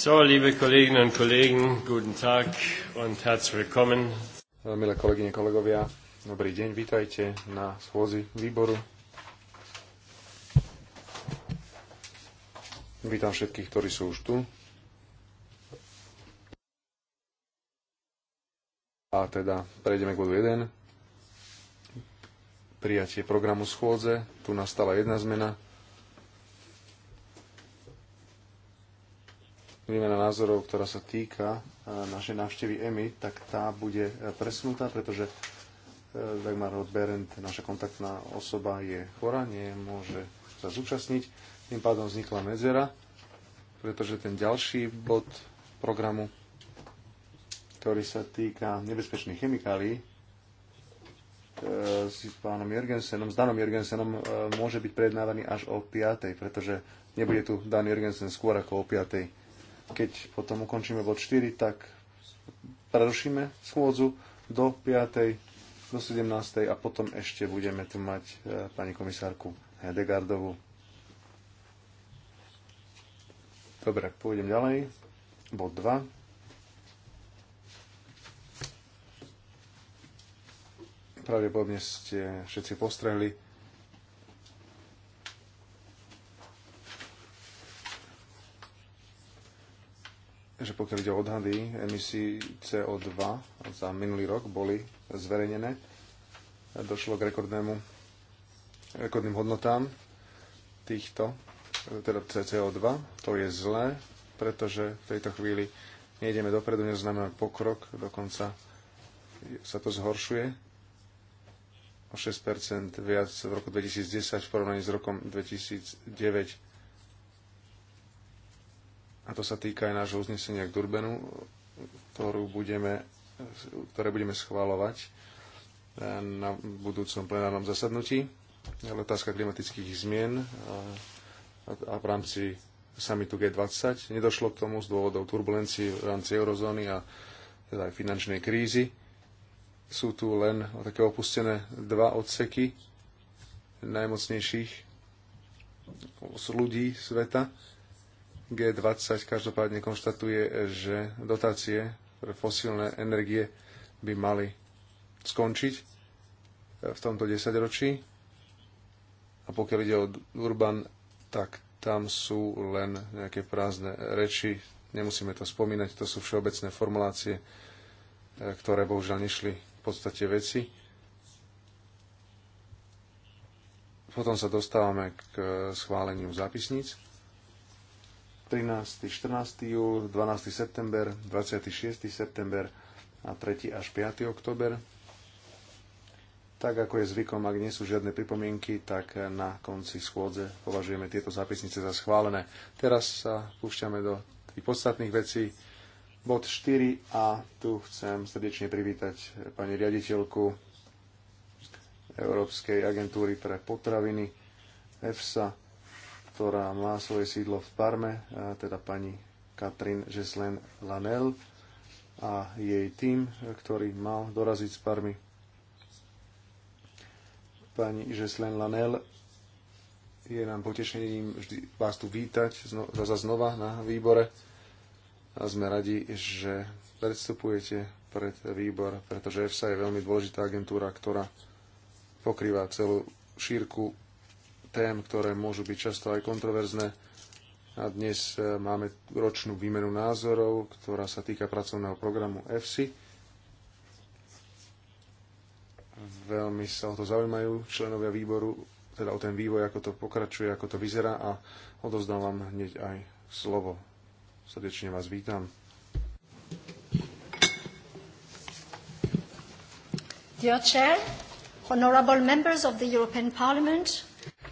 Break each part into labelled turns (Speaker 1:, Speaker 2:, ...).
Speaker 1: So, liebe Kolleginnen und Kollegen,
Speaker 2: guten Tag und herzlich willkommen. Milé kolegyne, kolegovia, dobrý deň, vítajte na schôzi výboru. Vítam všetkých, ktorí sú už tu. A teda prejdeme k bodu 1. Prijatie programu schôdze. Tu nastala jedna zmena výmena názorov, ktorá sa týka e, našej návštevy EMI, tak tá bude e, presunutá, pretože e, Dagmar Rodberend, naša kontaktná osoba, je chora, nemôže sa zúčastniť. Tým pádom vznikla medzera, pretože ten ďalší bod programu, ktorý sa týka nebezpečných chemikálií, s pánom Jergensenom, s Danom Jergensenom môže byť prednávaný až o 5, pretože nebude tu Dan Jergensen skôr ako o 5. Keď potom ukončíme bod 4, tak prerušíme schôdzu do 5. do 17. a potom ešte budeme tu mať e, pani komisárku Hedegardovu. Dobre, pôjdem ďalej. Bod 2. Pravdepodobne ste všetci postrehli že pokiaľ ide o odhady emisí CO2 za minulý rok boli zverejnené. Došlo k rekordnému, rekordným hodnotám týchto, teda CO2. To je zlé, pretože v tejto chvíli nejdeme dopredu, neznamená pokrok, dokonca sa to zhoršuje o 6% viac v roku 2010 v porovnaní s rokom 2009 a to sa týka aj nášho uznesenia k Durbenu, ktorú budeme, ktoré budeme schváľovať eh, na budúcom plenárnom zasadnutí. Ale otázka klimatických zmien eh, a, a v rámci samitu G20. Nedošlo k tomu z dôvodov turbulencií v rámci eurozóny a teda aj finančnej krízy. Sú tu len také opustené dva odseky najmocnejších ľudí sveta G20 každopádne konštatuje, že dotácie pre fosílne energie by mali skončiť eh, v tomto desaťročí. A pokiaľ ide o Urban, tak tam sú len nejaké prázdne reči. Nemusíme to spomínať, to sú všeobecné formulácie, eh, ktoré bohužiaľ nešli v podstate veci. Potom sa dostávame k eh, schváleniu zápisníc. 13. 14. júl, 12. september, 26. september a 3. až 5. oktober. Tak ako je zvykom, ak nie sú žiadne pripomienky, tak na konci schôdze považujeme tieto zápisnice za schválené. Teraz sa púšťame do tých podstatných vecí. Bod 4 a tu chcem srdečne privítať pani riaditeľku Európskej agentúry pre potraviny EFSA ktorá má svoje sídlo v Parme, teda pani Katrin Žeslen Lanel a jej tým, ktorý mal doraziť z Parmy. Pani Žeslen Lanel je nám potešením vždy vás tu vítať za znova na výbore a sme radi, že predstupujete pred výbor, pretože EFSA je veľmi dôležitá agentúra, ktorá pokrýva celú šírku tém, ktoré môžu byť často aj kontroverzné. A dnes e, máme ročnú výmenu názorov, ktorá sa týka pracovného programu EFSI. Veľmi sa o to zaujímajú členovia výboru, teda o ten vývoj, ako to pokračuje, ako to vyzerá a odozdám vám hneď aj slovo. Srdečne vás vítam.
Speaker 3: Dear Chair, honorable members of the European Parliament,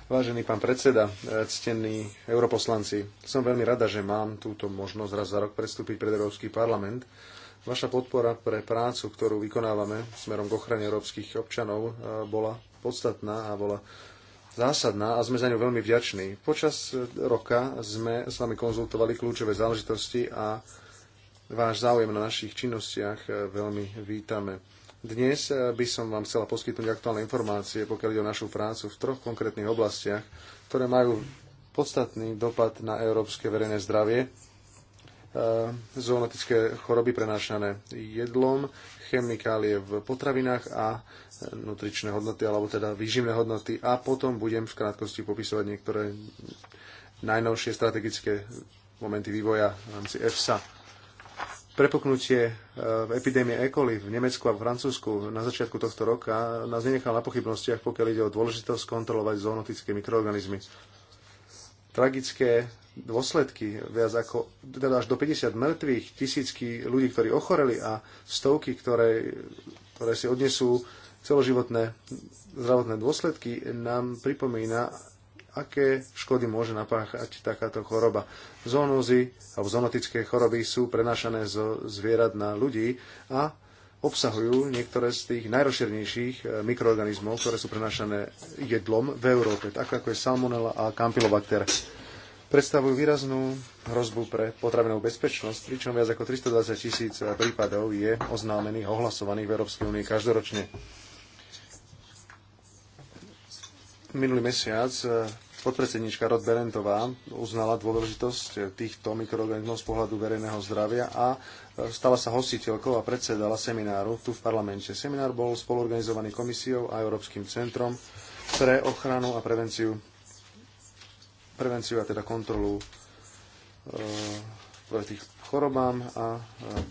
Speaker 2: Vážený pán predseda, ctení europoslanci, som veľmi rada, že mám túto možnosť raz za rok predstúpiť pred Európsky parlament. Vaša podpora pre prácu, ktorú vykonávame smerom k ochrane európskych občanov, eh, bola podstatná a bola zásadná a sme za ňu veľmi vďační. Počas roka sme s vami konzultovali kľúčové záležitosti a váš záujem na našich činnostiach eh, veľmi vítame. Dnes eh, by som vám chcela poskytnúť aktuálne informácie, pokiaľ ide o našu prácu v troch konkrétnych oblastiach, ktoré majú podstatný dopad na európske verejné zdravie, eh, zoonotické choroby prenášané jedlom, chemikálie v potravinách a eh, nutričné hodnoty, alebo teda výživné hodnoty. A potom budem v krátkosti popisovať niektoré najnovšie strategické momenty vývoja v rámci EFSA prepuknutie e, epidémie E. coli v Nemecku a v Francúzsku na začiatku tohto roka nás nenechal na pochybnostiach, pokiaľ ide o dôležitosť kontrolovať zoonotické mikroorganizmy. Tragické dôsledky, viac ako, teda až do 50 mŕtvych, tisícky ľudí, ktorí ochoreli a stovky, ktoré, ktoré si odnesú celoživotné zdravotné dôsledky, nám pripomína, aké škody môže napáchať takáto choroba. Zoonózy alebo zoonotické choroby sú prenášané zo zvierat na ľudí a obsahujú niektoré z tých najrozšernejších eh, mikroorganizmov, ktoré sú prenášané jedlom v Európe, tak ako je salmonella a campylobacter. Predstavujú výraznú hrozbu pre potravinovú bezpečnosť, pričom viac ako 320 tisíc eh, prípadov je oznámených, ohlasovaných v Európskej únii každoročne minulý mesiac eh, Podpredsednička Rod Berentová uznala dôležitosť týchto mikroorganizmov z pohľadu verejného zdravia a e, stala sa hostiteľkou a predsedala semináru tu v parlamente. Seminár bol spoluorganizovaný komisiou a Európskym centrom pre ochranu a prevenciu, prevenciu a teda kontrolu e proti chorobám a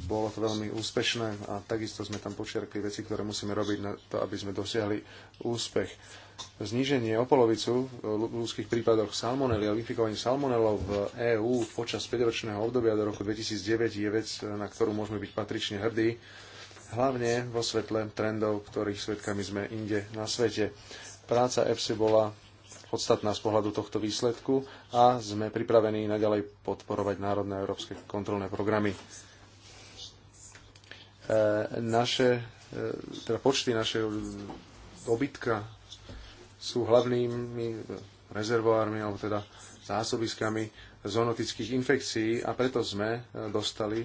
Speaker 2: bolo to veľmi úspešné a takisto sme tam počiarkli veci, ktoré musíme robiť na to, aby sme dosiahli úspech. Zníženie o polovicu v ľudských prípadoch salmonely a infikovaní salmonelov v EÚ počas 5-ročného obdobia do roku 2009 je vec, na ktorú môžeme byť patrične hrdí, hlavne vo svetle trendov, ktorých svetkami sme inde na svete. Práca EPSI bola podstatná z pohľadu tohto výsledku a sme pripravení naďalej podporovať národné a európske kontrolné programy. E, naše, e, teda počty našeho dobytka sú hlavnými rezervoármi alebo teda zásobiskami zoonotických infekcií a preto sme e, dostali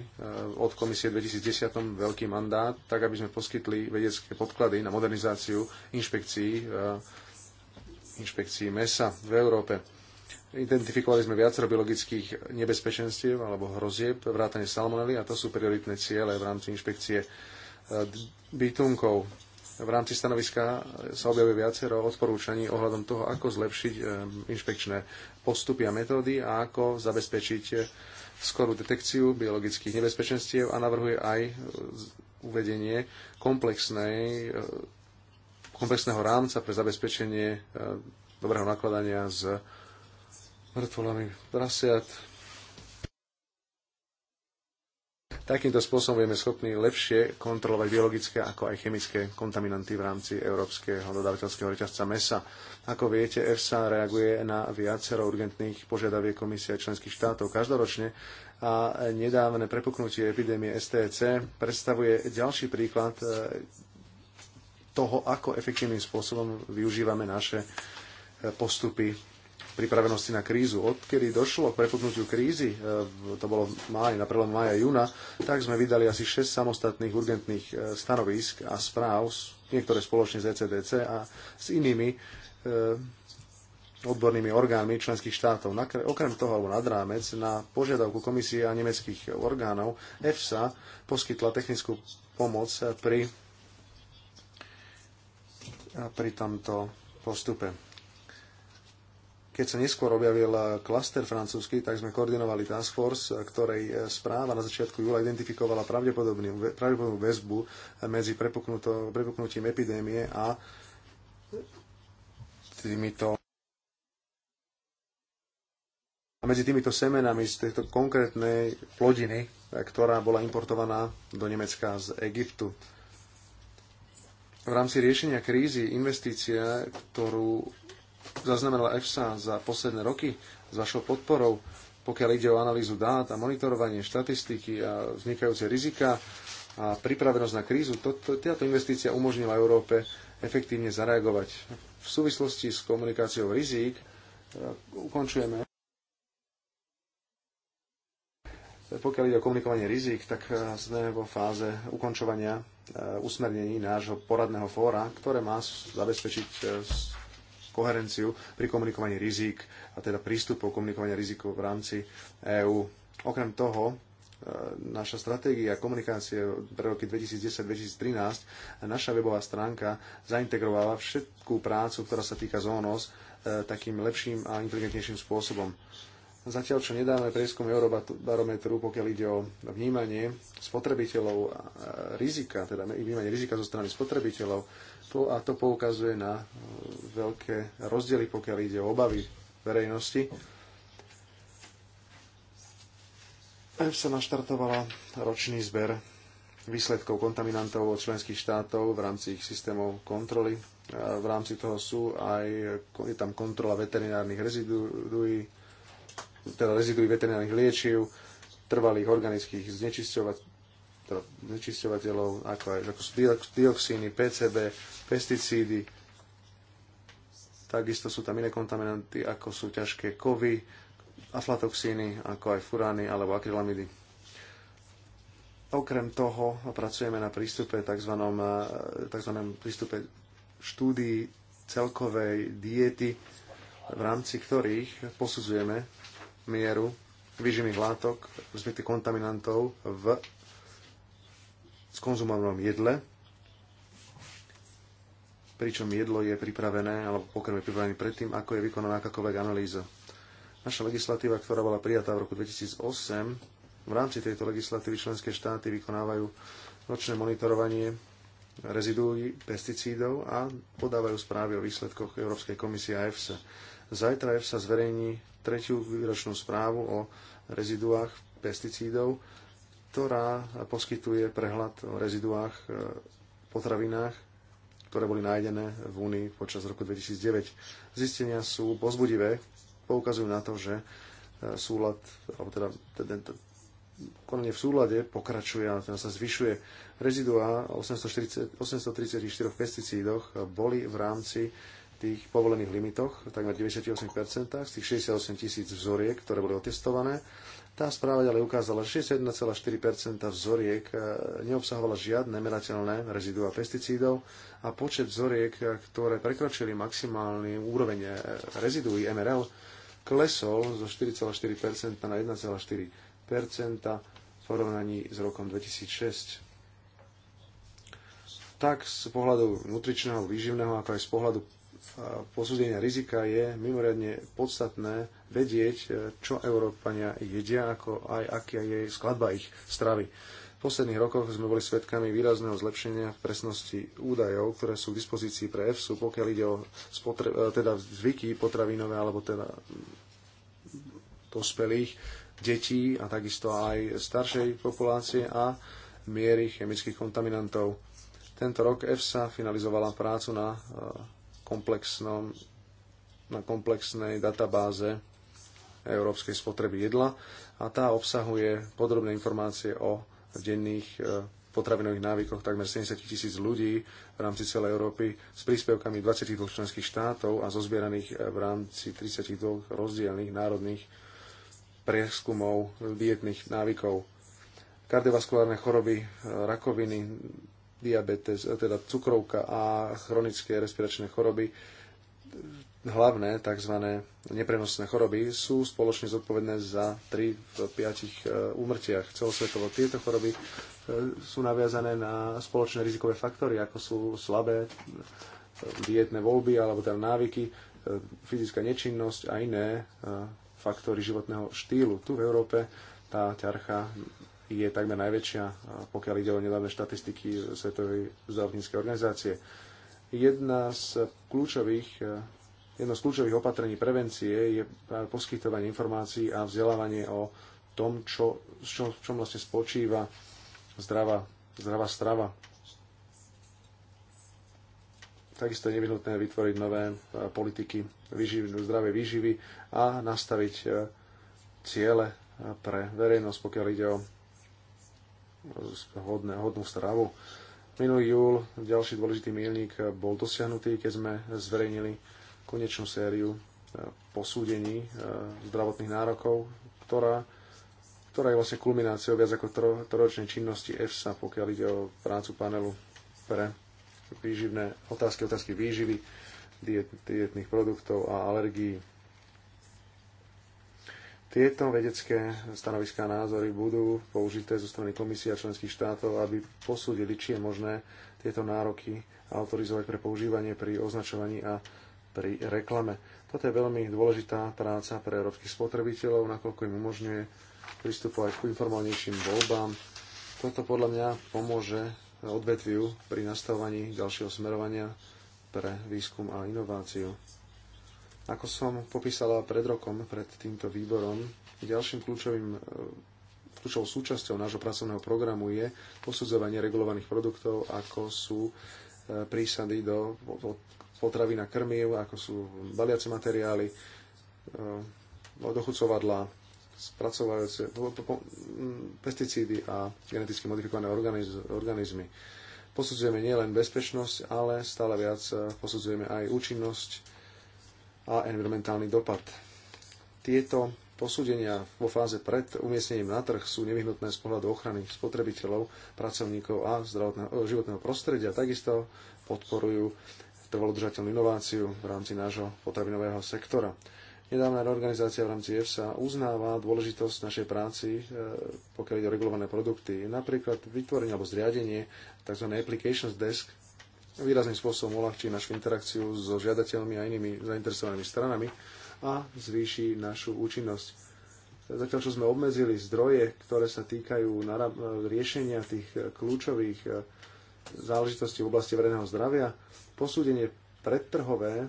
Speaker 2: od komisie 2010 veľký mandát, tak aby sme poskytli vedecké podklady na modernizáciu inšpekcií inšpekcií mesa v Európe. Identifikovali sme viacero biologických nebezpečenstiev alebo hrozieb vrátane salmonely a to sú prioritné ciele v rámci inšpekcie e, bytunkov. V rámci stanoviska sa objavuje viacero odporúčaní ohľadom toho, ako zlepšiť e, inšpekčné postupy a metódy a ako zabezpečiť e, skorú detekciu biologických nebezpečenstiev a navrhuje aj uvedenie komplexnej komplexného rámca pre zabezpečenie e, dobrého nakladania s mŕtvolami prasiat. Takýmto spôsobom budeme schopní lepšie kontrolovať biologické ako aj chemické kontaminanty v rámci európskeho dodávateľského reťazca mesa. Ako viete, EFSA reaguje na viacero urgentných požiadaviek komisie členských štátov každoročne a nedávne prepuknutie epidémie STC predstavuje ďalší príklad e, toho, ako efektívnym spôsobom využívame naše e, postupy pripravenosti na krízu. Odkedy došlo k prepudnutiu krízy, e, to bolo máj, na prelom mája júna, tak sme vydali asi 6 samostatných urgentných e, stanovisk a správ, niektoré spoločne z ECDC a s inými odbornými orgánmi členských štátov. Okrem toho, alebo nad rámec, na požiadavku komisie a nemeckých orgánov EFSA poskytla technickú pomoc pri pri tomto postupe. Keď sa neskôr objavil klaster francúzsky, tak sme koordinovali task force, ktorej správa na začiatku júla identifikovala pravdepodobnú, pravdepodobnú väzbu medzi prepuknutím epidémie a týmito a medzi týmito semenami z tejto konkrétnej plodiny, ktorá bola importovaná do Nemecka z Egyptu v rámci riešenia krízy investícia, ktorú zaznamenala EFSA za posledné roky s vašou podporou, pokiaľ ide o analýzu dát a monitorovanie štatistiky a vznikajúce rizika a pripravenosť na krízu, to, to, táto investícia umožnila Európe efektívne zareagovať. V súvislosti s komunikáciou rizík e, ukončujeme Pokiaľ ide o komunikovanie rizik, tak e, sme vo fáze ukončovania e, usmernení nášho poradného fóra, ktoré má zabezpečiť e, koherenciu pri komunikovaní rizik a teda prístupov komunikovania rizikov v rámci EÚ. Okrem toho, naša stratégia komunikácie pre roky 2010-2013, naša webová stránka zaintegrovala všetkú prácu, ktorá sa týka zónos, takým lepším a inteligentnejším spôsobom. Zatiaľ, čo nedáme prieskum Eurobarometru, pokiaľ ide o vnímanie spotrebiteľov a rizika, teda vnímanie rizika zo strany spotrebiteľov, to, a to poukazuje na e, veľké rozdiely, pokiaľ ide o obavy verejnosti. EFSA naštartovala ročný zber výsledkov kontaminantov od členských štátov v rámci ich systémov kontroly. E, v rámci toho sú aj, je tam kontrola veterinárnych rezidúí, teda rezidují veterinárnych liečiv, trvalých organických teda znečisťovateľov, teda ako aj ako sú dioxíny, PCB, pesticídy. Takisto sú tam iné kontaminanty, ako sú ťažké kovy, aflatoxíny, ako aj furány alebo akrylamidy. Okrem toho pracujeme na prístupe tzv. Eh, tzv. prístupe štúdií celkovej diety, v rámci ktorých posudzujeme mieru vyživných látok, zbytých kontaminantov v skonzumovanom jedle, pričom jedlo je pripravené, alebo pokrm je pripravený predtým, ako je vykonaná akákoľvek analýza. Naša legislatíva, ktorá bola prijatá v roku 2008, v rámci tejto legislatívy členské štáty vykonávajú nočné monitorovanie reziduí pesticídov a podávajú správy o výsledkoch Európskej komisie a EFSA. Zajtra EFSA zverejní tretiu výročnú správu o reziduách pesticídov, ktorá poskytuje prehľad o reziduách e, potravinách, ktoré boli nájdené v Únii počas roku 2009. Zistenia sú pozbudivé, poukazujú na to, že e, súlad, alebo teda konanie v súlade pokračuje a teda sa zvyšuje. Reziduá 840, 834 pesticídoch boli v rámci tých povolených limitoch, tak na 98% z tých 68 tisíc vzoriek, ktoré boli otestované. Tá správa ďalej ukázala, že 61,4% vzoriek e, neobsahovala žiadne merateľné rezidua pesticídov a počet vzoriek, e, ktoré prekročili maximálny úroveň e, reziduí MRL, klesol zo 4,4% na 1,4% v porovnaní s rokom 2006 tak z pohľadu nutričného, výživného, ako aj z pohľadu posúdenia rizika je mimoriadne podstatné vedieť, e, čo Európania jedia, ako aj aká je skladba ich stravy. V posledných rokoch sme boli svedkami výrazného zlepšenia v presnosti údajov, ktoré sú k dispozícii pre EFSU, pokiaľ ide o spotre- e, teda zvyky potravinové alebo teda dospelých, detí a takisto aj staršej populácie a miery chemických kontaminantov. Tento rok EFSA finalizovala prácu na e, komplexnom, na komplexnej databáze európskej spotreby jedla a tá obsahuje podrobné informácie o denných e, potravinových návykoch takmer 70 tisíc ľudí v rámci celej Európy s príspevkami 22 členských štátov a zozbieraných e, v rámci 32 rozdielných národných prieskumov dietných návykov. Kardiovaskulárne choroby, e, rakoviny, diabetes, eh, teda cukrovka a chronické respiračné choroby, hlavné tzv. neprenosné choroby sú spoločne zodpovedné za 3 v 5 eh, úmrtiach celosvetovo. Tieto choroby eh, sú naviazané na spoločné rizikové faktory, ako sú slabé dietné voľby alebo teda návyky, fyzická nečinnosť a iné faktory životného štýlu. Tu v Európe tá ťarcha je takmer najväčšia, pokiaľ ide o nedávne štatistiky Svetovej zdravotníckej organizácie. Jedna z kľúčových, e, jedno z kľúčových opatrení prevencie je práve poskytovanie informácií a vzdelávanie o tom, čo, čo, v čom vlastne spočíva zdravá, zdravá strava. Takisto je nevyhnutné vytvoriť nové e, politiky výživy, zdravej výživy a nastaviť e, ciele pre verejnosť, pokiaľ ide o hodné, hodnú stravu. Minulý júl ďalší dôležitý milník eh, bol dosiahnutý, keď sme zverejnili konečnú sériu eh, posúdení eh, zdravotných nárokov, ktorá, ktorá je vlastne kulmináciou viac ako tro, trojročnej činnosti EFSA, pokiaľ ide o prácu panelu pre výživné otázky, otázky výživy, diet, dietných produktov a alergií tieto vedecké stanoviská a názory budú použité zo strany komisie a členských štátov, aby posúdili, či je možné tieto nároky autorizovať pre používanie pri označovaní a pri reklame. Toto je veľmi dôležitá práca pre európskych spotrebiteľov, nakoľko im umožňuje pristupovať k informovanejším voľbám. Toto podľa mňa pomôže odvetviu pri nastavovaní ďalšieho smerovania pre výskum a inováciu. Ako som popísala pred rokom, pred týmto výborom, ďalším kľúčovým e, kľúčovou súčasťou nášho pracovného programu je posudzovanie regulovaných produktov, ako sú e, prísady do potravy na krmiv, ako sú baliace materiály, e, dochucovadla, spracovajúce mm, pesticídy a geneticky modifikované organizmy. Posudzujeme nielen bezpečnosť, ale stále viac posudzujeme aj účinnosť a environmentálny dopad. Tieto posúdenia vo fáze pred umiestnením na trh sú nevyhnutné z pohľadu ochrany spotrebiteľov, pracovníkov a e, životného prostredia. Takisto podporujú trvalodržateľnú inováciu v rámci nášho potravinového sektora. Nedávna organizácia v rámci EFSA uznáva dôležitosť našej práci, e, pokiaľ ide o regulované produkty. Napríklad vytvorenie alebo zriadenie tzv. applications desk výrazným spôsobom uľahčí našu interakciu so žiadateľmi a inými zainteresovanými stranami a zvýši našu účinnosť. Zatiaľ, čo sme obmedzili zdroje, ktoré sa týkajú riešenia tých kľúčových e, záležitostí v oblasti verejného zdravia, posúdenie predtrhové,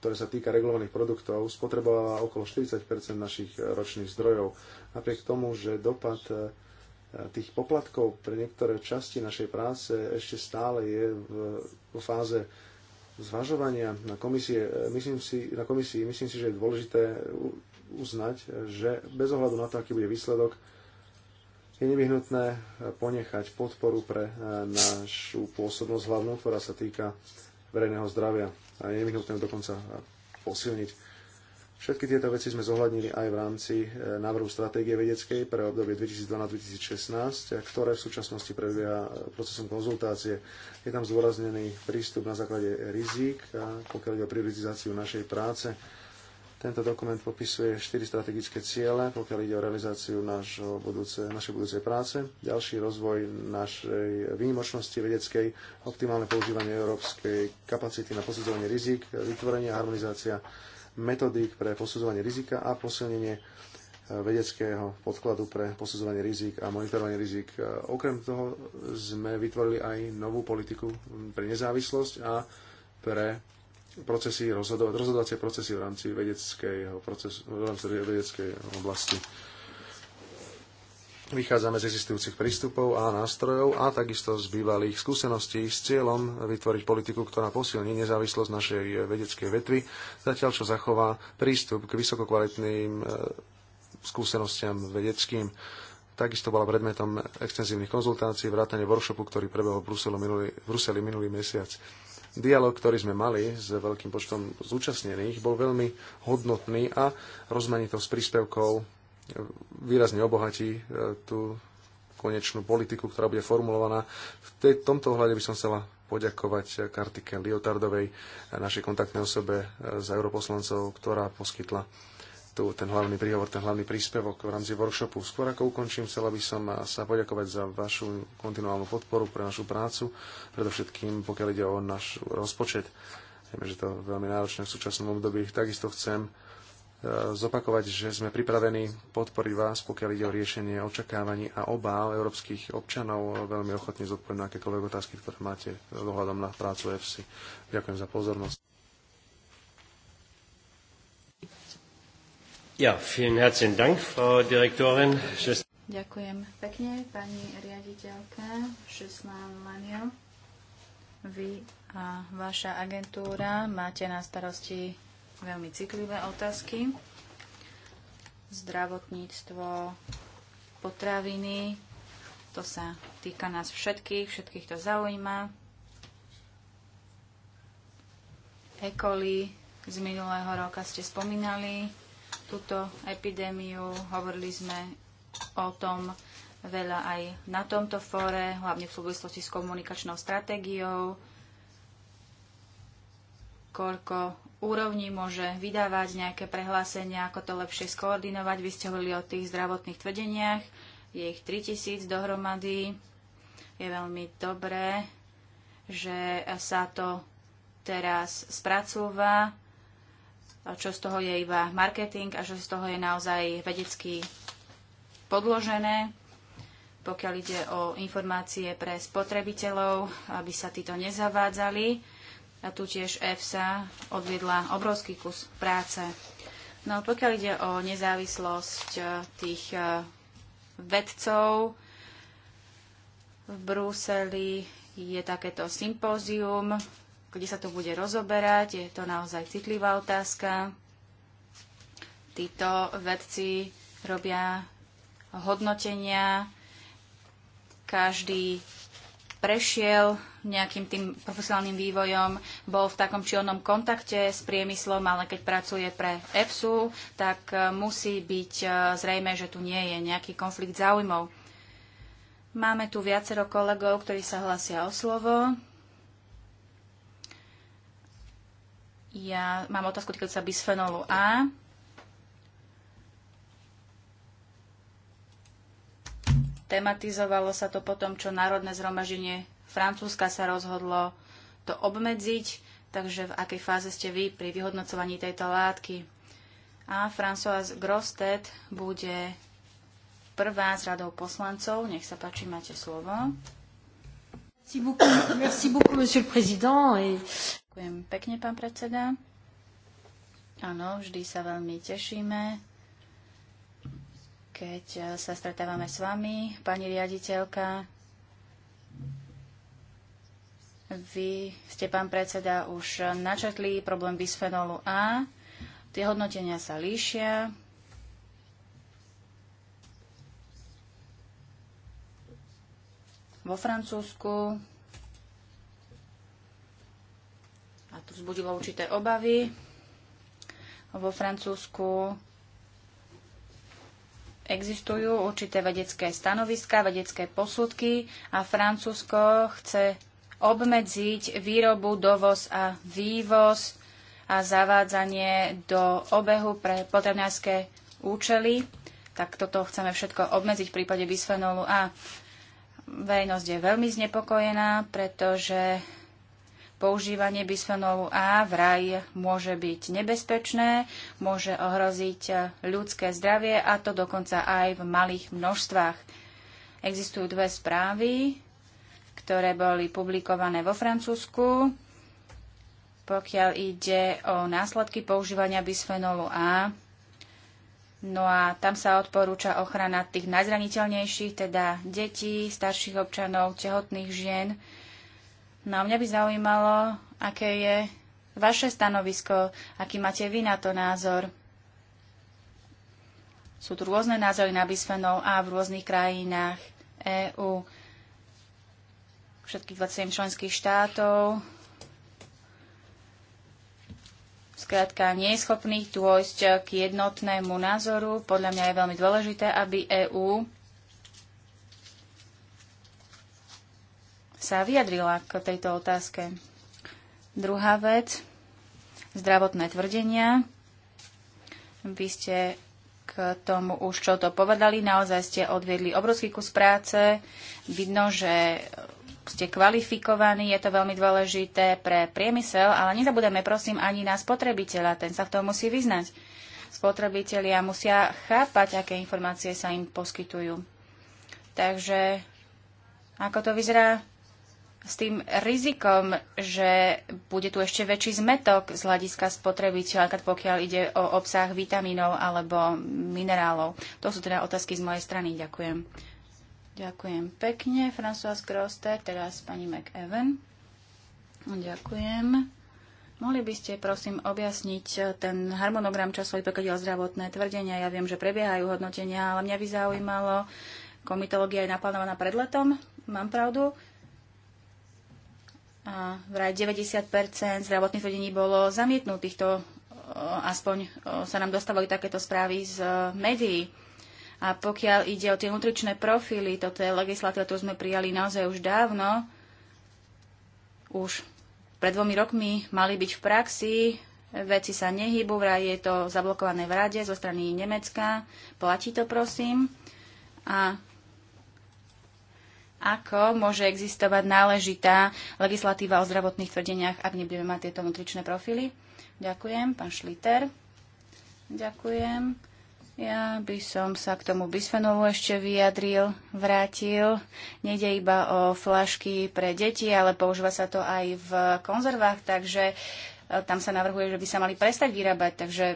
Speaker 2: ktoré sa týka regulovaných produktov, spotrebovala okolo 40 našich ročných zdrojov. Napriek tomu, že dopad e, tých poplatkov pre niektoré časti našej práce ešte stále je v fáze zvažovania na, komisie, myslím si, na komisii. Myslím si, že je dôležité uznať, že bez ohľadu na to, aký bude výsledok, je nevyhnutné ponechať podporu pre eh, našu pôsobnosť hlavnú, ktorá sa týka verejného zdravia. A je nevyhnutné dokonca posilniť Všetky tieto veci sme zohľadnili aj v rámci e, návrhu stratégie vedeckej pre obdobie 2012-2016, ktoré v súčasnosti prebieha e, procesom konzultácie. Je tam zdôraznený prístup na základe rizík, a pokiaľ ide o prioritizáciu našej práce. Tento dokument popisuje štyri strategické ciele, pokiaľ ide o realizáciu budúce, našej budúcej práce, ďalší rozvoj našej výnimočnosti vedeckej, optimálne používanie európskej kapacity na posudzovanie rizik, vytvorenie a harmonizácia metodík pre posudzovanie rizika a posilnenie e, vedeckého podkladu pre posudzovanie rizik a monitorovanie rizik. E, okrem toho sme vytvorili aj novú politiku pre nezávislosť a pre procesy, rozhodovacie procesy v rámci procesu, v rámci vedeckej oblasti. Vychádzame z existujúcich prístupov a nástrojov a takisto z bývalých skúseností s cieľom vytvoriť politiku, ktorá posilní nezávislosť našej vedeckej vetvy, zatiaľ čo zachová prístup k vysokokvalitným e, skúsenostiam vedeckým. Takisto bola predmetom extenzívnych konzultácií vrátane workshopu, ktorý prebehol v Bruseli minulý, v Bruseli minulý mesiac. Dialóg, ktorý sme mali s veľkým počtom zúčastnených, bol veľmi hodnotný a rozmanitosť príspevkov výrazne obohatí e, tú konečnú politiku, ktorá bude formulovaná. V tej, tomto ohľade by som chcela poďakovať Kartike Liotardovej, našej kontaktnej osobe e, z europoslancov, ktorá poskytla tu ten hlavný príhovor, ten hlavný príspevok v rámci workshopu. Skôr ako ukončím, chcela by som e, sa poďakovať za vašu kontinuálnu podporu pre našu prácu, predovšetkým pokiaľ ide o náš rozpočet. Viem, že to je veľmi náročné v súčasnom období. Takisto chcem zopakovať, že sme pripravení podporiť vás, pokiaľ ide o riešenie očakávaní a obáv európskych občanov. Veľmi ochotne zodpoviem na akékoľvek otázky, ktoré máte ohľadom na prácu EFSI. Ďakujem za pozornosť. Ja, vielen herzlichen
Speaker 1: Dank, Frau Direktorin.
Speaker 3: Ďakujem pekne, pani riaditeľka Šeslan Lanio. Vy a vaša agentúra máte na starosti veľmi citlivé otázky. Zdravotníctvo, potraviny, to sa týka nás všetkých, všetkých to zaujíma. Ekoli z minulého roka ste spomínali túto epidémiu, hovorili sme o tom veľa aj na tomto fóre, hlavne v súvislosti s komunikačnou stratégiou, koľko úrovni môže vydávať nejaké prehlásenia, ako to lepšie skoordinovať. Vy ste hovorili o tých zdravotných tvrdeniach, je ich 3000 dohromady. Je veľmi dobré, že sa to teraz spracúva, čo z toho je iba marketing a čo z toho je naozaj vedecky podložené. Pokiaľ ide o informácie pre spotrebiteľov, aby sa títo nezavádzali, a tu tiež EFSA odviedla obrovský kus práce. No pokiaľ ide o nezávislosť e, tých e, vedcov, v Bruseli je takéto sympózium, kde sa to bude rozoberať. Je to naozaj citlivá otázka. Títo vedci robia hodnotenia. Každý prešiel nejakým tým profesionálnym vývojom, bol v takom či onom kontakte s priemyslom, ale keď pracuje pre EPSU, tak e, musí byť e, zrejme, že tu nie je nejaký konflikt záujmov. Máme tu viacero kolegov, ktorí sa hlasia o slovo. Ja mám otázku týkajúca bisfenolu A. Tematizovalo sa to potom, čo Národné zhromaždenie Francúzska sa rozhodlo to obmedziť, takže v akej fáze ste vy pri vyhodnocovaní tejto látky. A François Grosted bude prvá s radou poslancov. Nech sa páči, máte slovo. Ďakujem pekne, pán predseda. Áno, vždy sa veľmi tešíme, keď e, sa stretávame s vami, pani riaditeľka. Vy ste, pán predseda, už načetli problém bisfenolu A. Tie hodnotenia sa líšia. Vo Francúzsku a to vzbudilo určité obavy. Vo Francúzsku existujú určité vedecké stanoviská, vedecké posudky a Francúzsko chce obmedziť výrobu, dovoz a vývoz a zavádzanie do obehu pre potrebňarské účely. Tak toto chceme všetko obmedziť v prípade bisfenolu A. Verejnosť je veľmi znepokojená, pretože Používanie bisfenolu A v raj môže byť nebezpečné, môže ohroziť ľudské zdravie a to dokonca aj v malých množstvách. Existujú dve správy, ktoré boli publikované vo Francúzsku, pokiaľ ide o následky používania bisfenolu A. No a tam sa odporúča ochrana tých najzraniteľnejších, teda detí, starších občanov, tehotných žien, No a mňa by zaujímalo, aké je vaše stanovisko, aký máte vy na to názor. Sú tu rôzne názory na bisfenol A v rôznych krajinách EÚ, všetkých 27 členských štátov. Skrátka, nie je schopný dôjsť k jednotnému názoru. Podľa mňa je veľmi dôležité, aby EÚ sa vyjadrila k tejto otázke. Druhá vec, zdravotné tvrdenia. Vy ste k tomu už čo to povedali, naozaj ste odviedli obrovský kus práce. Vidno, že ste kvalifikovaní, je to veľmi dôležité pre priemysel, ale nezabudeme prosím ani na spotrebiteľa, ten sa v tom musí vyznať. Spotrebitelia musia chápať, aké informácie sa im poskytujú. Takže ako to vyzerá s tým rizikom, že bude tu ešte väčší zmetok z hľadiska spotrebiteľa, pokiaľ ide o obsah vitamínov alebo minerálov. To sú teda otázky z mojej strany. Ďakujem. Ďakujem pekne, François Groster, teraz pani McEwen. Ďakujem. Mohli by ste prosím objasniť ten harmonogram časový, pokiaľ zdravotné tvrdenia. Ja viem, že prebiehajú hodnotenia, ale mňa by zaujímalo, komitológia je naplánovaná pred letom, mám pravdu. A vraj 90 zdravotných vedení bolo zamietnutých. To eh, aspoň eh, sa nám dostávali takéto správy z eh, médií. A pokiaľ ide o tie nutričné profily, toto je legislatíva, ktorú sme prijali naozaj už dávno, už pred dvomi rokmi mali byť v praxi, veci sa nehybu, vraj je to zablokované v rade zo strany Nemecka, platí to prosím. A ako môže existovať náležitá legislatíva o zdravotných tvrdeniach, ak nebudeme mať tieto nutričné profily. Ďakujem, pán Šliter. Ďakujem. Ja by som sa k tomu bisfenolu ešte vyjadril, vrátil. Nejde iba o flašky pre deti, ale používa sa to aj v konzervách, takže e, tam sa navrhuje, že by sa mali prestať vyrábať, takže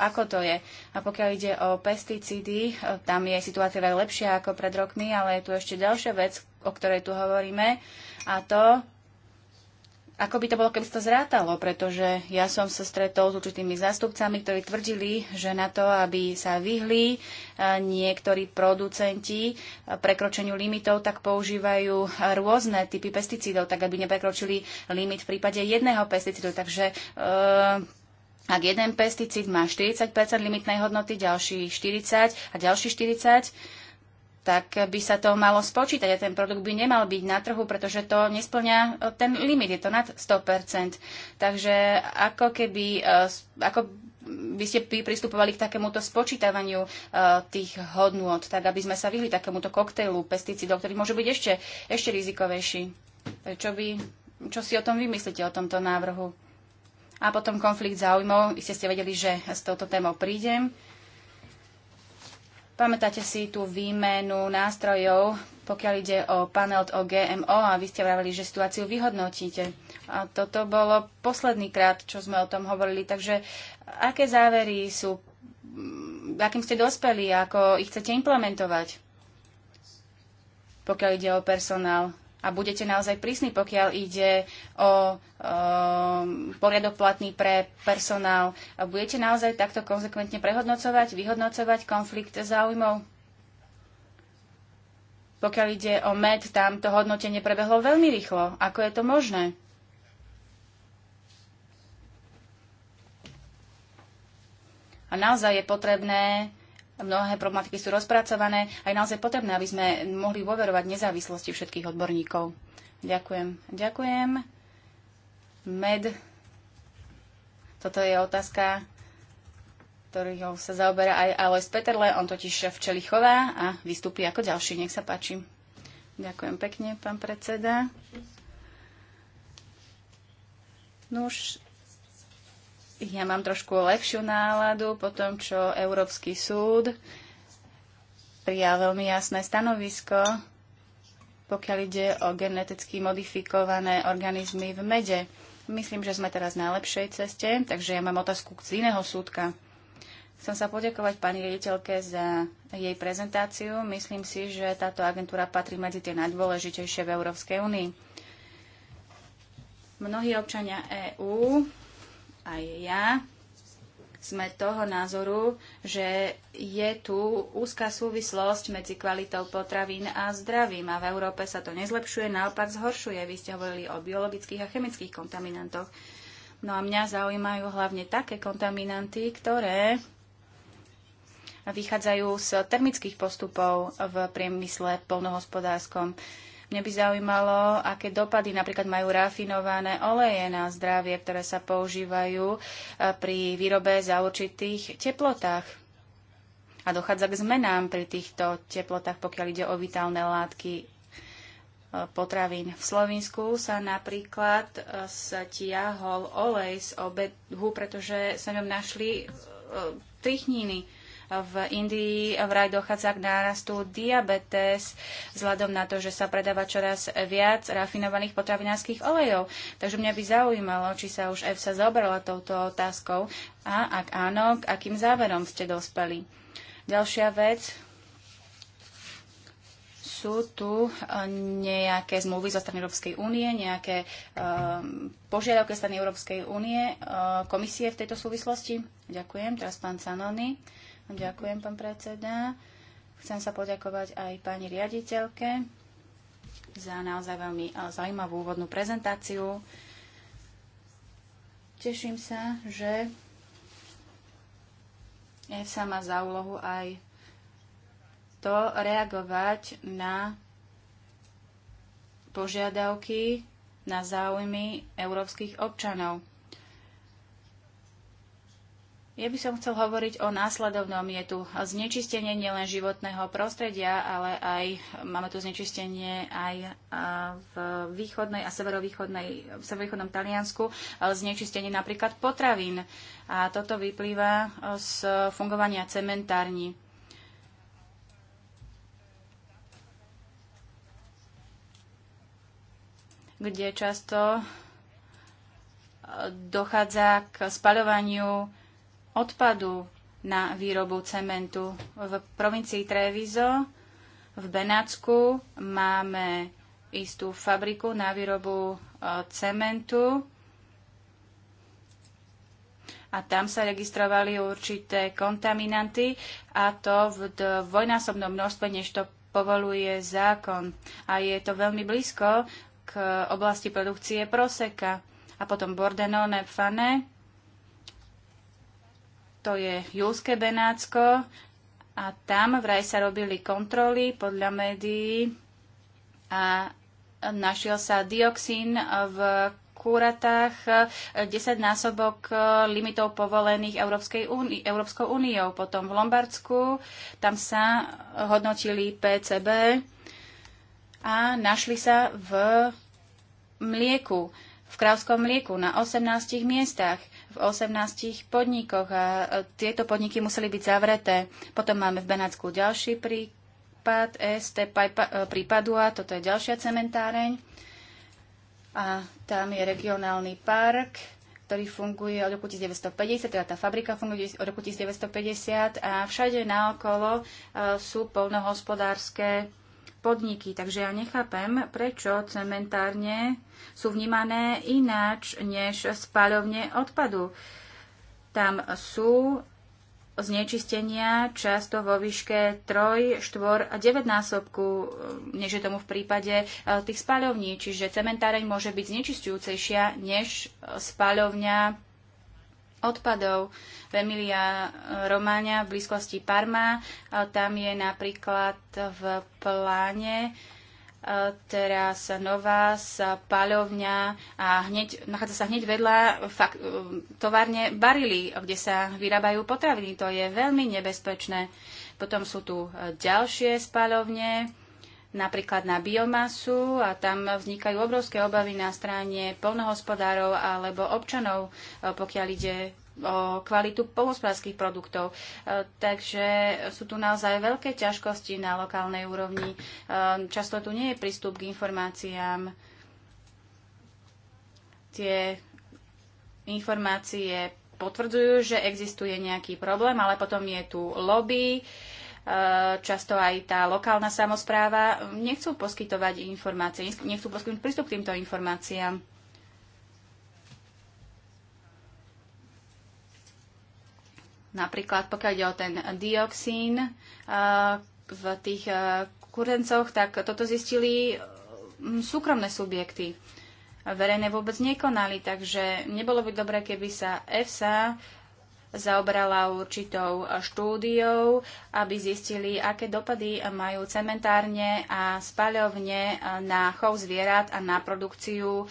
Speaker 3: ako to je. A pokiaľ ide o pesticídy, e, tam je situácia veľa lepšia ako pred rokmi, ale je tu ešte ďalšia vec, o ktorej tu hovoríme, a to, ako by to bolo, keby sa to zrátalo, pretože ja som sa stretol s určitými zástupcami, ktorí tvrdili, že na to, aby sa vyhli e, niektorí producenti e, prekročeniu limitov, tak používajú rôzne typy pesticídov, tak aby neprekročili limit v prípade jedného pesticídu. Takže e ak jeden pesticíd má 40 limitnej hodnoty, ďalší 40 a ďalší 40, tak by sa to malo spočítať a ten produkt by nemal byť na trhu, pretože to nesplňa e, ten limit, je to nad 100%. Takže ako keby, e, ako by ste pristupovali k takémuto spočítavaniu e, tých hodnôt, tak aby sme sa vyhli takémuto koktejlu pesticidov, ktorý môže byť ešte, ešte rizikovejší. Čo, by, čo si o tom vymyslíte, o tomto návrhu? A potom konflikt záujmov. Iste ste vedeli, že s touto témou prídem. Pamätáte si tú výmenu nástrojov, pokiaľ ide o panel o GMO a vy ste vravili, že situáciu vyhodnotíte. A toto bolo posledný krát, čo sme o tom hovorili. Takže aké závery sú, mm, akým ste dospeli, ako ich chcete implementovať, pokiaľ ide o personál a budete naozaj prísni, pokiaľ ide o e, poriadok platný pre personál. A budete naozaj takto konzekventne prehodnocovať, vyhodnocovať konflikt záujmov? Pokiaľ ide o med, tam to hodnotenie prebehlo veľmi rýchlo. Ako je to možné? A naozaj je potrebné mnohé problematiky sú rozpracované a je naozaj potrebné, aby sme mohli dôverovať nezávislosti všetkých odborníkov. Ďakujem. Ďakujem. Med. Toto je otázka, ktorou sa zaoberá aj Alois Peterle. On totiž včeli chová a vystúpi ako ďalší. Nech sa páči. Ďakujem pekne, pán predseda. už ja mám trošku lepšiu náladu po tom, čo Európsky súd prijal veľmi jasné stanovisko, pokiaľ ide o geneticky modifikované organizmy v mede. Myslím, že sme teraz na lepšej ceste, takže ja mám otázku z iného súdka. Chcem sa poďakovať pani riaditeľke za jej prezentáciu. Myslím si, že táto agentúra patrí medzi tie najdôležitejšie v Európskej únii. Mnohí občania EÚ aj ja sme toho názoru, že je tu úzka súvislosť medzi kvalitou potravín a zdravím a v Európe sa to nezlepšuje, naopak zhoršuje. Vy ste hovorili o biologických a chemických kontaminantoch. No a mňa zaujímajú hlavne také kontaminanty, ktoré vychádzajú z termických postupov v priemysle polnohospodárskom. Mňa by zaujímalo, aké dopady napríklad majú rafinované oleje na zdravie, ktoré sa používajú e, pri výrobe za určitých teplotách. A dochádza k zmenám pri týchto teplotách, pokiaľ ide o vitálne látky e, potravín. V Slovensku sa napríklad stiahol e, olej z obehu, pretože sa ňom našli trichniny. V Indii vraj dochádza k nárastu diabetes vzhľadom na to, že sa predáva čoraz viac rafinovaných potravinárskych olejov. Takže mňa by zaujímalo, či sa už EFSA zobrala touto otázkou a ak áno, k akým záverom ste dospeli. Ďalšia vec, sú tu eh, nejaké zmluvy zo strany Európskej únie, nejaké um, požiadavky strany Európskej únie, uh, komisie v tejto súvislosti? Ďakujem. Teraz pán Canony. Ďakujem, pán predseda. Chcem sa poďakovať aj pani riaditeľke za naozaj veľmi eh, zaujímavú úvodnú prezentáciu. Teším sa, že EFSA má za úlohu aj to reagovať na požiadavky na záujmy európskych občanov. Ja by som chcel hovoriť o následovnom. Je tu znečistenie nielen životného prostredia, ale aj máme tu znečistenie aj v východnej a severovýchodnej, v severovýchodnom Taliansku, ale znečistenie napríklad potravín. A toto vyplýva z fungovania cementární. kde často dochádza k spaľovaniu odpadu na výrobu cementu. V provincii Treviso v Benátsku máme istú fabriku na výrobu e, cementu a tam sa registrovali určité kontaminanty a to v dvojnásobnom množstve, než to povoluje zákon. A je to veľmi blízko k oblasti produkcie proseka. A potom Bordenone Fane, to je Júlske Benátsko a tam vraj sa robili kontroly podľa médií a našiel sa dioxín v kúratách 10 eh, násobok eh, limitov povolených Európskej úni- Európskou úniou. Potom v Lombardsku, tam sa hodnotili PCB a našli sa v mlieku, v krávskom mlieku na 18 miestach v 18 podnikoch a e, tieto podniky museli byť zavreté. Potom máme v Benátsku ďalší prípad, ST a e, toto je ďalšia cementáreň. A tam je regionálny park, ktorý funguje od roku 1950, teda tá fabrika funguje od roku 1950 a všade naokolo e, sú polnohospodárske podniky. Takže ja nechápem, prečo cementárne sú vnímané ináč než spáľovne odpadu. Tam sú znečistenia často vo výške 3, 4 a 9 násobku, než je tomu v prípade e, tých spáľovní. Čiže cementáreň môže byť znečistujúcejšia než spáľovňa odpadov. V Emilia eh, Romáňa v blízkosti Parma, eh, tam je napríklad v pláne eh, teraz nová spáľovňa a hneď, nachádza sa hneď vedľa fakt, továrne barily, kde sa vyrábajú potraviny. To je veľmi nebezpečné. Potom sú tu ďalšie spáľovne, napríklad na biomasu a tam vznikajú obrovské obavy na strane polnohospodárov alebo občanov, e, pokiaľ ide o kvalitu polnohospodárských produktov. E, takže sú tu naozaj veľké ťažkosti na lokálnej úrovni. E, často tu nie je prístup k informáciám. Tie informácie potvrdzujú, že existuje nejaký problém, ale potom je tu lobby, Eh, často aj tá lokálna samozpráva, mm, nechcú poskytovať informácie, nechcú poskytovať prístup k týmto informáciám. Napríklad pokiaľ ide o ten dioxín eh, v tých eh, kurencoch, tak toto zistili mm, súkromné subjekty. Verejné vôbec nekonali, takže nebolo by dobré, keby sa EFSA zaobrala určitou štúdiou, aby zistili, aké dopady majú cementárne a spaľovne na chov zvierat a na produkciu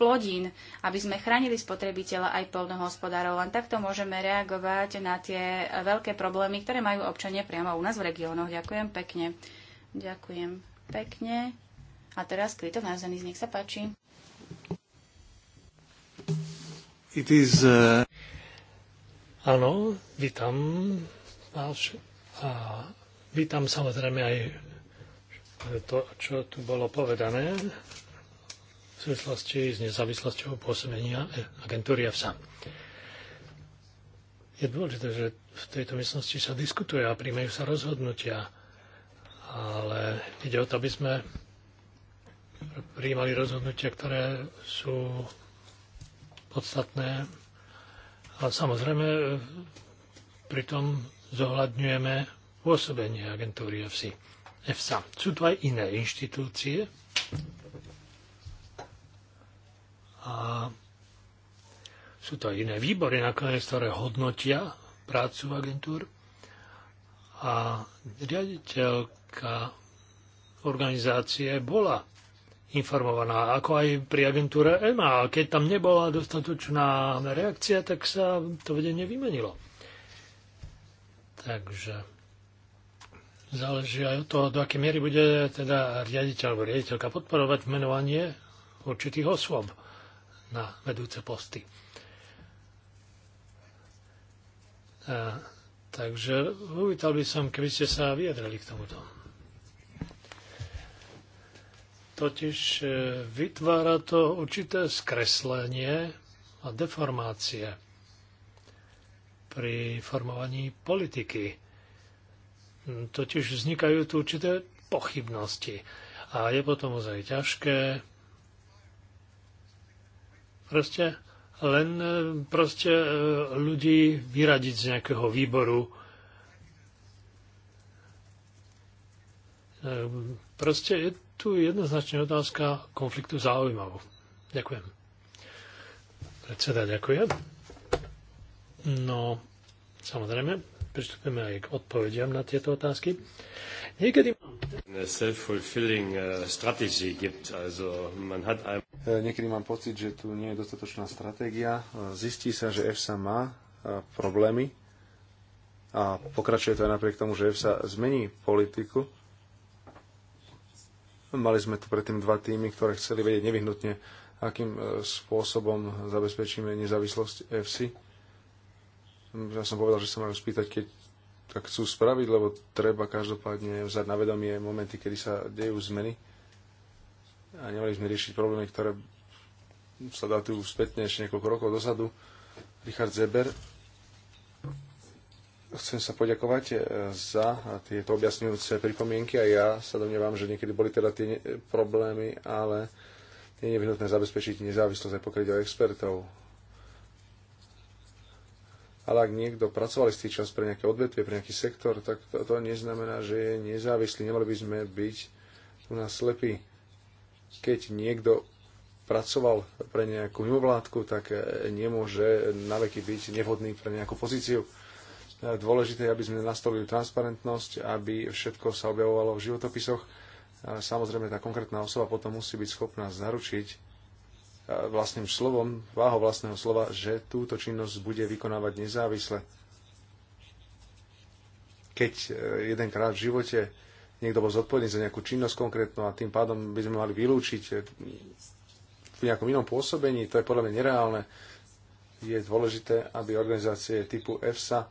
Speaker 3: plodín, aby sme chránili spotrebiteľa aj polnohospodárov. Len takto môžeme reagovať na tie veľké problémy, ktoré majú občania priamo u nás v regiónoch. Ďakujem pekne. Ďakujem pekne. A teraz Kryto Nazenis, nech sa páči.
Speaker 1: It is, uh... Áno, vítam vás a vítam samozrejme aj to, čo tu bolo povedané v súvislosti s nezávislosťou pôsobenia agentúry EFSA. Je dôležité, že v tejto miestnosti sa diskutuje a príjmejú sa rozhodnutia, ale ide o to, aby sme príjmali rozhodnutia, ktoré sú podstatné a samozrejme, e, pritom zohľadňujeme pôsobenie agentúry EFSI. EFSA. Sú tu aj iné inštitúcie a sú to aj iné výbory nakoniec, ktoré hodnotia prácu agentúr. A riaditeľka organizácie bola informovaná, ako aj pri agentúre EMA. Keď tam nebola dostatočná reakcia, tak sa to vedenie vymenilo. Takže záleží aj od toho, do aké miery bude teda riaditeľ alebo riaditeľka podporovať menovanie určitých osôb na vedúce posty. A, takže uvítal by som, keby ste sa vyjadrili k tomuto. Totiž e, vytvára to určité skreslenie a deformácie pri formovaní politiky. Totiž vznikajú tu určité pochybnosti a je potom ozaj ťažké proste len e, proste e, ľudí vyradiť z nejakého výboru. Proste tu je jednoznačne otázka konfliktu záujmov. Ďakujem. Predseda, ďakujem. No, samozrejme, pristúpime aj k odpovediam na tieto otázky. Niekedy...
Speaker 2: Äh, äh, niekedy mám pocit, že tu nie je dostatočná stratégia. Äh, zistí sa, že EFSA má problémy a pokračuje to aj napriek tomu, že EFSA zmení politiku Mali sme tu predtým dva týmy, ktoré chceli vedieť nevyhnutne, akým e, spôsobom zabezpečíme nezávislosť FC. Ja som povedal, že sa majú spýtať, keď tak chcú spraviť, lebo treba každopádne vzať na vedomie momenty, kedy sa dejú zmeny. A nemali sme riešiť problémy, ktoré sa dá tu spätne ešte niekoľko rokov dozadu. Richard Zeber chcem sa poďakovať e, za tieto objasňujúce pripomienky a ja sa domnievam, že niekedy boli teda tie problémy, ale je nevyhnutné zabezpečiť nezávislosť aj pokryť o expertov. Ale ak niekto pracoval istý čas pre nejaké odvetvie, pre nejaký sektor, tak to, to neznamená, že je nezávislý. Nemali by sme byť u nás slepí. Keď niekto pracoval pre nejakú mimovládku, tak e, nemôže naveky byť nevhodný pre nejakú pozíciu dôležité, aby sme nastolili transparentnosť, aby všetko sa objavovalo v životopisoch. Samozrejme, tá konkrétna osoba potom musí byť schopná zaručiť e, vlastným slovom, váhou vlastného slova, že túto činnosť bude vykonávať nezávisle. Keď e, jedenkrát v živote niekto bol zodpovedný za nejakú činnosť konkrétnu a tým pádom by sme mali vylúčiť e, v nejakom inom pôsobení, to je podľa mňa nereálne. Je dôležité, aby organizácie typu EFSA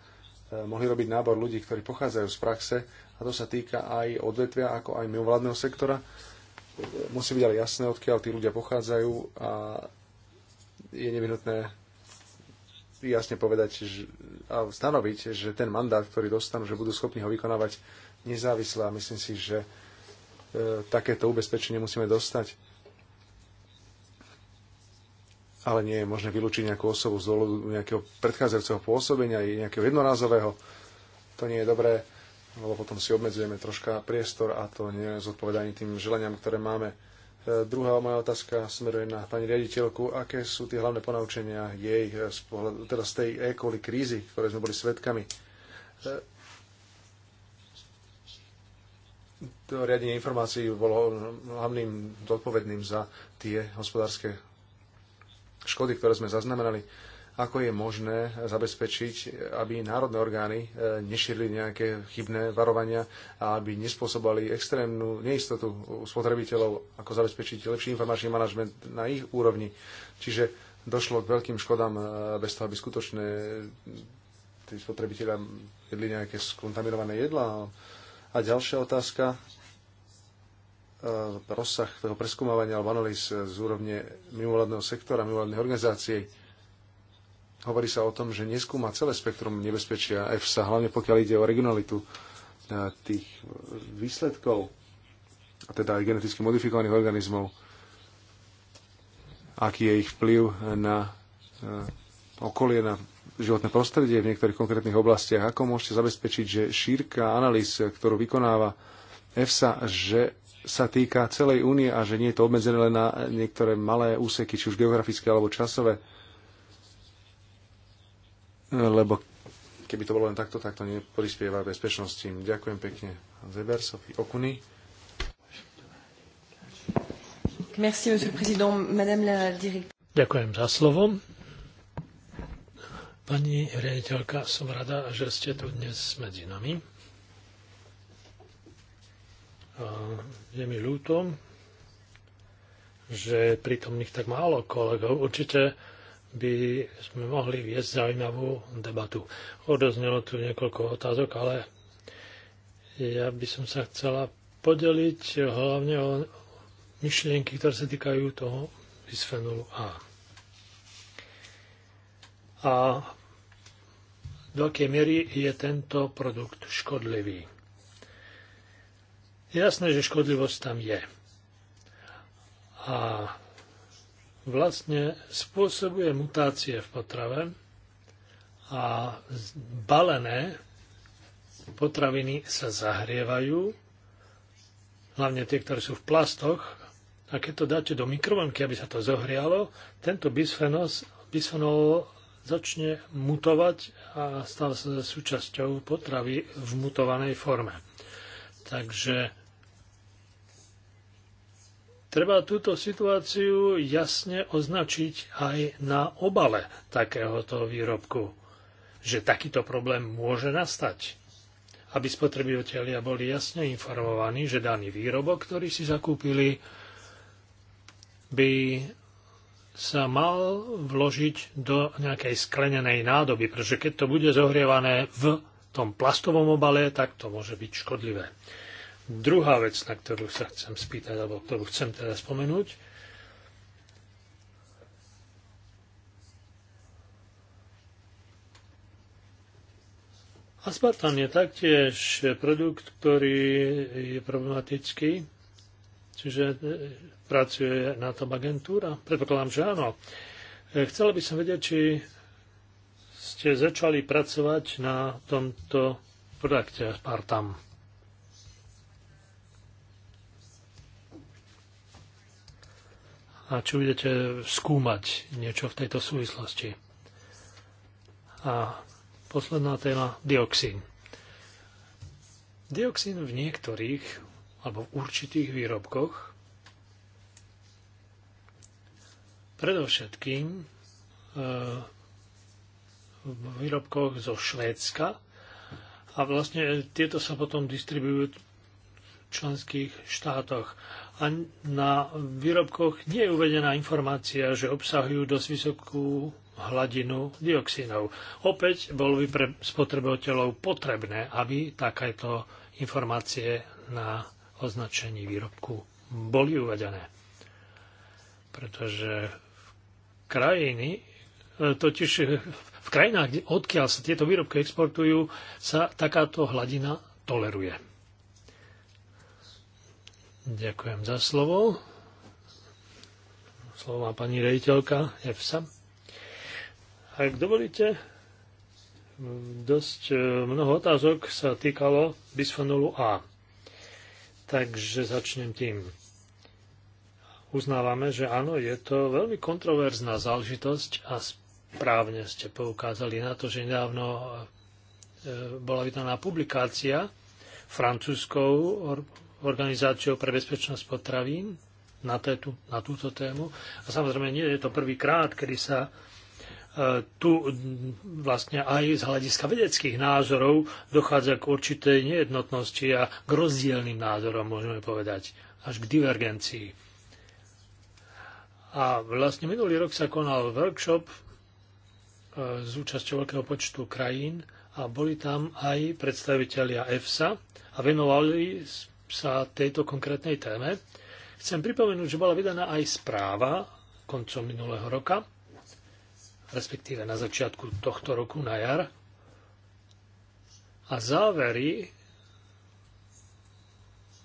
Speaker 2: Eh, mohli robiť nábor ľudí, ktorí pochádzajú z praxe a to sa týka aj odvetvia, ako aj mimovládneho sektora. Musí byť ale jasné, odkiaľ tí ľudia pochádzajú a je nevyhnutné jasne povedať že, a stanoviť, že ten mandát, ktorý dostanú, že budú schopní ho vykonávať nezávisle a myslím si, že e, takéto ubezpečenie musíme dostať ale nie je možné vylúčiť nejakú osobu z dôvodu nejakého predchádzajúceho pôsobenia i nejakého jednorázového. To nie je dobré, lebo potom si obmedzujeme troška priestor a to nie je zodpovedaní tým želaniam, ktoré máme. E, druhá moja otázka smeruje na pani riaditeľku. Aké sú tie hlavné ponaučenia jej e, z, pohľadu, teda z tej e krízy, ktoré sme boli svedkami? E, to riadenie informácií bolo hlavným zodpovedným za tie hospodárske škody, ktoré sme zaznamenali, ako je možné zabezpečiť, aby národné orgány e, nešírili nejaké chybné varovania a aby nespôsobali extrémnu neistotu u spotrebiteľov, ako zabezpečiť lepší informačný manažment na ich úrovni. Čiže došlo k veľkým škodám e, bez toho, aby skutočne tí spotrebiteľa jedli nejaké skontaminované jedla. A ďalšia otázka, E, rozsah toho preskúmavania alebo analýz e, z úrovne mimovládneho sektora, mimovládnej organizácie. Hovorí sa o tom, že neskúma celé spektrum nebezpečia EFSA, hlavne pokiaľ ide o regionalitu e, tých výsledkov, a teda aj geneticky modifikovaných organizmov, aký je ich vplyv na okolie, na životné prostredie v niektorých konkrétnych oblastiach. Ako môžete zabezpečiť, že šírka analýz, ktorú vykonáva EFSA, že sa týka celej únie a že nie je to obmedzené len na niektoré malé úseky, či už geografické alebo časové. Lebo keby to bolo len takto, tak to neprispieva bezpečnosti. Ďakujem pekne. Zeber, Sofí Okuny.
Speaker 3: Merci, monsieur le président, madame la directrice.
Speaker 2: Ďakujem za slovo.
Speaker 1: Pani riaditeľka, som rada, že ste tu dnes medzi nami. A je mi ľúto, že prítomných tak málo kolegov. Určite by sme mohli viesť zaujímavú debatu. Odoznelo tu niekoľko otázok, ale ja by som sa chcela podeliť hlavne o myšlienky, ktoré sa týkajú toho bisfenolu A. A do akej miery je tento produkt škodlivý. Je jasné, že škodlivosť tam je. A vlastne spôsobuje mutácie v potrave a balené potraviny sa zahrievajú, hlavne tie, ktoré sú v plastoch, a keď to dáte do mikrovlnky, aby sa to zohrialo, tento bisfenos, bisfenol začne mutovať a stáva sa súčasťou potravy v mutovanej forme. Takže Treba túto situáciu jasne označiť aj na obale takéhoto výrobku, že takýto problém môže nastať. Aby spotrebitelia boli jasne informovaní, že daný výrobok, ktorý si zakúpili, by sa mal vložiť do nejakej sklenenej nádoby, pretože keď to bude zohrievané v tom plastovom obale, tak to môže byť škodlivé. Druhá vec, na ktorú sa chcem spýtať, alebo ktorú chcem teda spomenúť, Aspartan je taktiež produkt, ktorý je problematický, čiže e, pracuje na tom agentúra? Predpokladám, že áno. E, chcela by som vedieť, či ste začali pracovať na tomto produkte Aspartam. a či budete skúmať niečo v tejto súvislosti. A posledná téma, dioxín. Dioxín v niektorých alebo v určitých výrobkoch predovšetkým e, v výrobkoch zo Švédska a vlastne tieto sa potom distribujú v členských štátoch a na výrobkoch nie je uvedená informácia, že obsahujú dosť vysokú hladinu dioxínov. Opäť bolo by pre spotrebovateľov potrebné, aby takéto informácie na označení výrobku boli uvedené. Pretože v krajiny, e, totiž e, v krajinách, odkiaľ sa tieto výrobky exportujú, sa takáto hladina toleruje. Ďakujem za slovo. Slovo má pani rejiteľka EFSA. Ak dovolíte, dosť e, mnoho otázok sa týkalo bisfenolu A. Takže začnem tým. Uznávame, že áno, je to veľmi kontroverzná záležitosť a správne ste poukázali na to, že nedávno e, bola vydaná publikácia francúzskou Organizáciou pre bezpečnosť potravín na, tétu, na túto tému. A samozrejme nie je to prvýkrát, kedy sa e, tu vlastne aj z hľadiska vedeckých názorov dochádza k určitej nejednotnosti a k rozdielným názorom, môžeme povedať, až k divergencii. A vlastne minulý rok sa konal workshop e, s účasťou veľkého počtu krajín a boli tam aj predstavitelia EFSA a venovali sa tejto konkrétnej téme. Chcem pripomenúť, že bola vydaná aj správa koncom minulého roka, respektíve na začiatku tohto roku na jar. A závery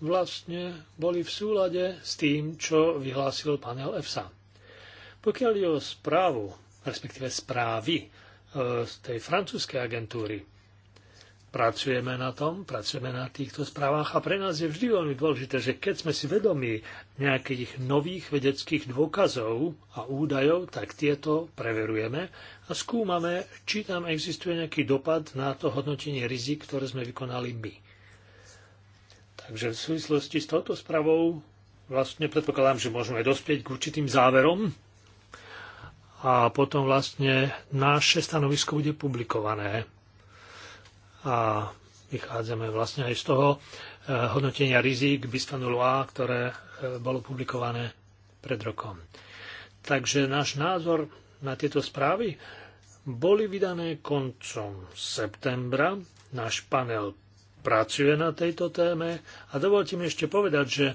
Speaker 1: vlastne boli v súlade s tým, čo vyhlásil panel EFSA. Pokiaľ je o správu, respektíve správy e, z tej francúzskej agentúry, pracujeme na tom, pracujeme na týchto správach a pre nás je vždy veľmi dôležité, že keď sme si vedomi nejakých nových vedeckých dôkazov a údajov, tak tieto preverujeme a skúmame, či tam existuje nejaký dopad na to hodnotenie rizik, ktoré sme vykonali my. Takže v súvislosti s touto spravou vlastne predpokladám, že môžeme dospieť k určitým záverom a potom vlastne naše stanovisko bude publikované a vychádzame vlastne aj z toho e, hodnotenia rizík bisfenolu A, ktoré e, bolo publikované pred rokom. Takže náš názor na tieto správy boli vydané koncom septembra. Náš panel pracuje na tejto téme a dovolte mi ešte povedať, že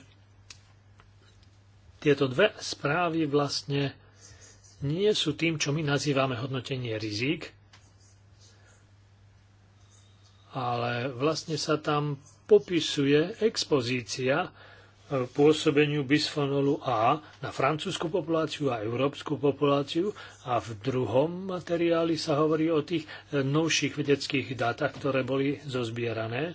Speaker 1: tieto dve správy vlastne nie sú tým, čo my nazývame hodnotenie rizik, ale vlastne sa tam popisuje expozícia e, pôsobeniu bisfonolu A na francúzsku populáciu a európsku populáciu a v druhom materiáli sa hovorí o tých e, novších vedeckých dátach, ktoré boli zozbierané.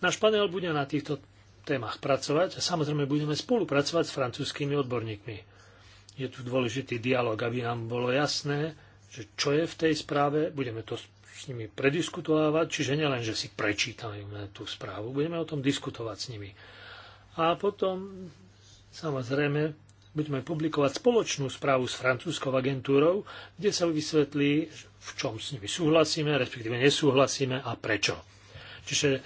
Speaker 1: Náš panel bude na týchto témach pracovať a samozrejme budeme spolupracovať s francúzskými odborníkmi. Je tu dôležitý dialog, aby nám bolo jasné, že čo je v tej správe, budeme to s nimi prediskutovať, čiže nielen, že si prečítame tú správu, budeme o tom diskutovať s nimi. A potom, samozrejme, budeme publikovať spoločnú správu s francúzskou agentúrou, kde sa vysvetlí, v čom s nimi súhlasíme, respektíve nesúhlasíme a prečo. Čiže e,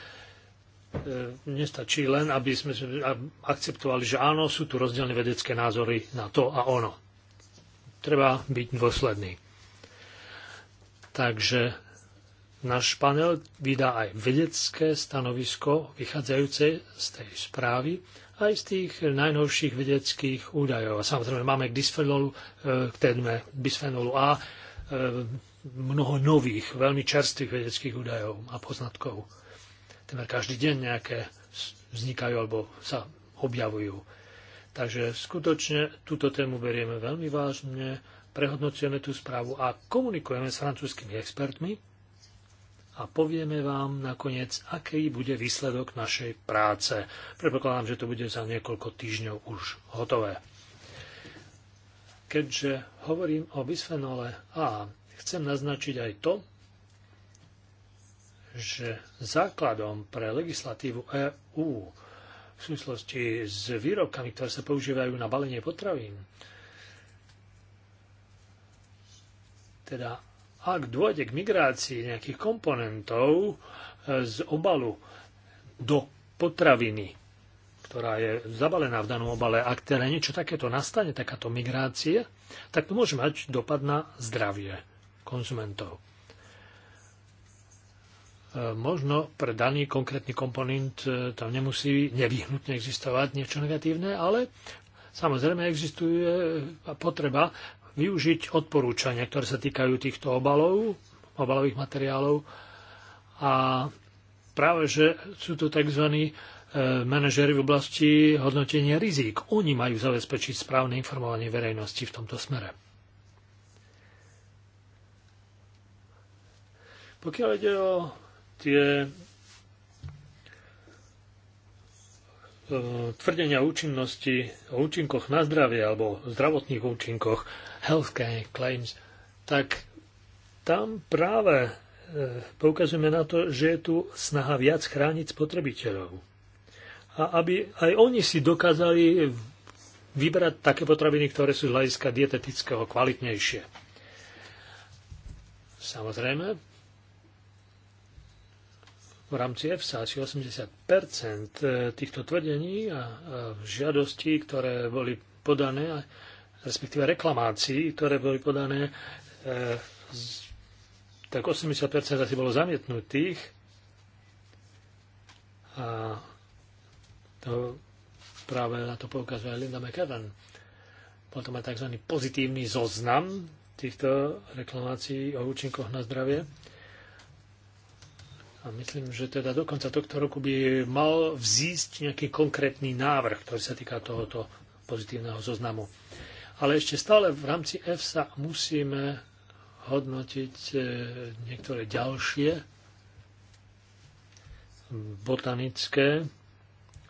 Speaker 1: nestačí len, aby sme akceptovali, že áno, sú tu rozdielne vedecké názory na to a ono. Treba byť dôsledný. Takže Náš panel vydá aj vedecké stanovisko vychádzajúce z tej správy aj z tých najnovších vedeckých údajov. A samozrejme máme k disfenolu, e, k téme bisfenolu A e, mnoho nových, veľmi čerstvých vedeckých údajov a poznatkov. Temer každý deň nejaké vznikajú alebo sa objavujú. Takže skutočne túto tému berieme veľmi vážne, prehodnocujeme tú správu a komunikujeme s francúzskými expertmi, a povieme vám nakoniec, aký bude výsledok našej práce. Predpokladám, že to bude za niekoľko týždňov už hotové. Keďže hovorím o bisfenole A, chcem naznačiť aj to, že základom pre legislatívu EÚ v súvislosti s výrobkami, ktoré sa používajú na balenie potravín, teda ak dôjde k migrácii nejakých komponentov e, z obalu do potraviny, ktorá je zabalená v danom obale, ak teda niečo takéto nastane, takáto migrácia, tak to môže mať dopad na zdravie konzumentov. E, možno pre daný konkrétny komponent e, tam nemusí nevyhnutne existovať niečo negatívne, ale samozrejme existuje potreba využiť odporúčania, ktoré sa týkajú týchto obalov, obalových materiálov. A práve, že sú to tzv. E, manažery v oblasti hodnotenia rizík. Oni majú zabezpečiť správne informovanie verejnosti v tomto smere. Pokiaľ ide o tie E, tvrdenia účinnosti o účinkoch na zdravie alebo zdravotných účinkoch healthcare claims, tak tam práve e, poukazujeme na to, že je tu snaha viac chrániť spotrebiteľov. A aby aj oni si dokázali vybrať také potraviny, ktoré sú z hľadiska dietetického kvalitnejšie. Samozrejme, rámci EFSA asi 80 e, týchto tvrdení a žiadostí, ktoré boli podané, respektíve reklamácií, ktoré boli podané, e, tak 80 asi bolo zamietnutých. A to práve na to poukazuje Linda Bol to má tzv. pozitívny zoznam týchto reklamácií o účinkoch na zdravie. A myslím, že teda do konca tohto roku by mal vzísť nejaký konkrétny návrh, ktorý sa týka tohoto pozitívneho zoznamu. Ale ešte stále v rámci EFSA musíme hodnotiť e, niektoré ďalšie botanické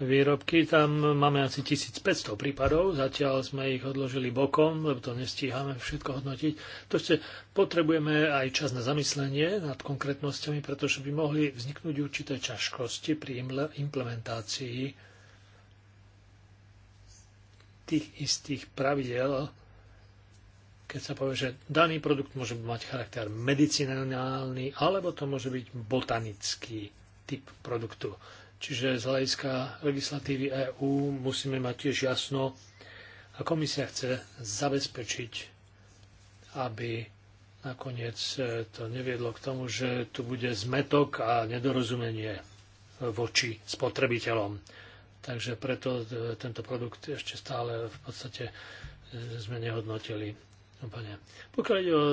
Speaker 1: výrobky. Tam máme asi 1500 prípadov, zatiaľ sme ich odložili bokom, lebo to nestíhame všetko hodnotiť. To ste, potrebujeme aj čas na zamyslenie nad konkrétnosťami, pretože by mohli vzniknúť určité ťažkosti pri implementácii tých istých pravidel, keď sa povie, že daný produkt môže mať charakter medicinálny, alebo to môže byť botanický typ produktu. Čiže z hľadiska legislatívy EÚ musíme mať tiež jasno a komisia chce zabezpečiť, aby nakoniec e, to neviedlo k tomu, že tu bude zmetok a nedorozumenie voči spotrebiteľom. Takže preto e, tento produkt ešte stále v podstate e, sme nehodnotili úplne. Pokiaľ ide o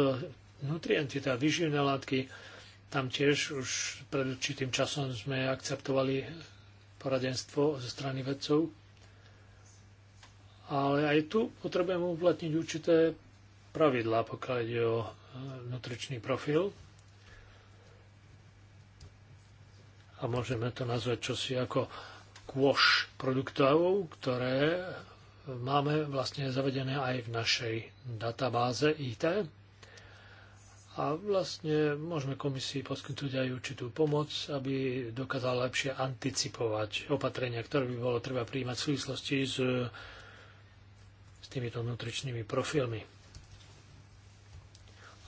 Speaker 1: nutrienty, teda výživné látky, tam tiež už pred určitým časom sme akceptovali poradenstvo ze strany vedcov. Ale aj tu potrebujeme uplatniť určité pravidlá, pokiaľ ide o e, nutričný profil. A môžeme to nazvať čosi ako kôš produktov, ktoré máme vlastne zavedené aj v našej databáze IT. A vlastne môžeme komisii poskytnúť aj určitú pomoc, aby dokázala lepšie anticipovať opatrenia, ktoré by bolo treba príjmať v súvislosti s, s týmito nutričnými profilmi.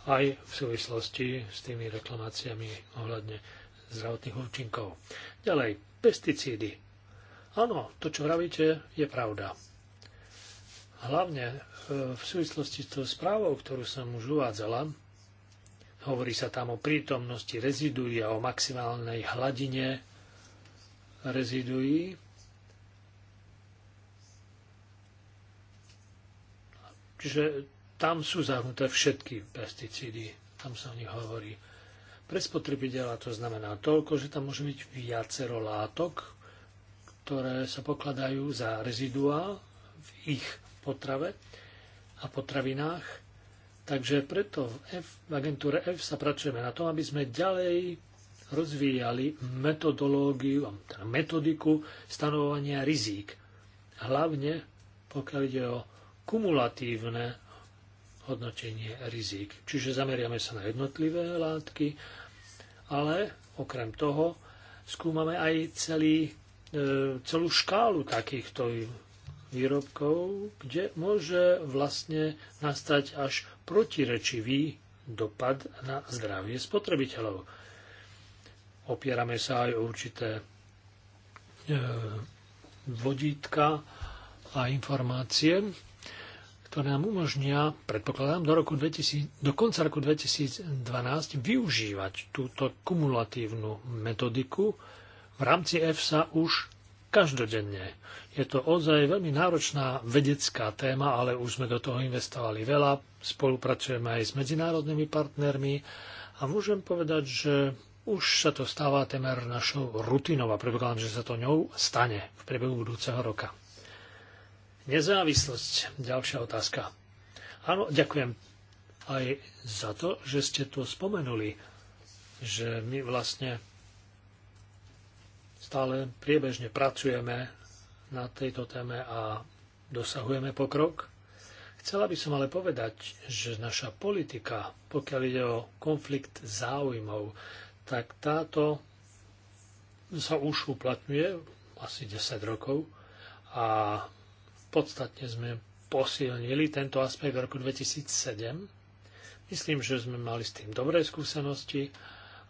Speaker 1: Aj v súvislosti s tými reklamáciami ohľadne zdravotných účinkov. Ďalej, pesticídy. Áno, to, čo hovoríte, je pravda. Hlavne e, v súvislosti s tou správou, ktorú som už uvádzala, Hovorí sa tam o prítomnosti reziduí a o maximálnej hladine reziduí. Čiže tam sú zahrnuté všetky pesticídy, tam sa o nich hovorí. Pre spotrebiteľa to znamená toľko, že tam môže byť viacero látok, ktoré sa pokladajú za reziduá v ich potrave a potravinách Takže preto v, F, v agentúre F sa pracujeme na tom, aby sme ďalej rozvíjali metodológiu, teda metodiku stanovovania rizík. Hlavne pokiaľ ide o kumulatívne hodnotenie rizík. Čiže zameriame sa na jednotlivé látky, ale okrem toho skúmame aj celý, e, celú škálu takýchto výrobkov, kde môže vlastne nastať až protirečivý dopad na zdravie spotrebiteľov. Opierame sa aj o určité e, vodítka a informácie, ktoré nám umožnia, predpokladám, do, roku 2000, do konca roku 2012 využívať túto kumulatívnu metodiku. V rámci EFSA už každodenne. Je to ozaj veľmi náročná vedecká téma, ale už sme do toho investovali veľa, spolupracujeme aj s medzinárodnými partnermi a môžem povedať, že už sa to stáva temer našou rutinou a predpokladám, že sa to ňou stane v priebehu budúceho roka. Nezávislosť, ďalšia otázka. Áno, ďakujem aj za to, že ste to spomenuli, že my vlastne Stále priebežne pracujeme na tejto téme a dosahujeme pokrok. Chcela by som ale povedať, že naša politika, pokiaľ ide o konflikt záujmov, tak táto sa už uplatňuje asi 10 rokov a podstatne sme posilnili tento aspekt v roku 2007. Myslím, že sme mali s tým dobré skúsenosti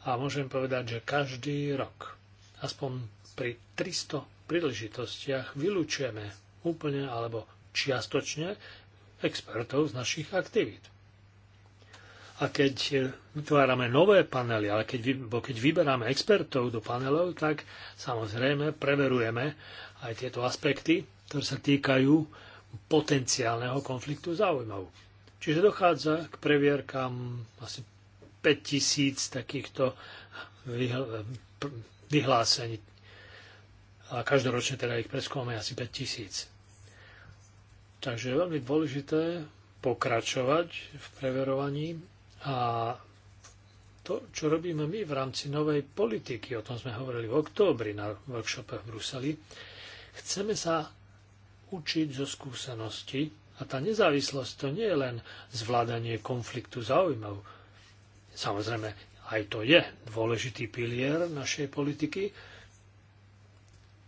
Speaker 1: a môžem povedať, že každý rok aspoň pri 300 príležitostiach vylúčujeme úplne alebo čiastočne expertov z našich aktivít. A keď e, vytvárame nové panely, ale keď, bo keď vyberáme expertov do panelov, tak samozrejme preverujeme aj tieto aspekty, ktoré sa týkajú potenciálneho konfliktu záujmov. Čiže dochádza k previerkám asi 5000 takýchto vyhlásení. A každoročne teda ich preskúmame asi 5000. Takže je veľmi dôležité pokračovať v preverovaní a to, čo robíme my v rámci novej politiky, o tom sme hovorili v októbri na workshope v Bruseli, chceme sa učiť zo skúsenosti a tá nezávislosť to nie je len zvládanie konfliktu záujmov. Samozrejme, aj to je dôležitý pilier našej politiky,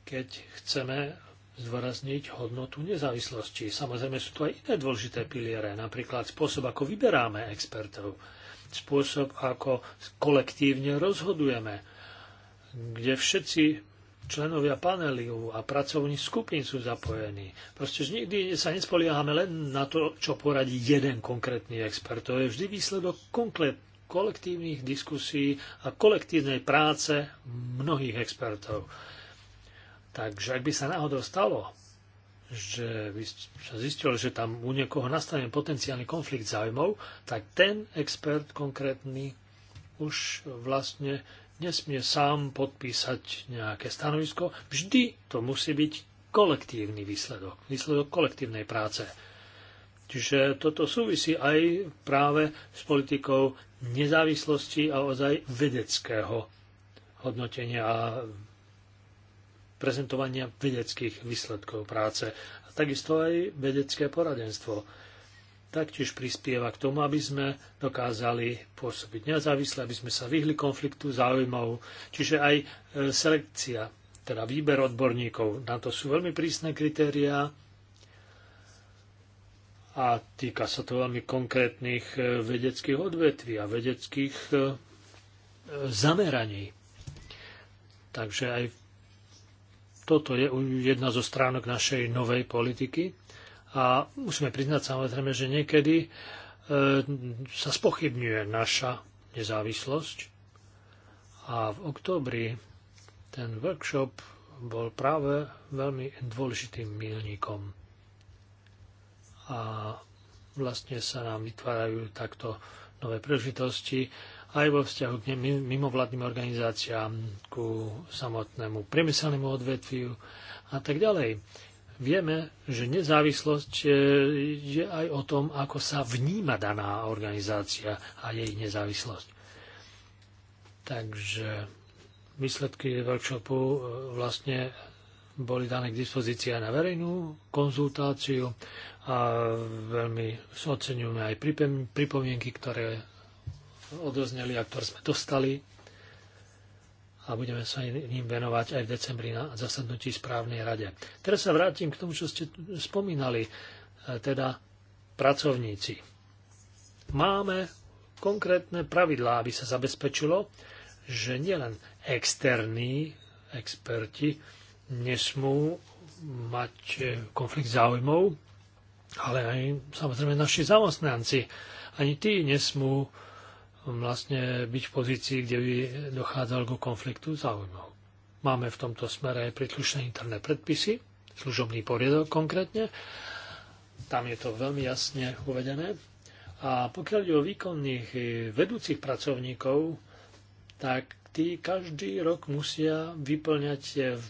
Speaker 1: keď chceme zdôrazniť hodnotu nezávislosti. Samozrejme sú tu aj iné dôležité piliere, napríklad spôsob, ako vyberáme expertov, spôsob, ako kolektívne rozhodujeme, kde všetci členovia panelu a pracovných skupín sú zapojení. Proste nikdy sa nespoliehame len na to, čo poradí jeden konkrétny expert. To je vždy výsledok konkrét, kolektívnych diskusí a kolektívnej práce mnohých expertov. Takže ak by sa náhodou stalo, že by sa zistilo, že tam u niekoho nastane potenciálny konflikt záujmov, tak ten expert konkrétny už vlastne nesmie sám podpísať nejaké stanovisko. Vždy to musí byť kolektívny výsledok, výsledok kolektívnej práce. Čiže toto súvisí aj práve s politikou nezávislosti a ozaj vedeckého hodnotenia a prezentovania vedeckých výsledkov práce. A takisto aj vedecké poradenstvo taktiež prispieva k tomu, aby sme dokázali pôsobiť nezávisle, aby sme sa vyhli konfliktu záujmov. Čiže aj e, selekcia, teda výber odborníkov, na to sú veľmi prísne kritériá, a týka sa to veľmi konkrétnych e, vedeckých odvetví a vedeckých e, zameraní. Takže aj toto je jedna zo stránok našej novej politiky a musíme priznať samozrejme, že niekedy e, sa spochybňuje naša nezávislosť a v októbri ten workshop bol práve veľmi dôležitým milníkom a vlastne sa nám vytvárajú takto nové príležitosti aj vo vzťahu k mimovládnym organizáciám, ku samotnému priemyselnému odvetviu a tak ďalej. Vieme, že nezávislosť e, je aj o tom, ako sa vníma daná organizácia a jej nezávislosť. Takže výsledky workshopu e, vlastne boli dané k dispozícii aj na verejnú konzultáciu a veľmi oceňujeme aj pripomienky, ktoré odozneli a ktoré sme dostali a budeme sa ním venovať aj v decembri na zasadnutí správnej rade. Teraz sa vrátim k tomu, čo ste spomínali, e, teda pracovníci. Máme konkrétne pravidlá, aby sa zabezpečilo, že nielen externí experti nesmú mať e, konflikt záujmov ale aj samozrejme naši zamestnanci. Ani tí nesmú um, vlastne byť v pozícii, kde by dochádzal ku konfliktu záujmov. Máme v tomto smere aj príslušné interné predpisy, služobný poriadok konkrétne. Tam je to veľmi jasne uvedené. A pokiaľ ide o výkonných eh, vedúcich pracovníkov, tak tí každý rok musia vyplňať eh,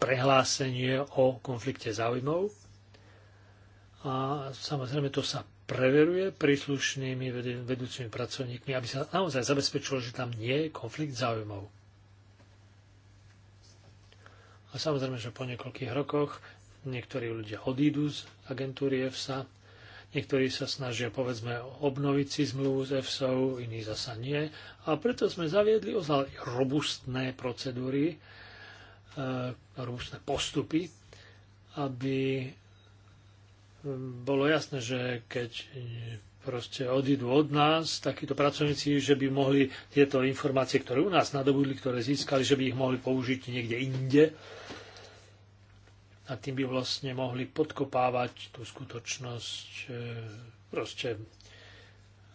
Speaker 1: prehlásenie o konflikte záujmov a samozrejme to sa preveruje príslušnými vedúcimi pracovníkmi, aby sa naozaj zabezpečilo, že tam nie je konflikt záujmov. A samozrejme, že po niekoľkých rokoch niektorí ľudia odídu z agentúry EFSA, niektorí sa snažia, povedzme, obnoviť si zmluvu s EFSA, iní zasa nie. A preto sme zaviedli ozaj robustné procedúry, e, robustné postupy, aby bolo jasné, že keď proste odídu od nás takíto pracovníci, že by mohli tieto informácie, ktoré u nás nadobudli, ktoré získali, že by ich mohli použiť niekde inde. A tým by vlastne mohli podkopávať tú skutočnosť, e, proste,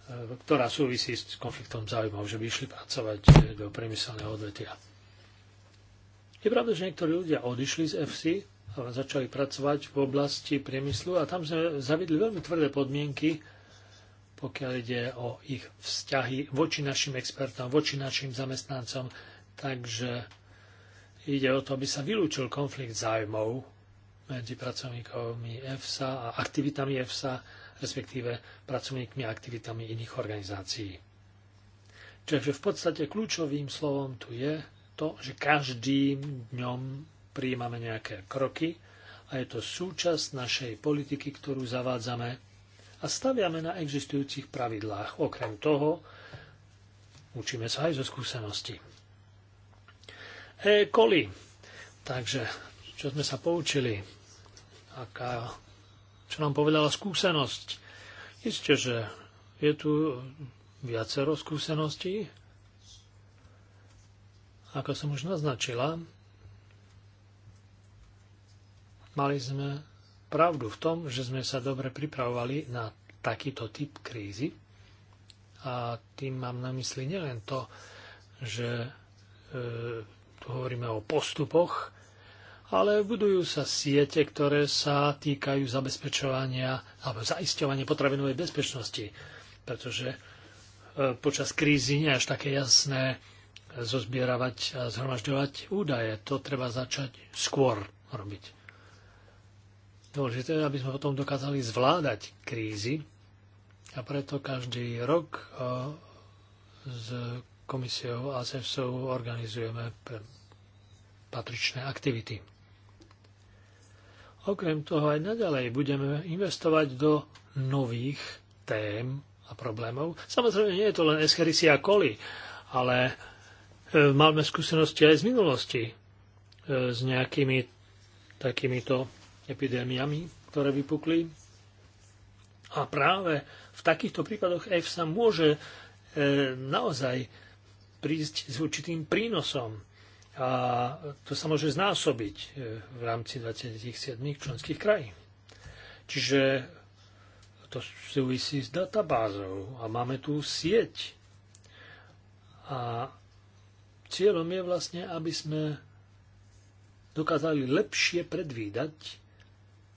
Speaker 1: e, ktorá súvisí s konfliktom záujmov, že by išli pracovať e, do priemyselného odvetia. Je pravda, že niektorí ľudia odišli z FC, začali pracovať v oblasti priemyslu a tam sme zavedli veľmi tvrdé podmienky, pokiaľ ide o ich vzťahy voči našim expertom, voči našim zamestnancom. Takže ide o to, aby sa vylúčil konflikt zájmov medzi pracovníkmi EFSA a aktivitami EFSA, respektíve pracovníkmi a aktivitami iných organizácií. Čiže v podstate kľúčovým slovom tu je to, že každým dňom prijímame nejaké kroky a je to súčasť našej politiky, ktorú zavádzame a staviame na existujúcich pravidlách. Okrem toho, učíme sa aj zo skúseností. E. coli. Takže, čo sme sa poučili? Aká, čo nám povedala skúsenosť? Isté, že je tu viacero skúseností. Ako som už naznačila, Mali sme pravdu v tom, že sme sa dobre pripravovali na takýto typ krízy. A tým mám na mysli nielen to, že e, tu hovoríme o postupoch, ale budujú sa siete, ktoré sa týkajú zabezpečovania alebo zaisťovania potravinovej bezpečnosti, pretože e, počas krízy nie až také jasné e, zozbieravať a zhromažďovať údaje. To treba začať skôr robiť. Dôležité aby sme potom dokázali zvládať krízy a preto každý rok s komisiou a SEFSou organizujeme patričné aktivity. Okrem toho aj naďalej budeme investovať do nových tém a problémov. Samozrejme, nie je to len Escherichia coli, ale e, máme skúsenosti aj z minulosti e, s nejakými takýmito epidémiami, ktoré vypukli. A práve v takýchto prípadoch EFSA môže e, naozaj prísť s určitým prínosom. A to sa môže znásobiť e, v rámci 27 členských krajín. Čiže to súvisí s databázou a máme tu sieť. A cieľom je vlastne, aby sme dokázali lepšie predvídať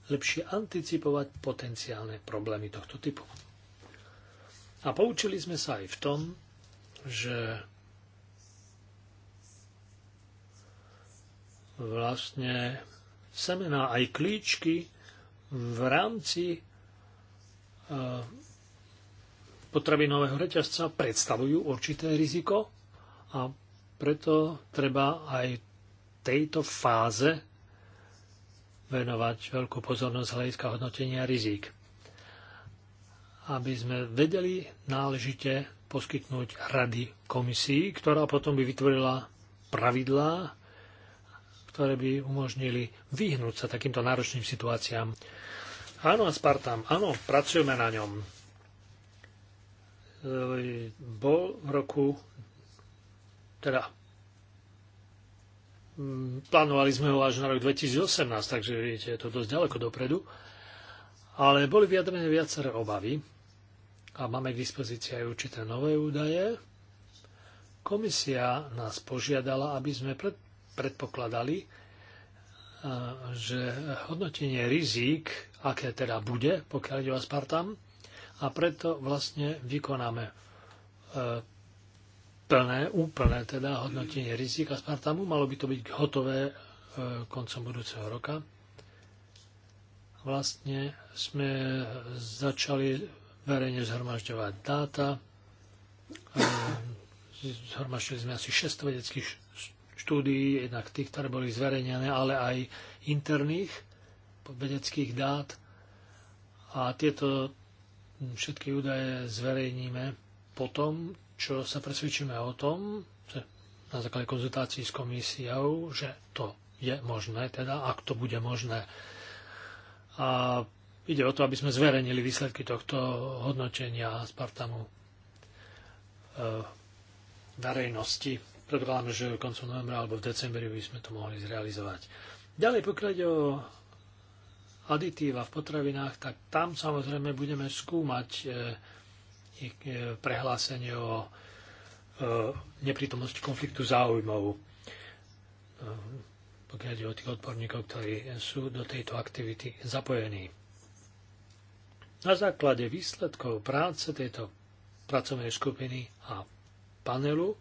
Speaker 1: lepšie anticipovať potenciálne problémy tohto typu. A poučili sme sa aj v tom, že vlastne semená aj klíčky v rámci e, potravinového reťazca predstavujú určité riziko a preto treba aj tejto fáze venovať veľkú pozornosť hľadiska hodnotenia rizik. Aby sme vedeli náležite poskytnúť rady komisii, ktorá potom by vytvorila pravidlá, ktoré by umožnili vyhnúť sa takýmto náročným situáciám. Áno, Aspartam, áno, pracujeme na ňom. E, bol v roku, teda Mm, plánovali sme ho až na rok 2018, takže vidíte, je to dosť ďaleko dopredu. Ale boli vyjadrené viaceré obavy a máme k dispozícii aj určité nové údaje. Komisia nás požiadala, aby sme predpokladali, že hodnotenie rizík, aké teda bude, pokiaľ ide o aspartam, a preto vlastne vykonáme e, úplné, úplné teda hodnotenie rizika Spartamu. Malo by to byť hotové e, koncom budúceho roka. Vlastne sme začali verejne zhromažďovať dáta. E, zhromažďovali sme asi 600 vedeckých štúdií, jednak tých, ktoré boli zverejnené, ale aj interných vedeckých dát. A tieto všetky údaje zverejníme potom, čo sa presvedčíme o tom, že na základe konzultácií s komisiou, že to je možné, teda ak to bude možné. A ide o to, aby sme zverejnili výsledky tohto hodnotenia Spartamu e, verejnosti. Predpokladám, že v koncu novembra alebo v decembri by sme to mohli zrealizovať. Ďalej, pokiaľ ide o aditíva v potravinách, tak tam samozrejme budeme skúmať e, E, prehlásenie o e, neprítomnosti konfliktu záujmov, e, pokiaľ ide o tých odborníkov, ktorí sú do tejto aktivity zapojení. Na základe výsledkov práce tejto pracovnej skupiny a panelu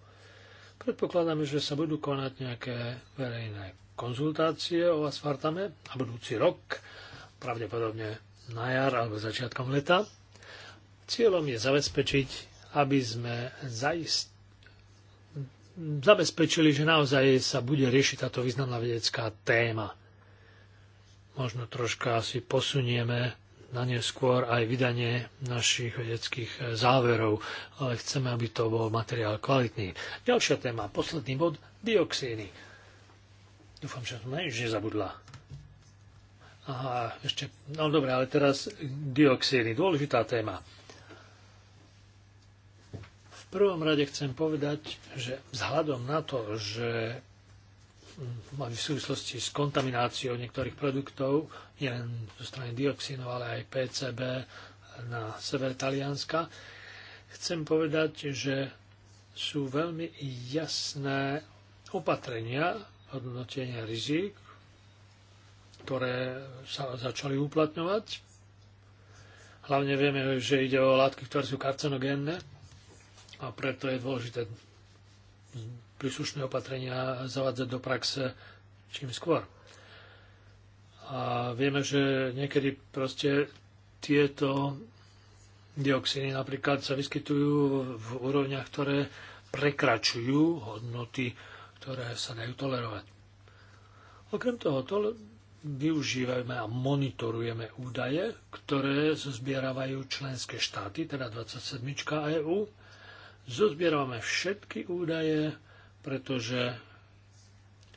Speaker 1: predpokladáme, že sa budú konať nejaké verejné konzultácie o asfartame a budúci rok, pravdepodobne na jar alebo začiatkom leta. Cieľom je zabezpečiť, aby sme zaist... zabezpečili, že naozaj sa bude riešiť táto významná vedecká téma. Možno troška si posunieme na neskôr aj vydanie našich vedeckých záverov, ale chceme, aby to bol materiál kvalitný. Ďalšia téma, posledný bod, dioxíny. Dúfam, že som na nič nezabudla. Aha, ešte, no dobre, ale teraz dioxíny, dôležitá téma prvom rade chcem povedať, že vzhľadom na to, že v súvislosti s kontamináciou niektorých produktov, nielen zo strany dioxínov, ale aj PCB na sever Talianska, chcem povedať, že sú veľmi jasné opatrenia hodnotenia rizik, ktoré sa začali uplatňovať. Hlavne vieme, že ide o látky, ktoré sú karcinogénne a preto je dôležité príslušné opatrenia zavádzať do praxe čím skôr. A vieme, že niekedy proste tieto dioxíny napríklad sa vyskytujú v úrovniach, ktoré prekračujú hodnoty, ktoré sa dajú tolerovať. Okrem toho, to využívame a monitorujeme údaje, ktoré zbieravajú členské štáty, teda 27 EU zozbierame všetky údaje, pretože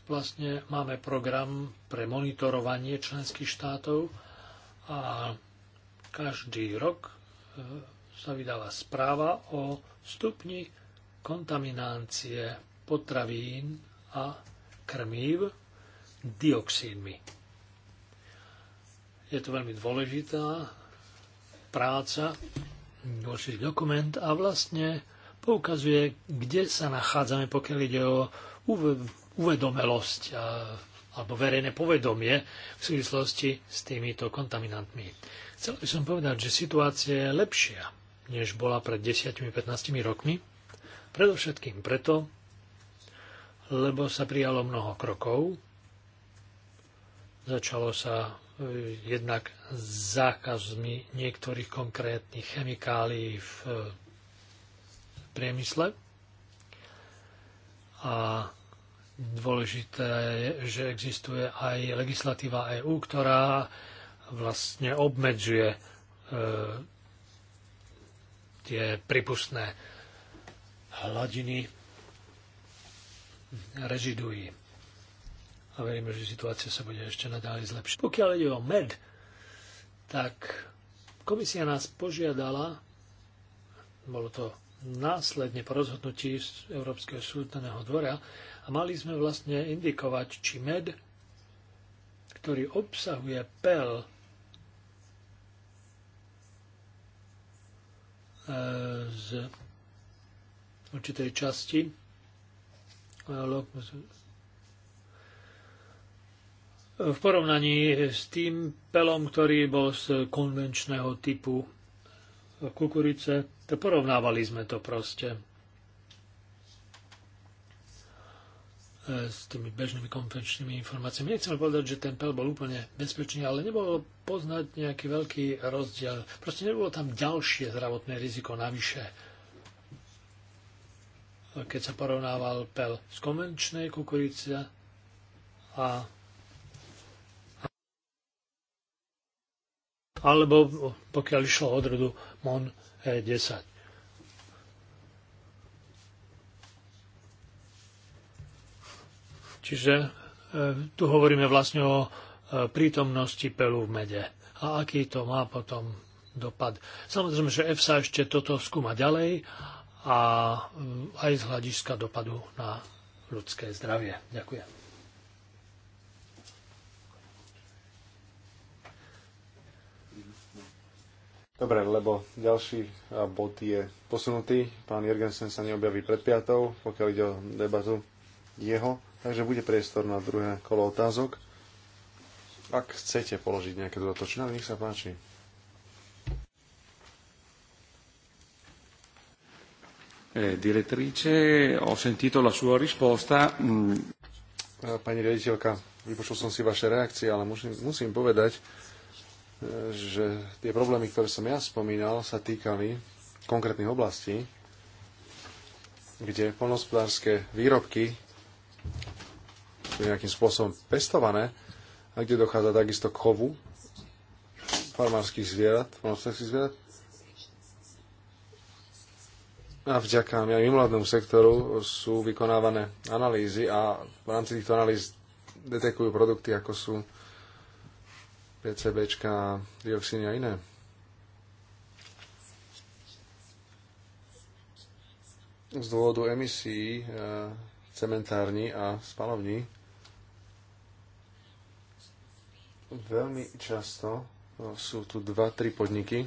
Speaker 1: vlastne máme program pre monitorovanie členských štátov a každý rok e, sa vydáva správa o stupni kontaminácie potravín a krmív dioxínmi. Je to veľmi dôležitá práca, dôležitý dokument a vlastne poukazuje, kde sa nachádzame, pokiaľ ide o uvedomelosť a, alebo verejné povedomie v súvislosti s týmito kontaminantmi. Chcel by som povedať, že situácia je lepšia, než bola pred 10-15 rokmi. Predovšetkým preto, lebo sa prijalo mnoho krokov. Začalo sa eh, jednak zákazmi niektorých konkrétnych chemikálií v priemysle. A dôležité je, že existuje aj legislatíva EÚ, ktorá vlastne obmedzuje e, tie pripustné hladiny rezidují. A veríme, že situácia sa bude ešte nadalej zlepšiť. Pokiaľ ide o med, tak komisia nás požiadala, bolo to následne po rozhodnutí Európskeho súdneho dvora a mali sme vlastne indikovať, či med, ktorý obsahuje pel, eh, z určitej časti v porovnaní s tým pelom, ktorý bol z konvenčného typu kukurice, to porovnávali sme to proste e, s tými bežnými konvenčnými informáciami. Nechcem povedať, že ten pel bol úplne bezpečný, ale nebolo poznať nejaký veľký rozdiel. Proste nebolo tam ďalšie zdravotné riziko navyše. Keď sa porovnával pel z konvenčnej kukurice a alebo pokiaľ išlo od rodu MON 10. E Čiže e, tu hovoríme vlastne o e, prítomnosti pelu v mede a aký to má potom dopad. Samozrejme, že EFSA ešte toto skúma ďalej a aj z hľadiska dopadu na ľudské zdravie. Ďakujem.
Speaker 2: Dobre, lebo ďalší bod je posunutý. Pán Jergensen sa neobjaví pred piatou, pokiaľ ide o debatu jeho. Takže bude priestor na druhé kolo otázok. Ak chcete položiť nejaké dodatočné, nech sa páči.
Speaker 1: Eh, Direktrice,
Speaker 2: ho sentito la sua risposta. Mm. Eh, pani riaditeľka, vypočul som si vaše reakcie, ale musím, musím povedať, že tie problémy, ktoré som ja spomínal, sa týkali konkrétnych oblastí, kde polnospodárske výrobky sú nejakým spôsobom pestované a kde dochádza takisto k chovu farmárskych zvierat, polnospodárských zvierat. A vďaka aj mimovládnemu sektoru sú vykonávané analýzy a v rámci týchto analýz detekujú produkty, ako sú PCBčka, e dioxíny a iné. Z dôvodu emisí e, cementárni a spalovní veľmi často sú tu dva, tri podniky,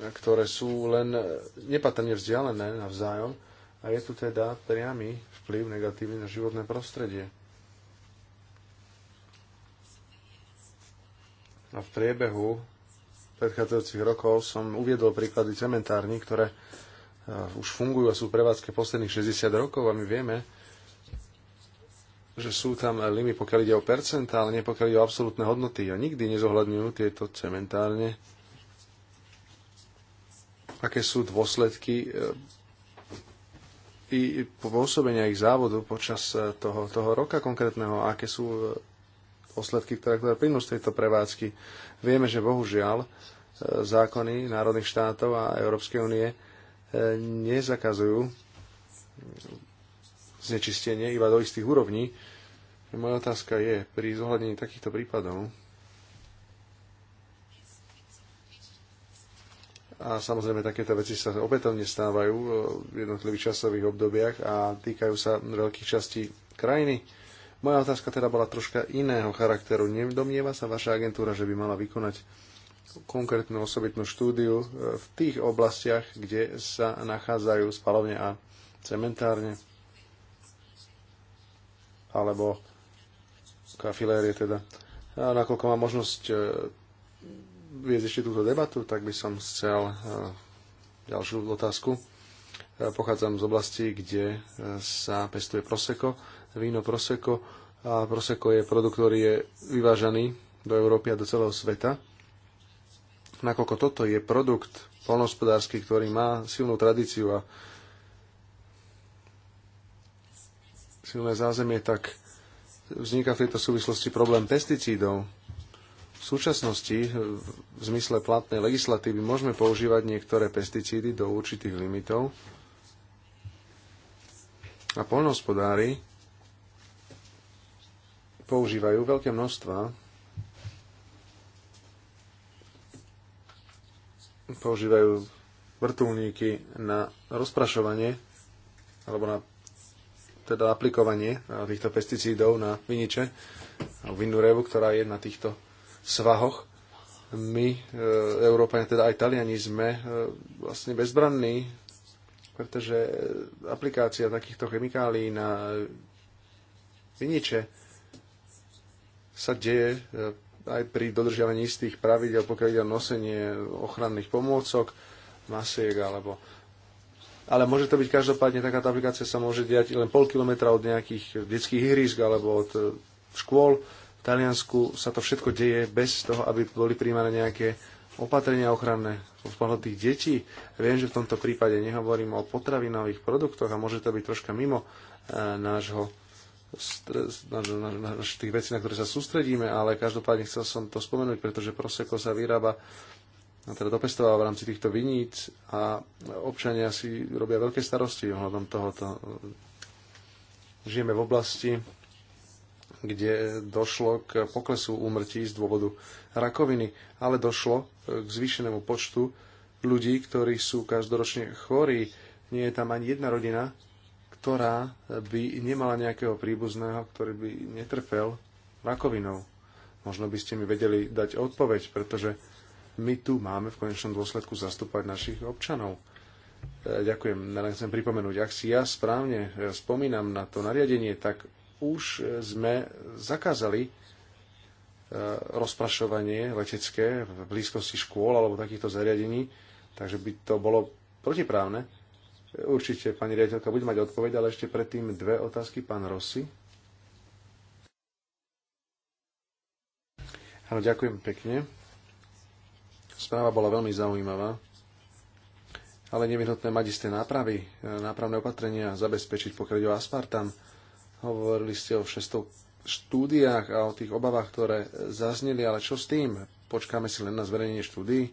Speaker 2: ktoré sú len nepatrne vzdialené navzájom a je tu teda priamy vplyv negatívny na životné prostredie. A v priebehu predchádzajúcich rokov som uviedol príklady cementární, ktoré e, už fungujú a sú v prevádzke posledných 60 rokov a my vieme, že sú tam limy, pokiaľ ide o percent, ale nie pokiaľ ide o absolútne hodnoty. A nikdy nezohľadňujú tieto cementárne, aké sú dôsledky e, i pôsobenia ich závodu počas e, toho, toho roka konkrétneho, aké sú posledky, ktoré, ktoré plynú z tejto prevádzky. Vieme, že bohužiaľ e, zákony národných štátov a Európskej únie e, nezakazujú znečistenie iba do istých úrovní. Moja otázka je, pri zohľadení takýchto prípadov a samozrejme takéto veci sa opätovne stávajú e, v jednotlivých časových obdobiach a týkajú sa veľkých častí krajiny moja otázka teda bola troška iného charakteru. Nedomnieva sa vaša agentúra, že by mala vykonať konkrétnu osobitnú štúdiu e, v tých oblastiach, kde sa nachádzajú spalovne a cementárne alebo kafilérie teda. A nakoľko mám možnosť e, viesť ešte túto debatu, tak by som chcel e, ďalšiu otázku. pochádzam z oblasti, kde sa pestuje proseko víno Prosecco a Prosecco je produkt, ktorý je vyvážaný do Európy a do celého sveta. Nakoľko toto je produkt polnohospodársky, ktorý má silnú tradíciu a silné zázemie, tak vzniká v tejto súvislosti problém pesticídov. V súčasnosti v zmysle platnej legislatívy môžeme používať niektoré pesticídy do určitých limitov a polnohospodári používajú veľké množstva používajú vrtulníky na rozprašovanie alebo na teda aplikovanie týchto pesticídov na viniče a vinnú revu, ktorá je na týchto svahoch. My, e, Európania, teda aj Taliani, sme e, vlastne bezbranní, pretože aplikácia takýchto chemikálií na viniče sa deje eh, aj pri dodržiavaní istých pravidel, pokiaľ ide o nosenie ochranných pomôcok, masiek alebo ale môže to byť každopádne, takáto aplikácia sa môže diať len pol kilometra od nejakých detských ihrisk alebo od eh, škôl. V Taliansku sa to všetko deje bez toho, aby boli príjmané nejaké opatrenia ochranné v pohľadu tých detí. Viem, že v tomto prípade nehovorím o potravinových produktoch a môže to byť troška mimo eh, nášho na, na, na, na tých vecí, na ktoré sa sústredíme, ale každopádne chcel som to spomenúť, pretože Prosecco sa vyrába a teda dopestováva v rámci týchto viníc a občania si robia veľké starosti ohľadom tohoto. Žijeme v oblasti, kde došlo k poklesu úmrtí z dôvodu rakoviny, ale došlo k zvýšenému počtu ľudí, ktorí sú každoročne chorí. Nie je tam ani jedna rodina, ktorá by nemala nejakého príbuzného, ktorý by netrpel rakovinou. Možno by ste mi vedeli dať odpoveď, pretože my tu máme v konečnom dôsledku zastúpať našich občanov. E, ďakujem. Len chcem pripomenúť, ak si ja správne e, spomínam na to nariadenie, tak už e, sme zakázali rozprašovanie letecké v blízkosti škôl alebo takýchto zariadení, takže by to bolo protiprávne Určite, pani riaditeľka, bude mať odpoveď, ale ešte predtým dve otázky. Pán Rossi. Áno, ďakujem pekne. Správa bola veľmi zaujímavá, ale nevyhnutné mať isté nápravy, nápravné opatrenia zabezpečiť, pokiaľ ide o aspartam. Hovorili ste o 600 štúdiách a o tých obavách, ktoré zazneli, ale čo s tým? Počkáme si len na zverejnenie štúdií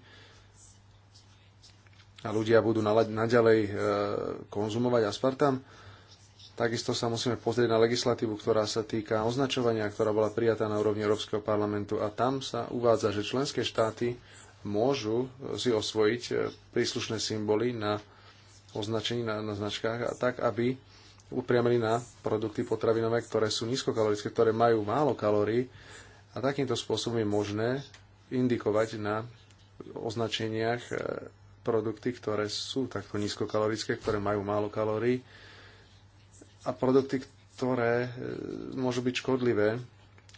Speaker 2: a ľudia budú naďalej e, konzumovať aspartam. Takisto sa musíme pozrieť na legislatívu, ktorá sa týka označovania, ktorá bola prijatá na úrovni Európskeho parlamentu a tam sa uvádza, že členské štáty môžu e, si osvojiť e, príslušné symboly na označení, na, na značkách a tak, aby upriamili na produkty potravinové, ktoré sú nízkokalorické, ktoré majú málo kalórií a takýmto spôsobom je možné indikovať na označeniach produkty, ktoré sú takto nízkokalorické, ktoré majú málo kalórií a produkty, ktoré e, môžu byť škodlivé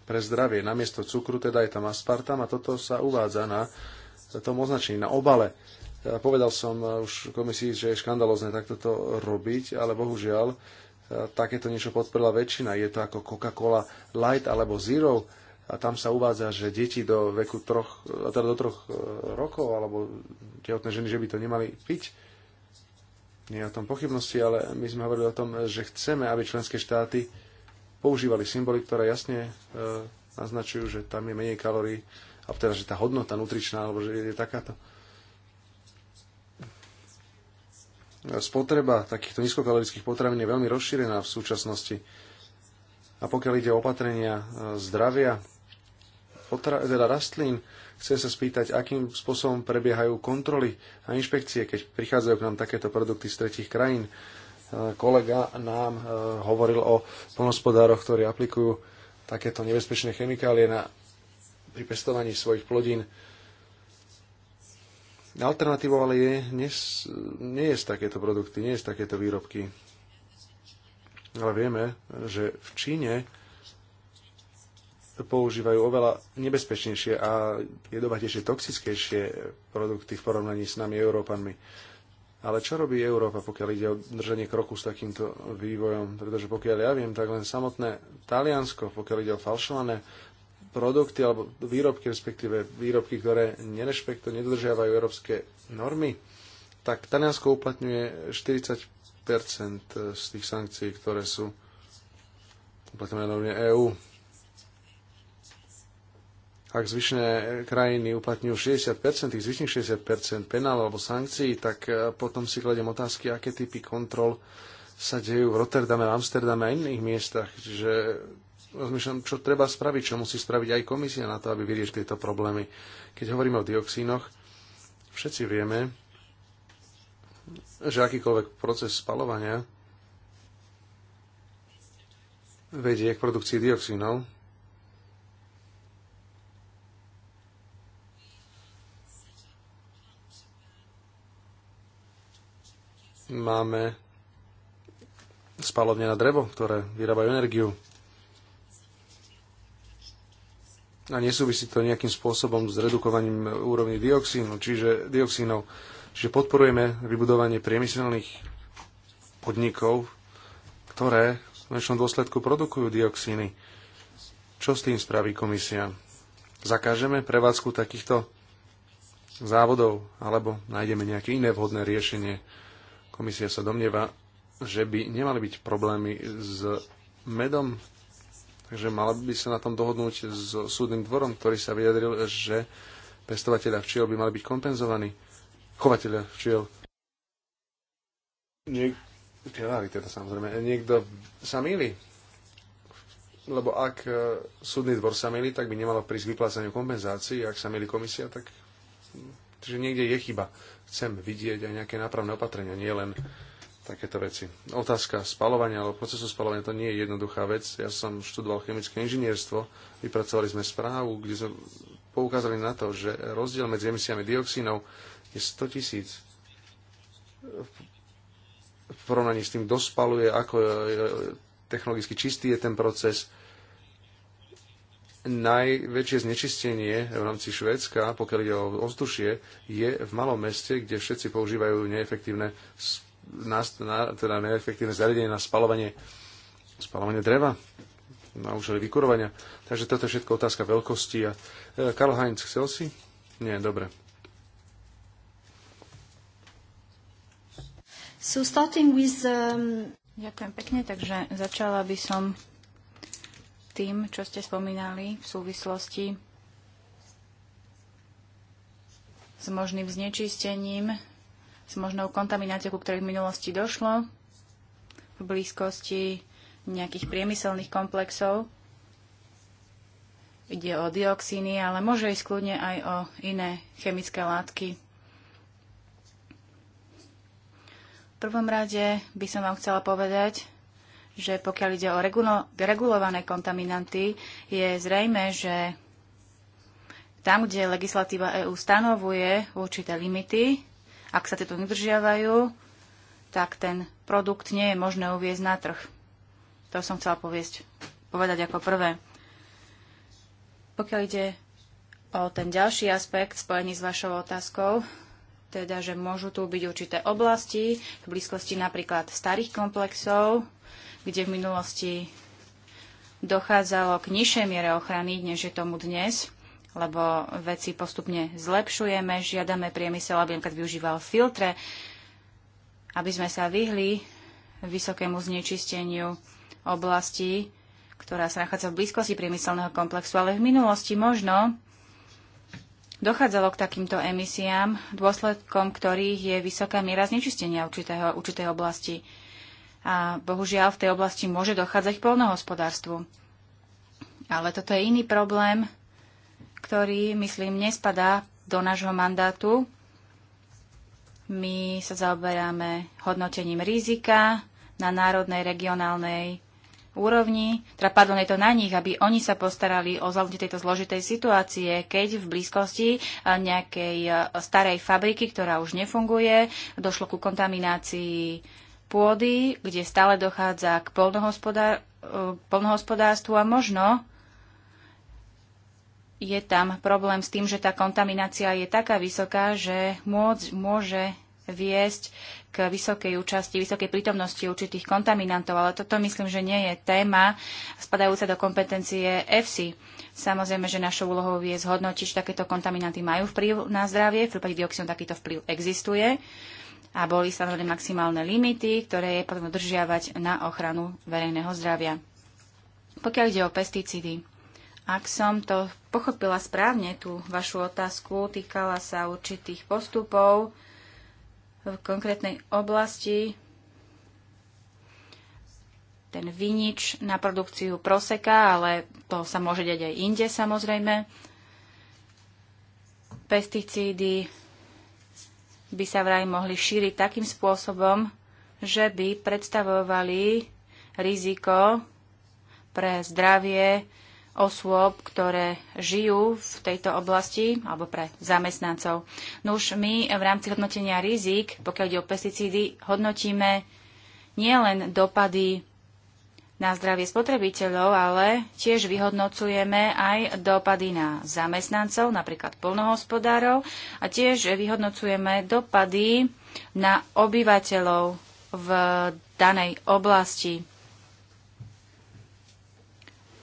Speaker 2: pre zdravie. Namiesto cukru teda je tam aspartam a toto sa uvádza na tom označení, na obale. Ja povedal som e, už komisii, že je škandalozne takto to robiť, ale bohužiaľ e, takéto niečo podporila väčšina. Je to ako Coca-Cola Light alebo Zero a tam sa uvádza, že deti do veku troch, teda do troch e, rokov alebo tehotné ženy, že by to nemali piť. Nie je o tom pochybnosti, ale my sme hovorili o tom, že chceme, aby členské štáty používali symboly, ktoré jasne e, naznačujú, že tam je menej kalórií, a teda, že tá hodnota nutričná, alebo že je takáto. Spotreba takýchto nízkokalorických potravín je veľmi rozšírená v súčasnosti. A pokiaľ ide o opatrenia e, zdravia, potra- teda rastlín. Chcem sa spýtať, akým spôsobom prebiehajú kontroly a inšpekcie, keď prichádzajú k nám takéto produkty z tretich krajín. E, kolega nám e, hovoril o plnospodároch, ktorí aplikujú takéto nebezpečné chemikálie na, pri pestovaní svojich plodín. Alternatívou ale je, nie je takéto produkty, nie je takéto výrobky. Ale vieme, že v Číne používajú oveľa nebezpečnejšie a jedovatejšie, toxickejšie produkty v porovnaní s nami Európanmi. Ale čo robí Európa, pokiaľ ide o držanie kroku s takýmto vývojom? Pretože pokiaľ ja viem, tak len samotné Taliansko, pokiaľ ide o falšované produkty alebo výrobky, respektíve výrobky, ktoré nerešpektujú, nedodržiavajú európske normy, tak Taliansko uplatňuje 40 z tých sankcií, ktoré sú uplatňované na EÚ ak zvyšné eh, krajiny uplatňujú 60%, tých zvyšných 60% penál alebo sankcií, tak eh, potom si kladiem otázky, aké typy kontrol sa dejú v Rotterdame, Amsterdame a iných miestach. Čiže rozmýšľam, čo treba spraviť, čo musí spraviť aj komisia na to, aby vyriešili tieto problémy. Keď hovoríme o dioxínoch, všetci vieme, že akýkoľvek proces spalovania vedie k produkcii dioxínov, Máme spalovne na drevo, ktoré vyrábajú energiu. A nesúvisí to nejakým spôsobom s redukovaním úrovni dioxínu, čiže dioxínov. Čiže podporujeme vybudovanie priemyselných podnikov, ktoré v konečnom dôsledku produkujú dioxíny. Čo s tým spraví komisia? Zakážeme prevádzku takýchto závodov, alebo nájdeme nejaké iné vhodné riešenie. Komisia sa domnieva, že by nemali byť problémy s medom, takže mala by sa na tom dohodnúť s súdnym dvorom, ktorý sa vyjadril, že pestovateľa včiel by mali byť kompenzovaní. Chovateľa včiel. Niek- teda samozrejme. Niekto sa milí. Lebo ak e, súdny dvor sa milí, tak by nemalo prísť k vyplácaniu kompenzácií. Ak sa milí komisia, tak... Hm. Čiže niekde je chyba chcem vidieť aj nejaké nápravné opatrenia, nie len takéto veci. Otázka spalovania alebo procesu spalovania to nie je jednoduchá vec. Ja som študoval chemické inžinierstvo, vypracovali sme správu, kde sme poukázali na to, že rozdiel medzi emisiami dioxínov je 100 tisíc v porovnaní s tým, kto spaluje, ako technologicky čistý je ten proces, najväčšie znečistenie v rámci Švédska, pokiaľ ide o ovzdušie, je v malom meste, kde všetci používajú neefektívne, teda neefektívne zariadenie na spalovanie, spalovanie dreva na účely vykurovania. Takže toto je všetko otázka veľkosti. A e, Karl Heinz, chcel si? Nie, dobre.
Speaker 3: So starting with, um... Ďakujem pekne, takže začala by som tým, čo ste spomínali v súvislosti s možným znečistením, s možnou kontamináciou, ku ktorej v minulosti došlo, v blízkosti nejakých priemyselných komplexov. Ide o dioxíny, ale môže ísť kľudne aj o iné chemické látky. V prvom rade by som vám chcela povedať, že pokiaľ ide o regulované kontaminanty, je zrejme, že tam, kde legislatíva EÚ stanovuje určité limity, ak sa tieto nedržiavajú, tak ten produkt nie je možné uviezť na trh. To som chcela poviesť, povedať ako prvé. Pokiaľ ide o ten ďalší aspekt spojený s vašou otázkou, teda, že môžu tu byť určité oblasti v blízkosti napríklad starých komplexov, kde v minulosti dochádzalo k nižšej miere ochrany, než je tomu dnes, lebo veci postupne zlepšujeme, žiadame priemysel, aby napríklad využíval filtre, aby sme sa vyhli vysokému znečisteniu oblasti, ktorá sa nachádza v blízkosti priemyselného komplexu, ale v minulosti možno dochádzalo k takýmto emisiám, dôsledkom ktorých je vysoká miera znečistenia určitej oblasti a bohužiaľ v tej oblasti môže dochádzať k polnohospodárstvu. Ale toto je iný problém, ktorý, myslím, nespadá do nášho mandátu. My sa zaoberáme hodnotením rizika na národnej, regionálnej úrovni. Teda padlo je to na nich, aby oni sa postarali o zvládnutie tejto zložitej situácie, keď v blízkosti eh, nejakej eh, starej fabriky, ktorá už nefunguje, došlo ku kontaminácii pôdy, kde stále dochádza k e, polnohospodárstvu a možno je tam problém s tým, že tá kontaminácia je taká vysoká, že môc môže viesť k vysokej účasti, vysokej prítomnosti určitých kontaminantov, ale toto myslím, že nie je téma spadajúca do kompetencie EFSI. Samozrejme, že našou úlohou je zhodnotiť, či takéto kontaminanty majú vplyv na zdravie, v prípade dioxínu takýto vplyv existuje a boli stanovené maximálne limity, ktoré je potrebné držiavať na ochranu verejného zdravia. Pokiaľ ide o pesticídy, ak som to pochopila správne, tú vašu otázku týkala sa určitých postupov v konkrétnej oblasti, ten vinič na produkciu proseka, ale to sa môže deť aj inde samozrejme. Pesticídy by sa vraj mohli šíriť takým spôsobom, že by predstavovali riziko pre zdravie osôb, ktoré žijú v tejto oblasti, alebo pre zamestnancov. No už my v rámci hodnotenia rizik, pokiaľ ide o pesticídy, hodnotíme nielen dopady na zdravie spotrebiteľov, ale tiež vyhodnocujeme aj dopady na zamestnancov, napríklad polnohospodárov, a tiež vyhodnocujeme dopady na obyvateľov v danej oblasti.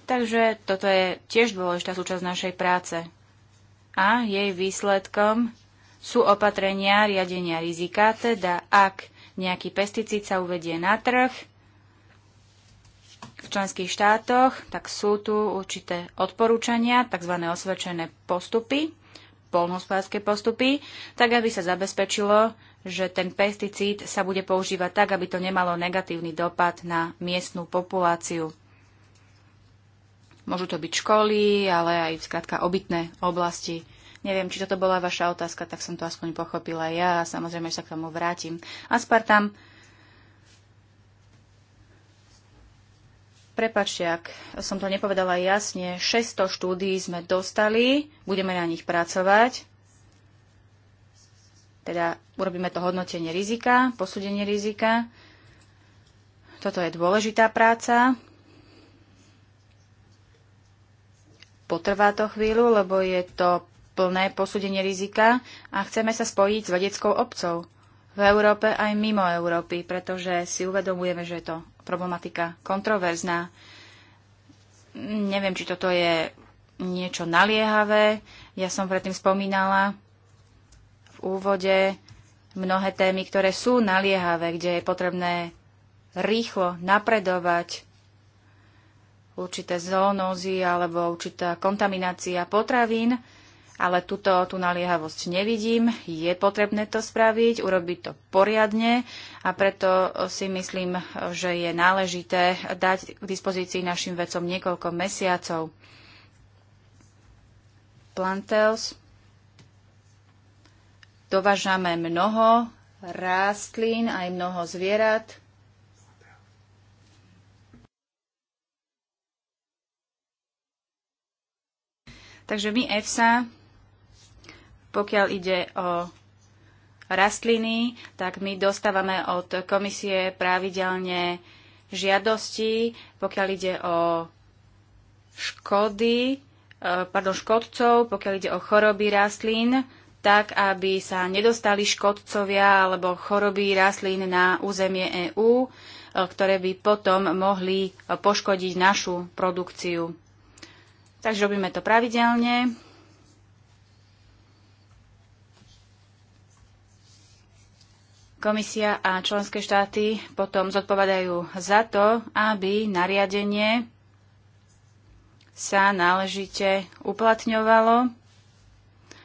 Speaker 3: Takže toto je tiež dôležitá súčasť našej práce. A jej výsledkom sú opatrenia riadenia rizika, teda ak nejaký pesticíd sa uvedie na trh, v členských štátoch, tak sú tu určité odporúčania, tzv. osvedčené postupy, polnohospodárske postupy, tak aby sa zabezpečilo, že ten pesticíd sa bude používať tak, aby to nemalo negatívny dopad na miestnú populáciu. Môžu to byť školy, ale aj skrátka obytné oblasti. Neviem, či toto bola vaša otázka, tak som to aspoň pochopila ja a samozrejme, že sa k tomu vrátim. Aspartam, Prepačte, ak som to nepovedala jasne, 600 štúdií sme dostali, budeme na nich pracovať. Teda urobíme to hodnotenie rizika, posúdenie rizika. Toto je dôležitá práca. Potrvá to chvíľu, lebo je to plné posúdenie rizika a chceme sa spojiť s vedeckou obcov v Európe aj mimo Európy, pretože si uvedomujeme, že je to problematika kontroverzná. Neviem, či toto je niečo naliehavé. Ja som predtým spomínala v úvode mnohé témy, ktoré sú naliehavé, kde je potrebné rýchlo napredovať určité zoonózy alebo určitá kontaminácia potravín ale túto, tú naliehavosť nevidím. Je potrebné to spraviť, urobiť to poriadne a preto si myslím, že je náležité dať k dispozícii našim vecom niekoľko mesiacov. Plantels. Dovážame mnoho rastlín, aj mnoho zvierat. Takže my EFSA pokiaľ ide o rastliny, tak my dostávame od komisie pravidelne žiadosti, pokiaľ ide o škody, e, pardon, škodcov, pokiaľ ide o choroby rastlín, tak, aby sa nedostali škodcovia alebo choroby rastlín na územie EÚ, e, ktoré by potom mohli poškodiť našu produkciu. Takže robíme to pravidelne. Komisia a členské štáty potom zodpovedajú za to, aby nariadenie sa náležite uplatňovalo,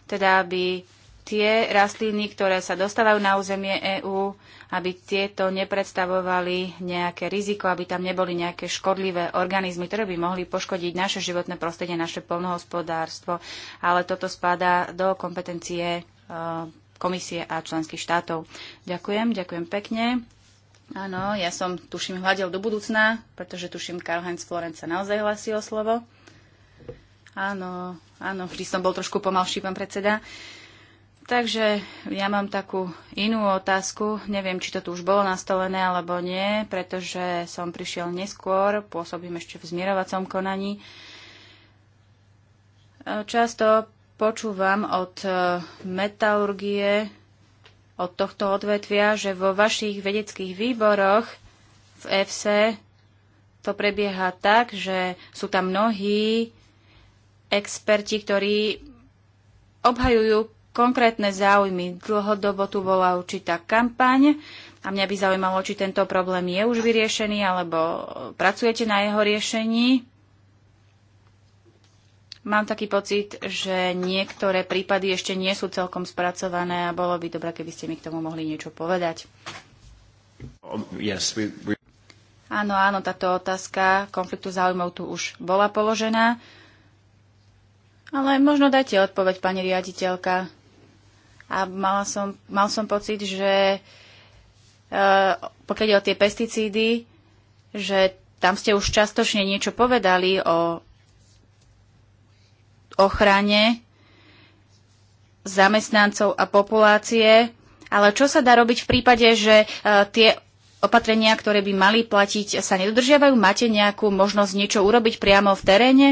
Speaker 3: teda aby tie rastliny, ktoré sa dostávajú na územie EÚ, aby tieto nepredstavovali nejaké riziko, aby tam neboli nejaké škodlivé organizmy, ktoré by mohli poškodiť naše životné prostredie, naše polnohospodárstvo. Ale toto spadá do kompetencie eh, komisie a členských štátov. Ďakujem, ďakujem pekne. Áno, ja som, tuším, hľadel do budúcna, pretože tuším, Karl Heinz Florent sa naozaj hlasí o slovo. Áno, áno, vždy som bol trošku pomalší, pán predseda. Takže ja mám takú inú otázku. Neviem, či to tu už bolo nastolené alebo nie, pretože som prišiel neskôr, pôsobím ešte v zmierovacom konaní. Často počúvam od e, metalurgie, od tohto odvetvia, že vo vašich vedeckých výboroch v FC to prebieha tak, že sú tam mnohí experti, ktorí obhajujú konkrétne záujmy. Dlhodobo tu bola určitá kampaň a mňa by zaujímalo, či tento problém je už vyriešený alebo pracujete na jeho riešení. Mám taký pocit, že niektoré prípady ešte nie sú celkom spracované a bolo by dobré, keby ste mi k tomu mohli niečo povedať.
Speaker 1: Um, yes, we, we...
Speaker 3: Áno, áno, táto otázka konfliktu záujmov tu už bola položená. Ale možno dajte odpoveď, pani riaditeľka. A mala som, mal som pocit, že e, pokiaľ ide o tie pesticídy, že tam ste už častočne niečo povedali o ochrane zamestnancov a populácie. Ale čo sa dá robiť v prípade, že e, tie opatrenia, ktoré by mali platiť, sa nedodržiavajú? Máte nejakú možnosť niečo urobiť priamo v teréne?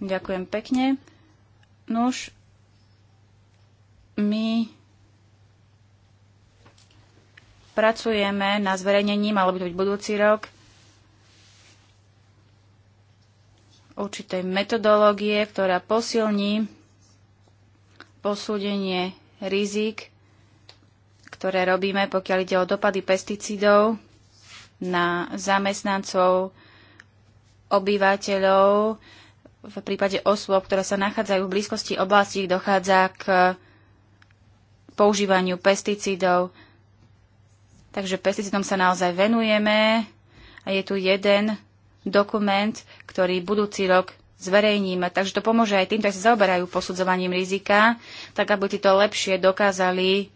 Speaker 3: Ďakujem pekne. Nuž, my pracujeme na zverejnení, malo by to byť budúci rok, určitej metodológie, ktorá posilní posúdenie rizik, ktoré robíme, pokiaľ ide o dopady pesticídov na zamestnancov, obyvateľov, v prípade osôb, ktoré sa nachádzajú v blízkosti oblasti, dochádza k používaniu pesticídov. Takže pesticídom sa naozaj venujeme a je tu jeden dokument, ktorý budúci rok zverejníme. Takže to pomôže aj tým, ktorí sa zaoberajú posudzovaním rizika, tak aby títo lepšie dokázali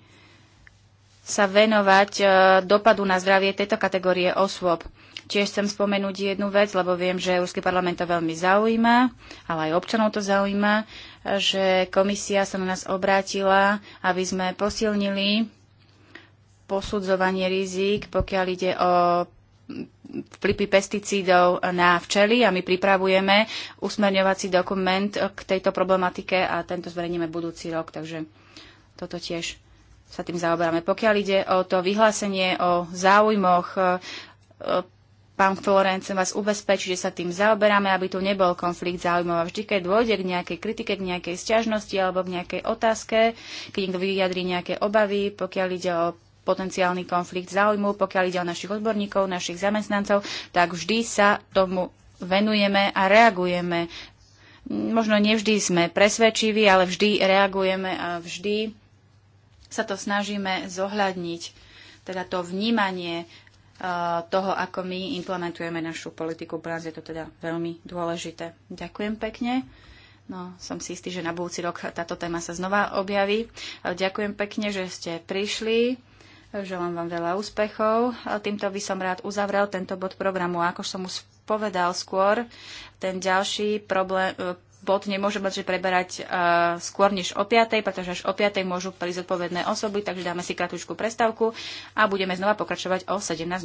Speaker 3: sa venovať e, dopadu na zdravie tejto kategórie osôb. Tiež chcem spomenúť jednu vec, lebo viem, že Európsky parlament to veľmi zaujíma, ale aj občanov to zaujíma, že komisia sa na nás obrátila, aby sme posilnili posudzovanie rizik, pokiaľ ide o vplyvy pesticídov na včely a my pripravujeme usmerňovací dokument k tejto problematike a tento zverejníme budúci rok, takže toto tiež sa tým zaoberáme. Pokiaľ ide o to vyhlásenie o záujmoch, e, pán Florent, chcem vás ubezpečiť, že sa tým zaoberáme, aby tu nebol konflikt záujmov. vždy, keď dôjde k nejakej kritike, k nejakej sťažnosti alebo k nejakej otázke, keď niekto vyjadrí nejaké obavy, pokiaľ ide o potenciálny konflikt záujmu, pokiaľ ide o našich odborníkov, našich zamestnancov, tak vždy sa tomu venujeme a reagujeme. Možno nevždy sme presvedčiví, ale vždy reagujeme a vždy sa to snažíme zohľadniť, teda to vnímanie e, toho, ako my implementujeme našu politiku. Pre nás je to teda veľmi dôležité. Ďakujem pekne. No, som si istý, že na budúci rok táto téma sa znova objaví. E, ďakujem pekne, že ste prišli. Želám vám veľa úspechov. Týmto by som rád uzavrel tento bod programu. Ako som už povedal skôr, ten ďalší problém, e, bod nemôžeme že preberať uh, skôr než o 5, pretože až o 5 môžu prísť odpovedné osoby, takže dáme si kratúčku prestavku a budeme znova pokračovať o 17.00.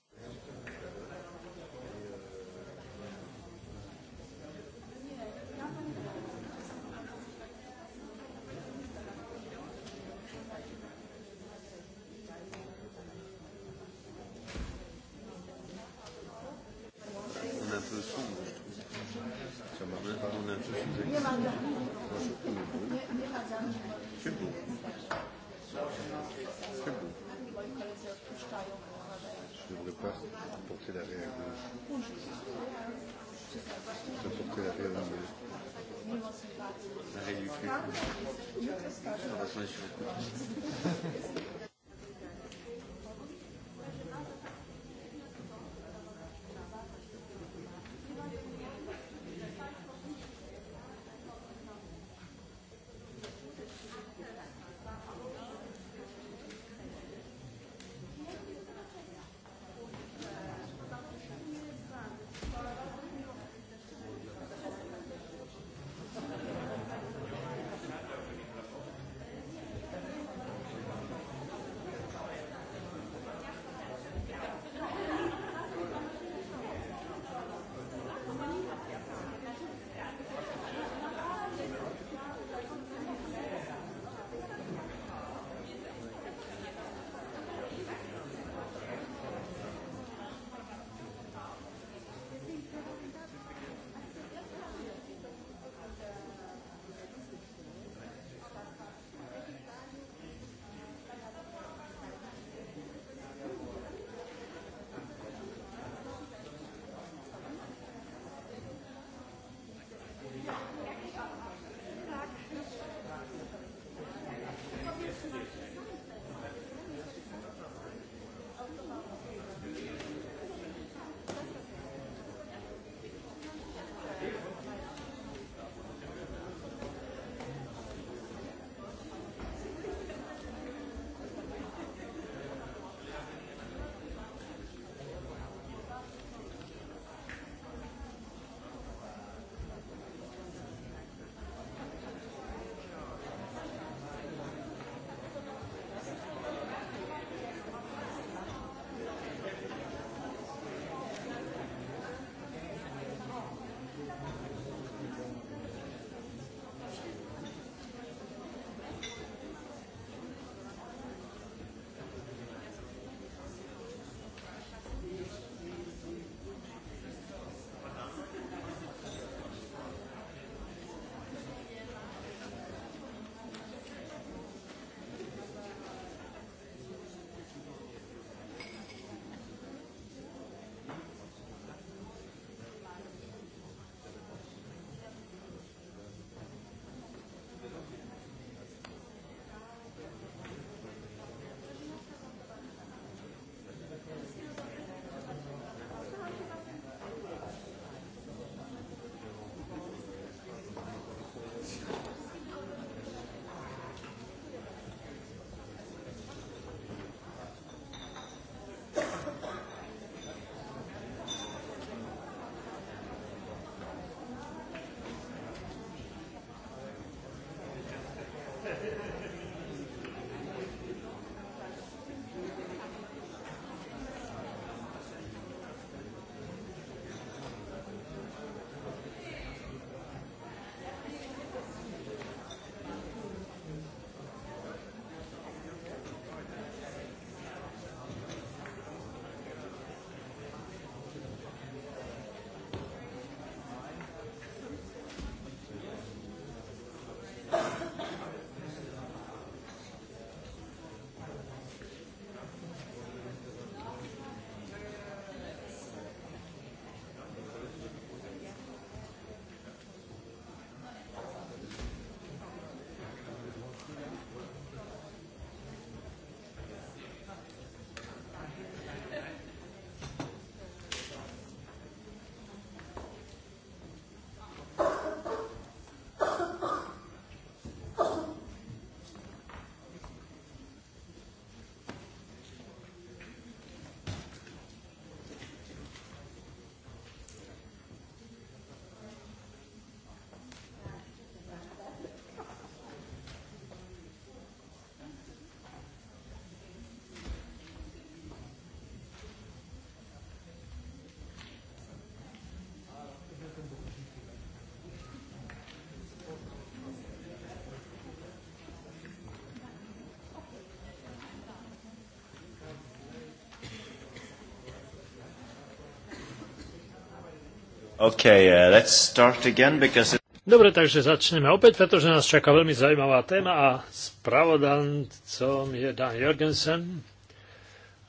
Speaker 1: Okay, uh, let's start again because... Dobre, takže začneme opäť, pretože nás čaká veľmi zaujímavá téma a spravodancom je Dan Jorgensen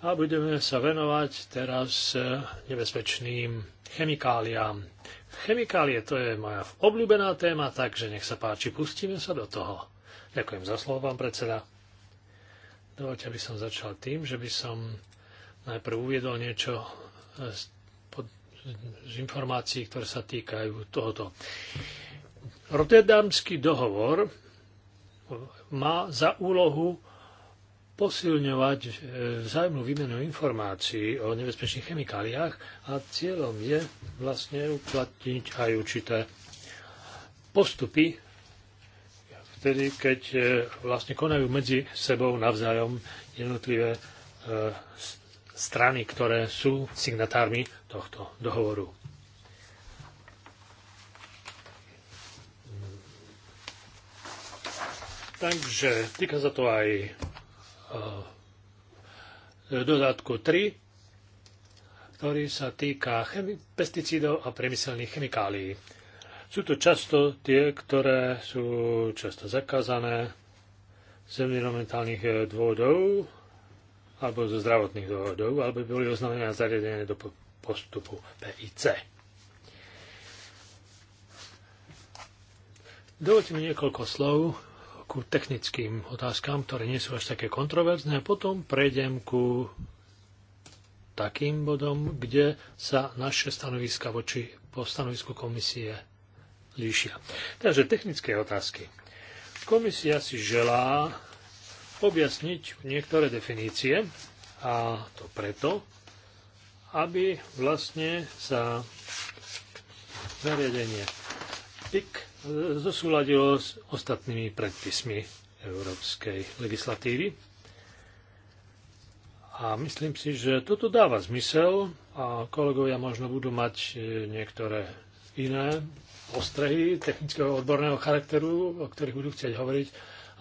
Speaker 1: a budeme sa venovať teraz eh, nebezpečným chemikáliám. Chemikálie to je moja obľúbená téma, takže nech sa páči, pustíme sa do toho. Ďakujem za slovo, pán predseda. Dovolte, aby som začal tým, že by som najprv uviedol niečo eh, z z informácií, ktoré sa týkajú tohoto. Rotterdamský dohovor má za úlohu posilňovať e, vzájomnú výmenu informácií o nebezpečných chemikáliách a cieľom je vlastne uplatniť aj určité postupy, vtedy, keď e, vlastne konajú medzi sebou navzájom jednotlivé e, strany, ktoré sú signatármi tohto dohovoru. Takže týka sa to aj e, dodatku 3, ktorý sa týka pesticídov a priemyselných chemikálií. Sú to často tie, ktoré sú často zakázané z environmentálnych e, dôvodov alebo zo zdravotných dôvodov, alebo boli oznamené a zariadené do postupu PIC. Dovolte mi niekoľko slov ku technickým otázkam, ktoré nie sú až také kontroverzné. a Potom prejdem ku takým bodom, kde sa naše stanoviska voči po stanovisku komisie líšia. Takže technické otázky. Komisia si želá objasniť niektoré definície a to preto, aby vlastne sa zariadenie PIK zosúladilo s ostatnými predpismi európskej legislatívy. A myslím si, že toto dáva zmysel a kolegovia možno budú mať e, niektoré iné ostrehy technického odborného charakteru, o ktorých budú chcieť hovoriť,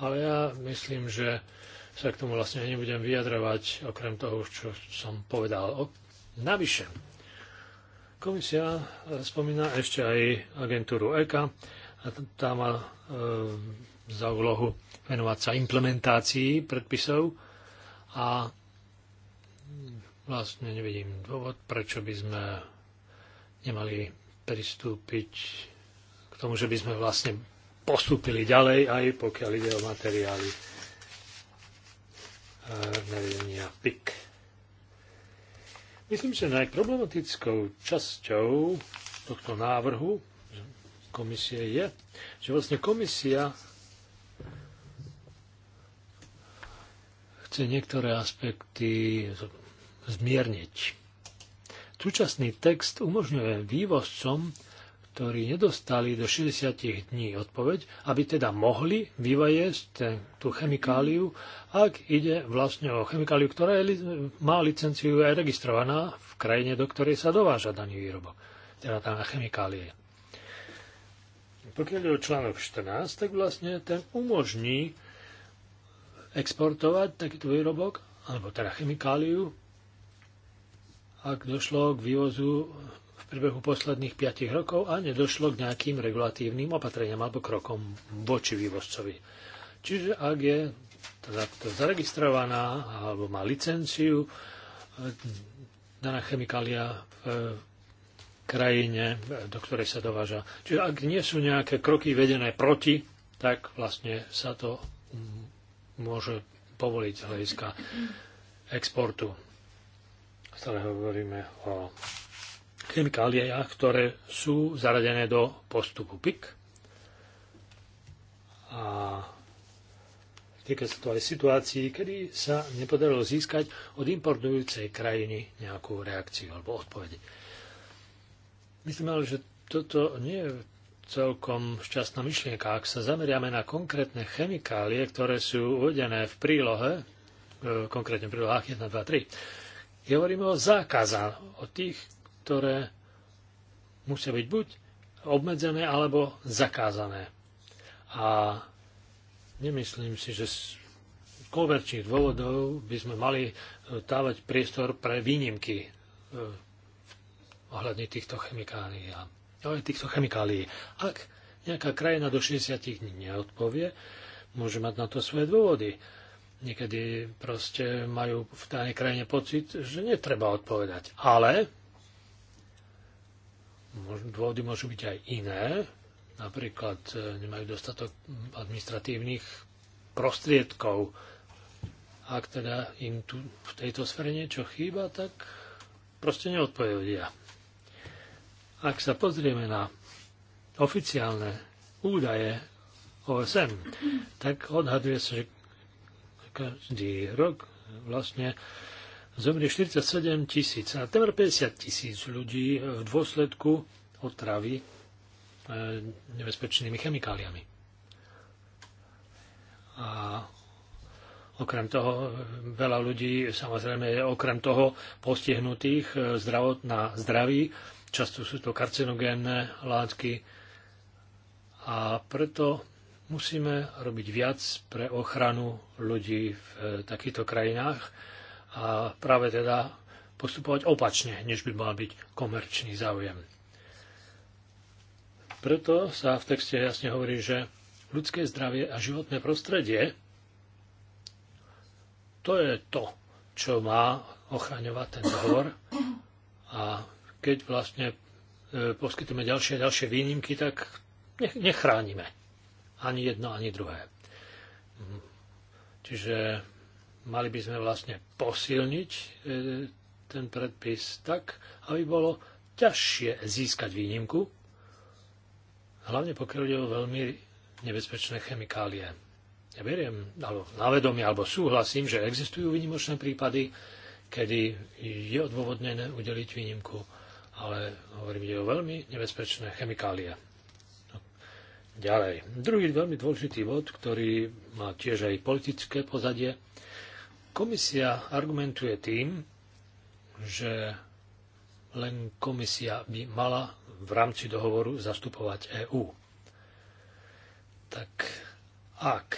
Speaker 1: ale ja myslím, že sa k tomu vlastne nebudem vyjadrovať, okrem toho, čo som povedal. Navyše, komisia spomína ešte aj agentúru ECA a tá má e, za úlohu venovať sa implementácii predpisov a vlastne nevidím dôvod, prečo by sme nemali pristúpiť k tomu, že by sme vlastne postúpili ďalej, aj pokiaľ ide o materiály e, nariadenia PIK. Myslím, že najproblematickou časťou tohto návrhu komisie je, že vlastne komisia chce niektoré aspekty zmierniť. Súčasný text umožňuje vývozcom ktorí nedostali do 60 dní odpoveď, aby teda mohli vyvajesť ten, tú chemikáliu, ak ide vlastne o chemikáliu, ktorá je, má licenciu aj registrovaná v krajine, do ktorej sa dováža daný výrobok, teda tá chemikálie. Pokiaľ je o článok 14, tak vlastne ten umožní exportovať takýto výrobok, alebo teda chemikáliu, ak došlo k vývozu priebehu posledných 5 rokov a nedošlo k nejakým regulatívnym opatreniam alebo krokom voči vývozcovi. Čiže ak je takto teda zaregistrovaná alebo má licenciu eh, daná chemikália v eh, krajine, do ktorej sa dováža. Čiže ak nie sú nejaké kroky vedené proti, tak vlastne sa to mm, môže povoliť z hľadiska exportu. Stále hovoríme o chemikáliách, ktoré sú zaradené do postupu PIK. A týka sa to aj situácií, kedy sa nepodarilo získať od importujúcej krajiny nejakú reakciu alebo odpovede. Myslím ale, že toto nie je celkom šťastná myšlienka. Ak sa zameriame na konkrétne chemikálie, ktoré sú uvedené v prílohe, e, konkrétne v prílohách 1, 2, 3, hovoríme o zákaza, o tých, ktoré musia byť buď obmedzené alebo zakázané. A nemyslím si, že z koverčných dôvodov by sme mali e, dávať priestor pre výnimky e, ohľadne týchto chemikálií. Ale týchto chemikálií. Ak nejaká krajina do 60 dní neodpovie, môže mať na to svoje dôvody. Niekedy proste majú v danej krajine pocit, že netreba odpovedať. Ale Dôvody môžu byť aj iné, napríklad e, nemajú dostatok administratívnych prostriedkov. Ak teda im tu v tejto sfere niečo chýba, tak proste neodpovedia. Ak sa pozrieme na oficiálne údaje OSN, tak odhaduje sa, že každý rok vlastne zomrie 47 tisíc a temer 50 tisíc ľudí v dôsledku otravy e, nebezpečnými chemikáliami. A okrem toho veľa ľudí samozrejme je okrem toho postihnutých e, zdravot na zdraví. Často sú to karcinogénne látky a preto musíme robiť viac pre ochranu ľudí v e, takýchto krajinách a práve teda postupovať opačne, než by mal byť komerčný záujem. Preto sa v texte jasne hovorí, že ľudské zdravie a životné prostredie to je to, čo má ochraňovať ten dohovor a keď vlastne e, poskytujeme ďalšie a ďalšie výnimky, tak nechránime ani jedno, ani druhé. Mhm. Čiže Mali by sme vlastne posilniť e, ten predpis tak, aby bolo ťažšie získať výnimku, hlavne pokiaľ je o veľmi nebezpečné chemikálie. Ja beriem, alebo navedomie, alebo súhlasím, že existujú výnimočné prípady, kedy je odôvodnené udeliť výnimku, ale hovorím, je o veľmi nebezpečné chemikálie. No. Ďalej. Druhý veľmi dôležitý bod, ktorý má tiež aj politické pozadie, Komisia argumentuje tým, že len komisia by mala v rámci dohovoru zastupovať EÚ. Tak ak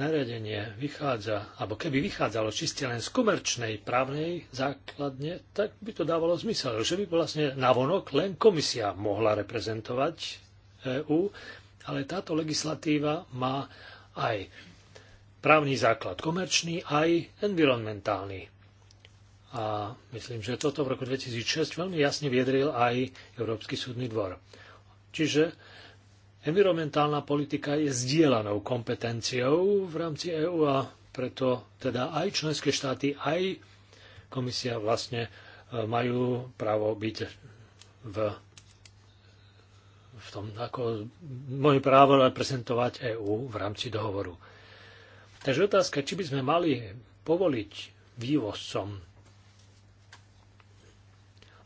Speaker 1: nariadenie vychádza, alebo keby vychádzalo čiste len z komerčnej právnej základne, tak by to dávalo zmysel, že by vlastne navonok len komisia mohla reprezentovať EÚ, ale táto legislatíva má aj právny základ komerčný aj environmentálny. A myslím, že toto v roku 2006 veľmi jasne viedril aj Európsky súdny dvor. Čiže environmentálna politika je zdieľanou kompetenciou v rámci EÚ a preto teda aj členské štáty, aj komisia vlastne e, majú právo byť v, v tom, ako môj právo reprezentovať EÚ v rámci dohovoru. Takže otázka, či by sme mali povoliť vývozcom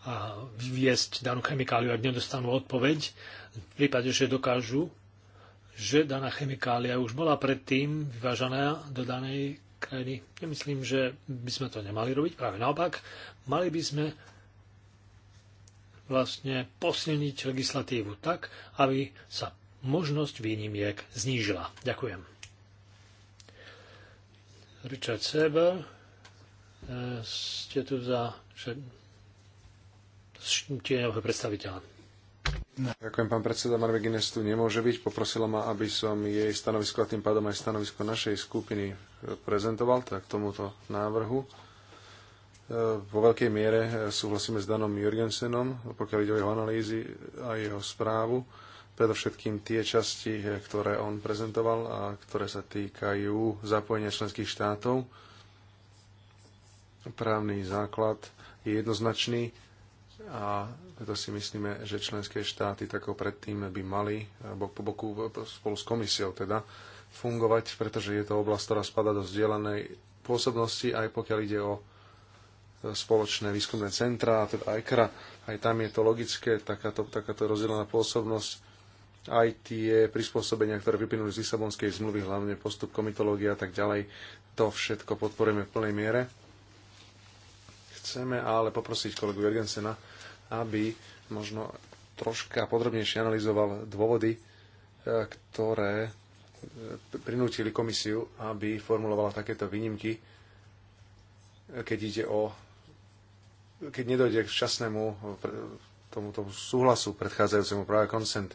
Speaker 1: a vyviesť danú chemikáliu, ak nedostanú odpoveď, v prípade, že dokážu, že daná chemikália už bola predtým vyvážaná do danej krajiny. Nemyslím, že by sme to nemali robiť, práve naopak. Mali by sme vlastne posilniť legislatívu tak, aby sa možnosť výnimiek znížila. Ďakujem. Richard Seber, ste tu za tieňového predstaviteľa.
Speaker 2: Ďakujem, pán predseda. Marve Guinness tu nemôže byť. Poprosila ma, aby som jej stanovisko a tým pádom aj stanovisko našej skupiny e, prezentoval, tak tomuto návrhu. E, vo veľkej miere e, súhlasíme s Danom Jurgensenom, pokiaľ ide o jeho analýzy a jeho správu predovšetkým tie časti, eh, ktoré on prezentoval a ktoré sa týkajú zapojenia členských štátov. Právny základ je jednoznačný a preto si myslíme, že členské štáty takou predtým by mali eh, bok po boku spolu s komisiou teda fungovať, pretože je to oblasť, ktorá spada do vzdielanej pôsobnosti, aj pokiaľ ide o eh, spoločné výskumné centra, teda ICRA, aj tam je to logické, takáto, takáto rozdielaná pôsobnosť aj tie prispôsobenia, ktoré vyplynuli z Lisabonskej zmluvy, hlavne postup komitológia a tak ďalej, to všetko podporujeme v plnej miere. Chceme ale poprosiť kolegu Jorgensena, aby možno troška podrobnejšie analyzoval dôvody, e, ktoré e, prinútili komisiu, aby formulovala takéto výnimky, keď ide o keď nedojde k včasnému tomu, tomu súhlasu predchádzajúcemu práve consent.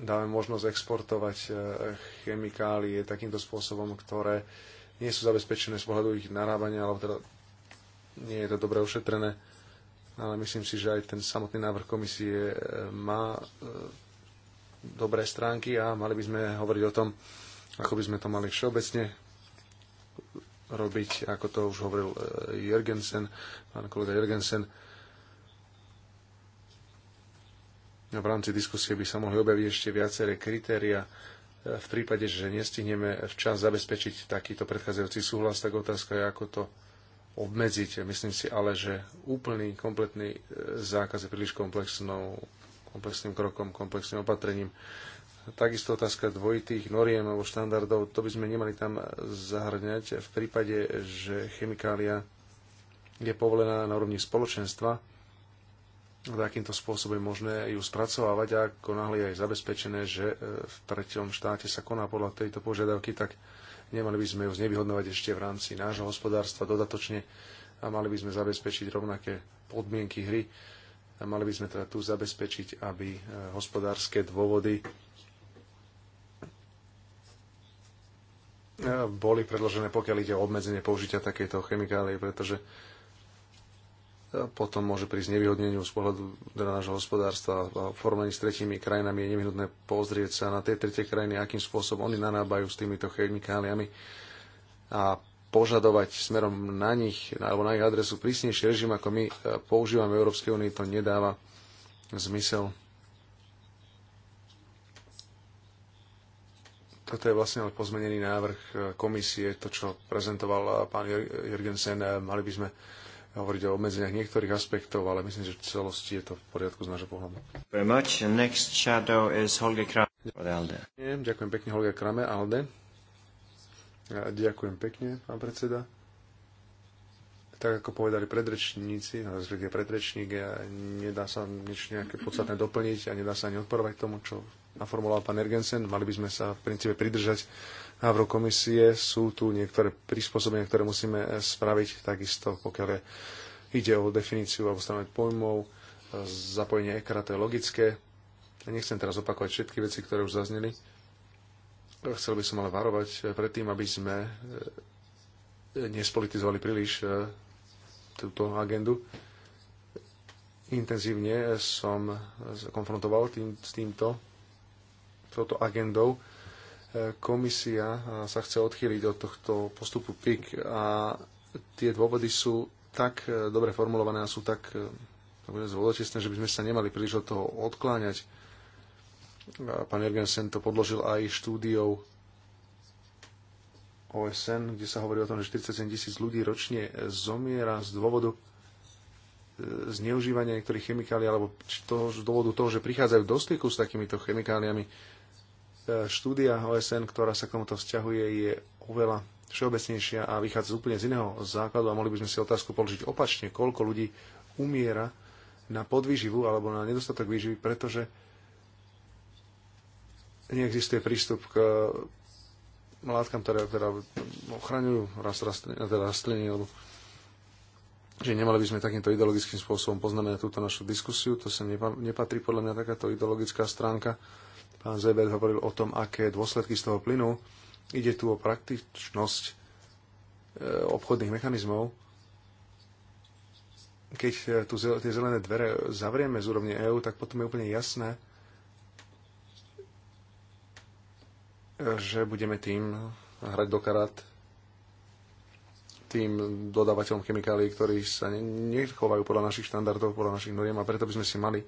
Speaker 2: dáme možnosť exportovať e, chemikálie takýmto spôsobom, ktoré nie sú zabezpečené z pohľadu ich narábania, alebo teda nie je to dobre ošetrené. Ale myslím si, že aj ten samotný návrh komisie e, má e, dobré stránky a mali by sme hovoriť o tom, ako by sme to mali všeobecne robiť, ako to už hovoril Jürgensen, pán kolega Jürgensen. v rámci diskusie by sa mohli objaviť ešte viaceré kritéria. E, v prípade, že nestihneme včas zabezpečiť takýto predchádzajúci súhlas, tak otázka je, ako to obmedziť. Myslím si ale, že úplný, kompletný e, zákaz je príliš komplexnou, komplexným krokom, komplexným opatrením. Takisto otázka dvojitých noriem alebo štandardov, to by sme nemali tam zahrňať v prípade, že chemikália je povolená na úrovni spoločenstva, takýmto spôsobom je možné ju spracovávať a ako náhle je aj zabezpečené, že e, v treťom štáte sa koná podľa tejto požiadavky, tak nemali by sme ju znevýhodnovať ešte v rámci nášho hospodárstva dodatočne a mali by sme zabezpečiť rovnaké podmienky hry a mali by sme teda tu zabezpečiť, aby e, hospodárske dôvody e, boli predložené, pokiaľ ide o obmedzenie použitia takéto chemikálie, pretože potom môže prísť nevyhodneniu z pohľadu teda nášho hospodárstva. V porovnaní s tretími krajinami je nevyhnutné pozrieť sa na tie tretie krajiny, akým spôsobom oni narábajú s týmito chemikáliami a požadovať smerom na nich alebo na ich adresu prísnejší režim, ako my e, používame v Európskej únii, to nedáva zmysel. toto je vlastne ale pozmenený návrh e, komisie, to, čo prezentoval e, pán Jürgensen. Mali by sme hovoriť o obmedzeniach niektorých aspektov, ale myslím, že v celosti je to v poriadku z nášho pohľadu. Ďakujem pekne, Holger Krame, Alde. Ďakujem pekne, pán predseda. Tak ako povedali predrečníci, no, respektíve predrečník, nedá sa nič nejaké podstatné doplniť a nedá sa ani odporovať tomu, čo naformuloval pán Ergensen. Mali by sme sa v princípe pridržať návrhu komisie sú tu niektoré prispôsobenia, ktoré musíme eh, spraviť, takisto pokiaľ ide o definíciu alebo stanovenie pojmov, eh, zapojenie ekra, to je logické. Nechcem teraz opakovať všetky veci, ktoré už zazneli. Chcel by som ale varovať eh, pred tým, aby sme nespolitizovali príliš túto agendu. Intenzívne som konfrontoval tým, s týmto, touto agendou komisia sa chce odchýliť od tohto postupu PIK a tie dôvody sú tak e, dobre formulované a sú tak e, zvodočistné, že by sme sa nemali príliš od toho odkláňať. Pán Jergensen to podložil aj štúdiou OSN, kde sa hovorí o tom, že 47 tisíc ľudí ročne zomiera z dôvodu e, zneužívania niektorých chemikálií alebo toho, z dôvodu toho, že prichádzajú do styku s takýmito chemikáliami štúdia OSN, ktorá sa k tomuto vzťahuje, je oveľa všeobecnejšia a vychádza úplne z iného základu a mohli by sme si otázku položiť opačne, koľko ľudí umiera na podvýživu alebo na nedostatok výživy, pretože neexistuje prístup k eh, látkam, ktoré, teda ochraňujú rast, rast, teda rastliny, že nemali by sme takýmto ideologickým spôsobom poznamenať túto našu diskusiu, to sa nepatrí podľa mňa takáto ideologická stránka Pán Zeber hovoril o tom, aké dôsledky z toho plynu. Ide tu o praktičnosť e, obchodných mechanizmov. Keď e, tu tie zelené dvere zavrieme z úrovne EÚ, tak potom je úplne jasné, že budeme tým hrať do karát tým dodávateľom chemikálií, ktorí sa nechovajú podľa našich štandardov, podľa našich noriem a preto by sme si mali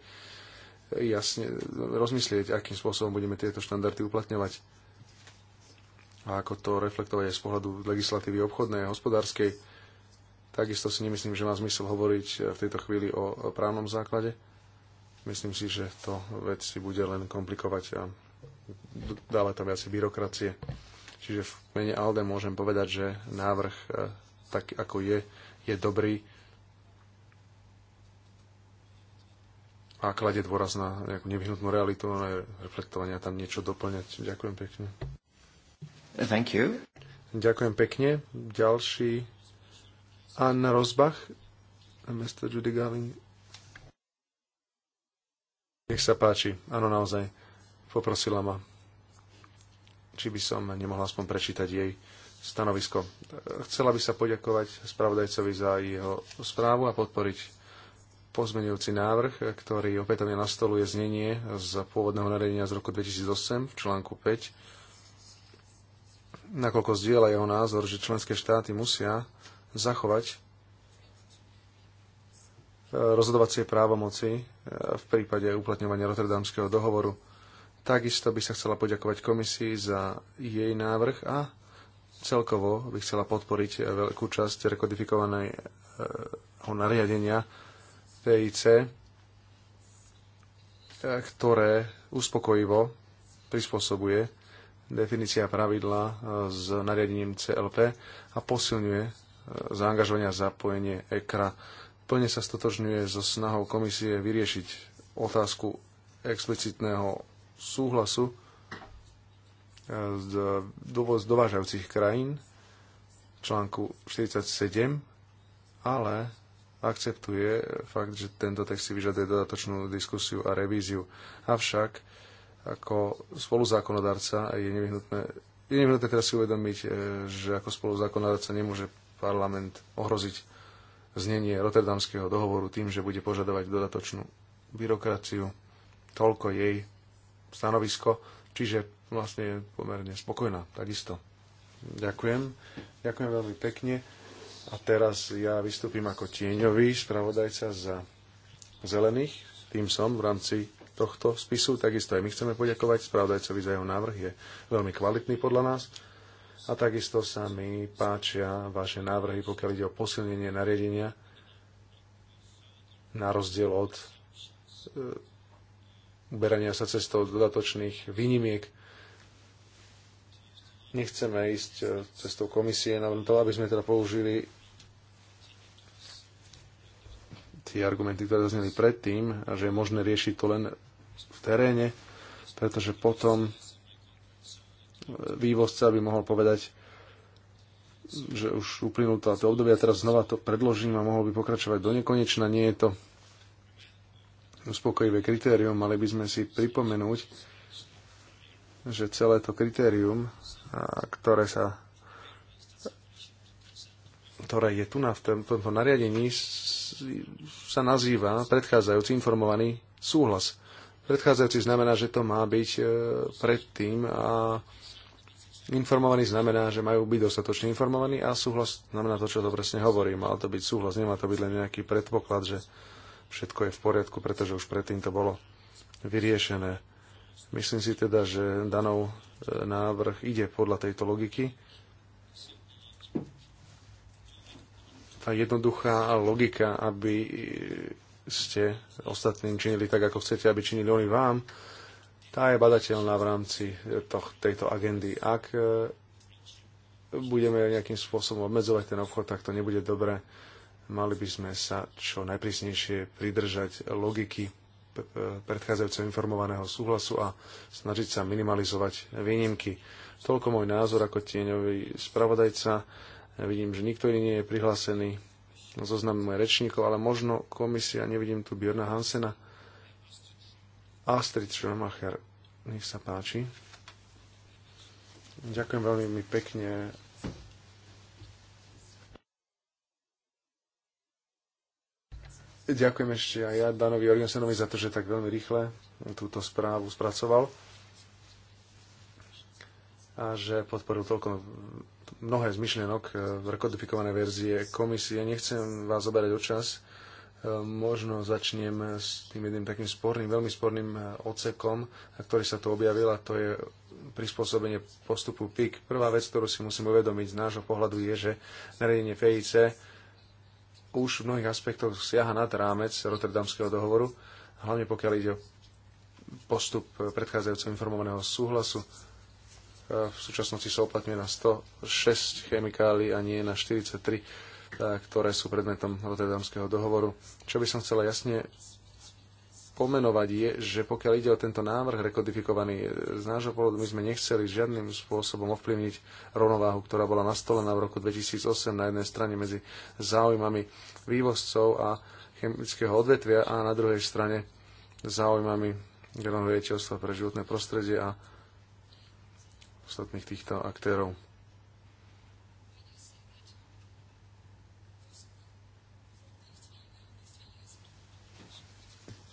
Speaker 2: jasne rozmyslieť, akým spôsobom budeme tieto štandardy uplatňovať a ako to reflektovať aj z pohľadu legislatívy obchodnej a hospodárskej. Takisto si nemyslím, že má zmysel hovoriť v tejto chvíli o právnom základe. Myslím si, že to vec si bude len komplikovať a dále tam viacej byrokracie. Čiže v mene ALDE môžem povedať, že návrh eh, tak, ako je, je dobrý a kladie dôraz na nejakú nevyhnutnú realitu, ale reflektovania tam niečo doplňať. Ďakujem pekne. Thank you. Ďakujem pekne. Ďalší Anna Rozbach, Mr. Judy Galling. Nech sa páči. Áno, naozaj. Poprosila ma, či by som nemohla aspoň prečítať jej stanovisko. Chcela by sa poďakovať spravodajcovi za jeho správu a podporiť pozmenujúci návrh, ktorý opätovne nastoluje znenie z pôvodného nariadenia z roku 2008 v článku 5, nakoľko zdieľa jeho názor, že členské štáty musia zachovať e, rozhodovacie právomoci e, v prípade uplatňovania Rotterdamského dohovoru. Takisto by sa chcela poďakovať komisii za jej návrh a celkovo by chcela podporiť veľkú časť rekodifikovaného nariadenia TIC, e, ktoré uspokojivo prispôsobuje definícia pravidla e, s nariadením CLP a posilňuje e, zaangažovanie a zapojenie EKRA. Plne sa stotožňuje so snahou komisie vyriešiť otázku explicitného súhlasu z dovoz dovážajúcich krajín článku 47, ale akceptuje fakt, že tento text si vyžaduje dodatočnú diskusiu a revíziu. Avšak ako spoluzákonodárca je nevyhnutné, je nevyhnutné teraz si uvedomiť, e, že ako spoluzákonodárca nemôže parlament ohroziť znenie Rotterdamského dohovoru tým, že bude požadovať dodatočnú byrokraciu. Toľko jej stanovisko, čiže vlastne je pomerne spokojná, takisto. Ďakujem. Ďakujem veľmi pekne. A teraz ja vystúpim ako tieňový spravodajca za zelených. Tým som v rámci tohto spisu. Takisto aj my chceme poďakovať spravodajcovi za jeho návrh. Je veľmi kvalitný podľa nás. A takisto sa mi páčia vaše návrhy, pokiaľ ide o posilnenie nariadenia na rozdiel od e, uberania sa cestou dodatočných výnimiek. Nechceme ísť e, cestou komisie, na to, aby sme teda použili tie argumenty, ktoré zazneli predtým, že je možné riešiť to len v teréne, pretože potom e, vývozca by mohol povedať, že už uplynul to, to obdobie a teraz znova to predložím a mohol by pokračovať do nekonečna. Nie je to uspokojivé kritérium. Mali by sme si pripomenúť, že celé to kritérium, ktoré sa ktoré je tu na v tomto nariadení, sa nazýva predchádzajúci informovaný súhlas. Predchádzajúci znamená, že to má byť e, predtým a informovaný znamená, že majú byť dostatočne informovaní a súhlas znamená to, čo to presne hovorí. Má to byť súhlas, nemá to byť len nejaký predpoklad, že všetko je v poriadku, pretože už predtým to bolo vyriešené. Myslím si teda, že Danov e, návrh ide podľa tejto logiky tá jednoduchá logika, aby ste ostatným činili tak, ako chcete, aby činili oni vám, tá je badateľná v rámci toh, tejto agendy. Ak e, budeme nejakým spôsobom obmedzovať ten obchod, tak to nebude dobré. Mali by sme sa čo najprísnejšie pridržať logiky predchádzajúceho informovaného súhlasu a snažiť sa minimalizovať výnimky. Toľko môj názor ako tieňový spravodajca. Ja vidím, že nikto nie je prihlásený na zoznam mojich rečníkov, ale možno komisia, nevidím tu Björna Hansena. Astrid Schumacher, nech sa páči. Ďakujem veľmi pekne. Ďakujem ešte aj ja Danovi Jorgensenovi za to, že tak veľmi rýchle túto správu spracoval a že podporil toľko mnohé z myšlienok v e, rekodifikované verzie komisie. Nechcem vás zoberať o čas. E, možno začnem s tým jedným takým sporným, veľmi sporným e, ocekom, na ktorý sa to objavila, to je prispôsobenie postupu PIK. Prvá vec, ktorú si musím uvedomiť z nášho pohľadu je, že nariadenie FEIC už v mnohých aspektoch siaha nad rámec Rotterdamského dohovoru, hlavne pokiaľ ide o postup predchádzajúceho informovaného súhlasu v súčasnosti sa uplatňuje na 106 chemikálií a nie na 43, ktoré sú predmetom Rotterdamského dohovoru. Čo by som chcela jasne pomenovať je, že pokiaľ ide o tento návrh rekodifikovaný, e, z nášho pohľadu my sme nechceli žiadnym spôsobom ovplyvniť rovnováhu, ktorá bola nastolená v roku 2008 na jednej strane medzi záujmami vývozcov a chemického odvetvia a na druhej strane záujmami generálneho pre životné prostredie a ostatných týchto aktérov.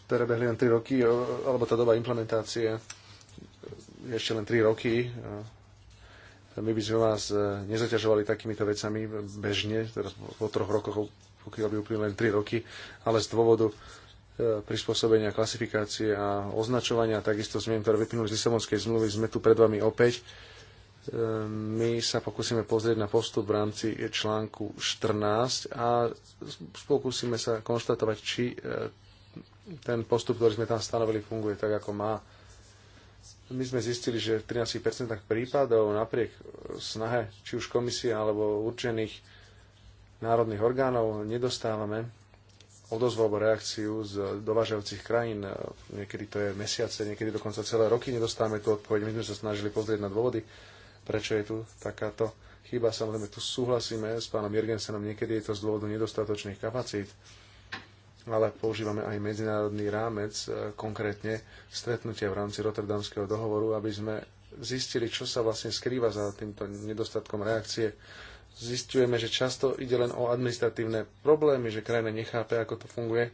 Speaker 2: Prebehli teda len 3 roky, alebo tá doba implementácie je ešte len 3 roky. My by sme vás e, nezaťažovali takýmito vecami bežne, teraz po troch rokoch pokiaľ by uplynuli len 3 roky, ale z dôvodu E, prispôsobenia klasifikácie a označovania, takisto zmien, ktoré vyplynuli z Lisabonskej zmluvy, sme tu pred vami opäť. E, my sa pokúsime pozrieť na postup v rámci článku 14 a pokúsime sa konštatovať, či e, ten postup, ktorý sme tam stanovili, funguje tak, ako má. My sme zistili, že v 13% prípadov napriek snahe či už komisie alebo určených národných orgánov nedostávame odozvu alebo reakciu z dovážajúcich krajín. Niekedy to je mesiace, niekedy dokonca celé roky nedostávame tú odpoveď. My sme sa snažili pozrieť na dôvody, prečo je tu takáto chyba. Samozrejme, tu súhlasíme s pánom Jergensenom, niekedy je to z dôvodu nedostatočných kapacít, ale používame aj medzinárodný rámec, e, konkrétne stretnutie v rámci Rotterdamského dohovoru, aby sme zistili, čo sa vlastne skrýva za týmto nedostatkom reakcie zistujeme, že často ide len o administratívne problémy, že krajina nechápe, ako to funguje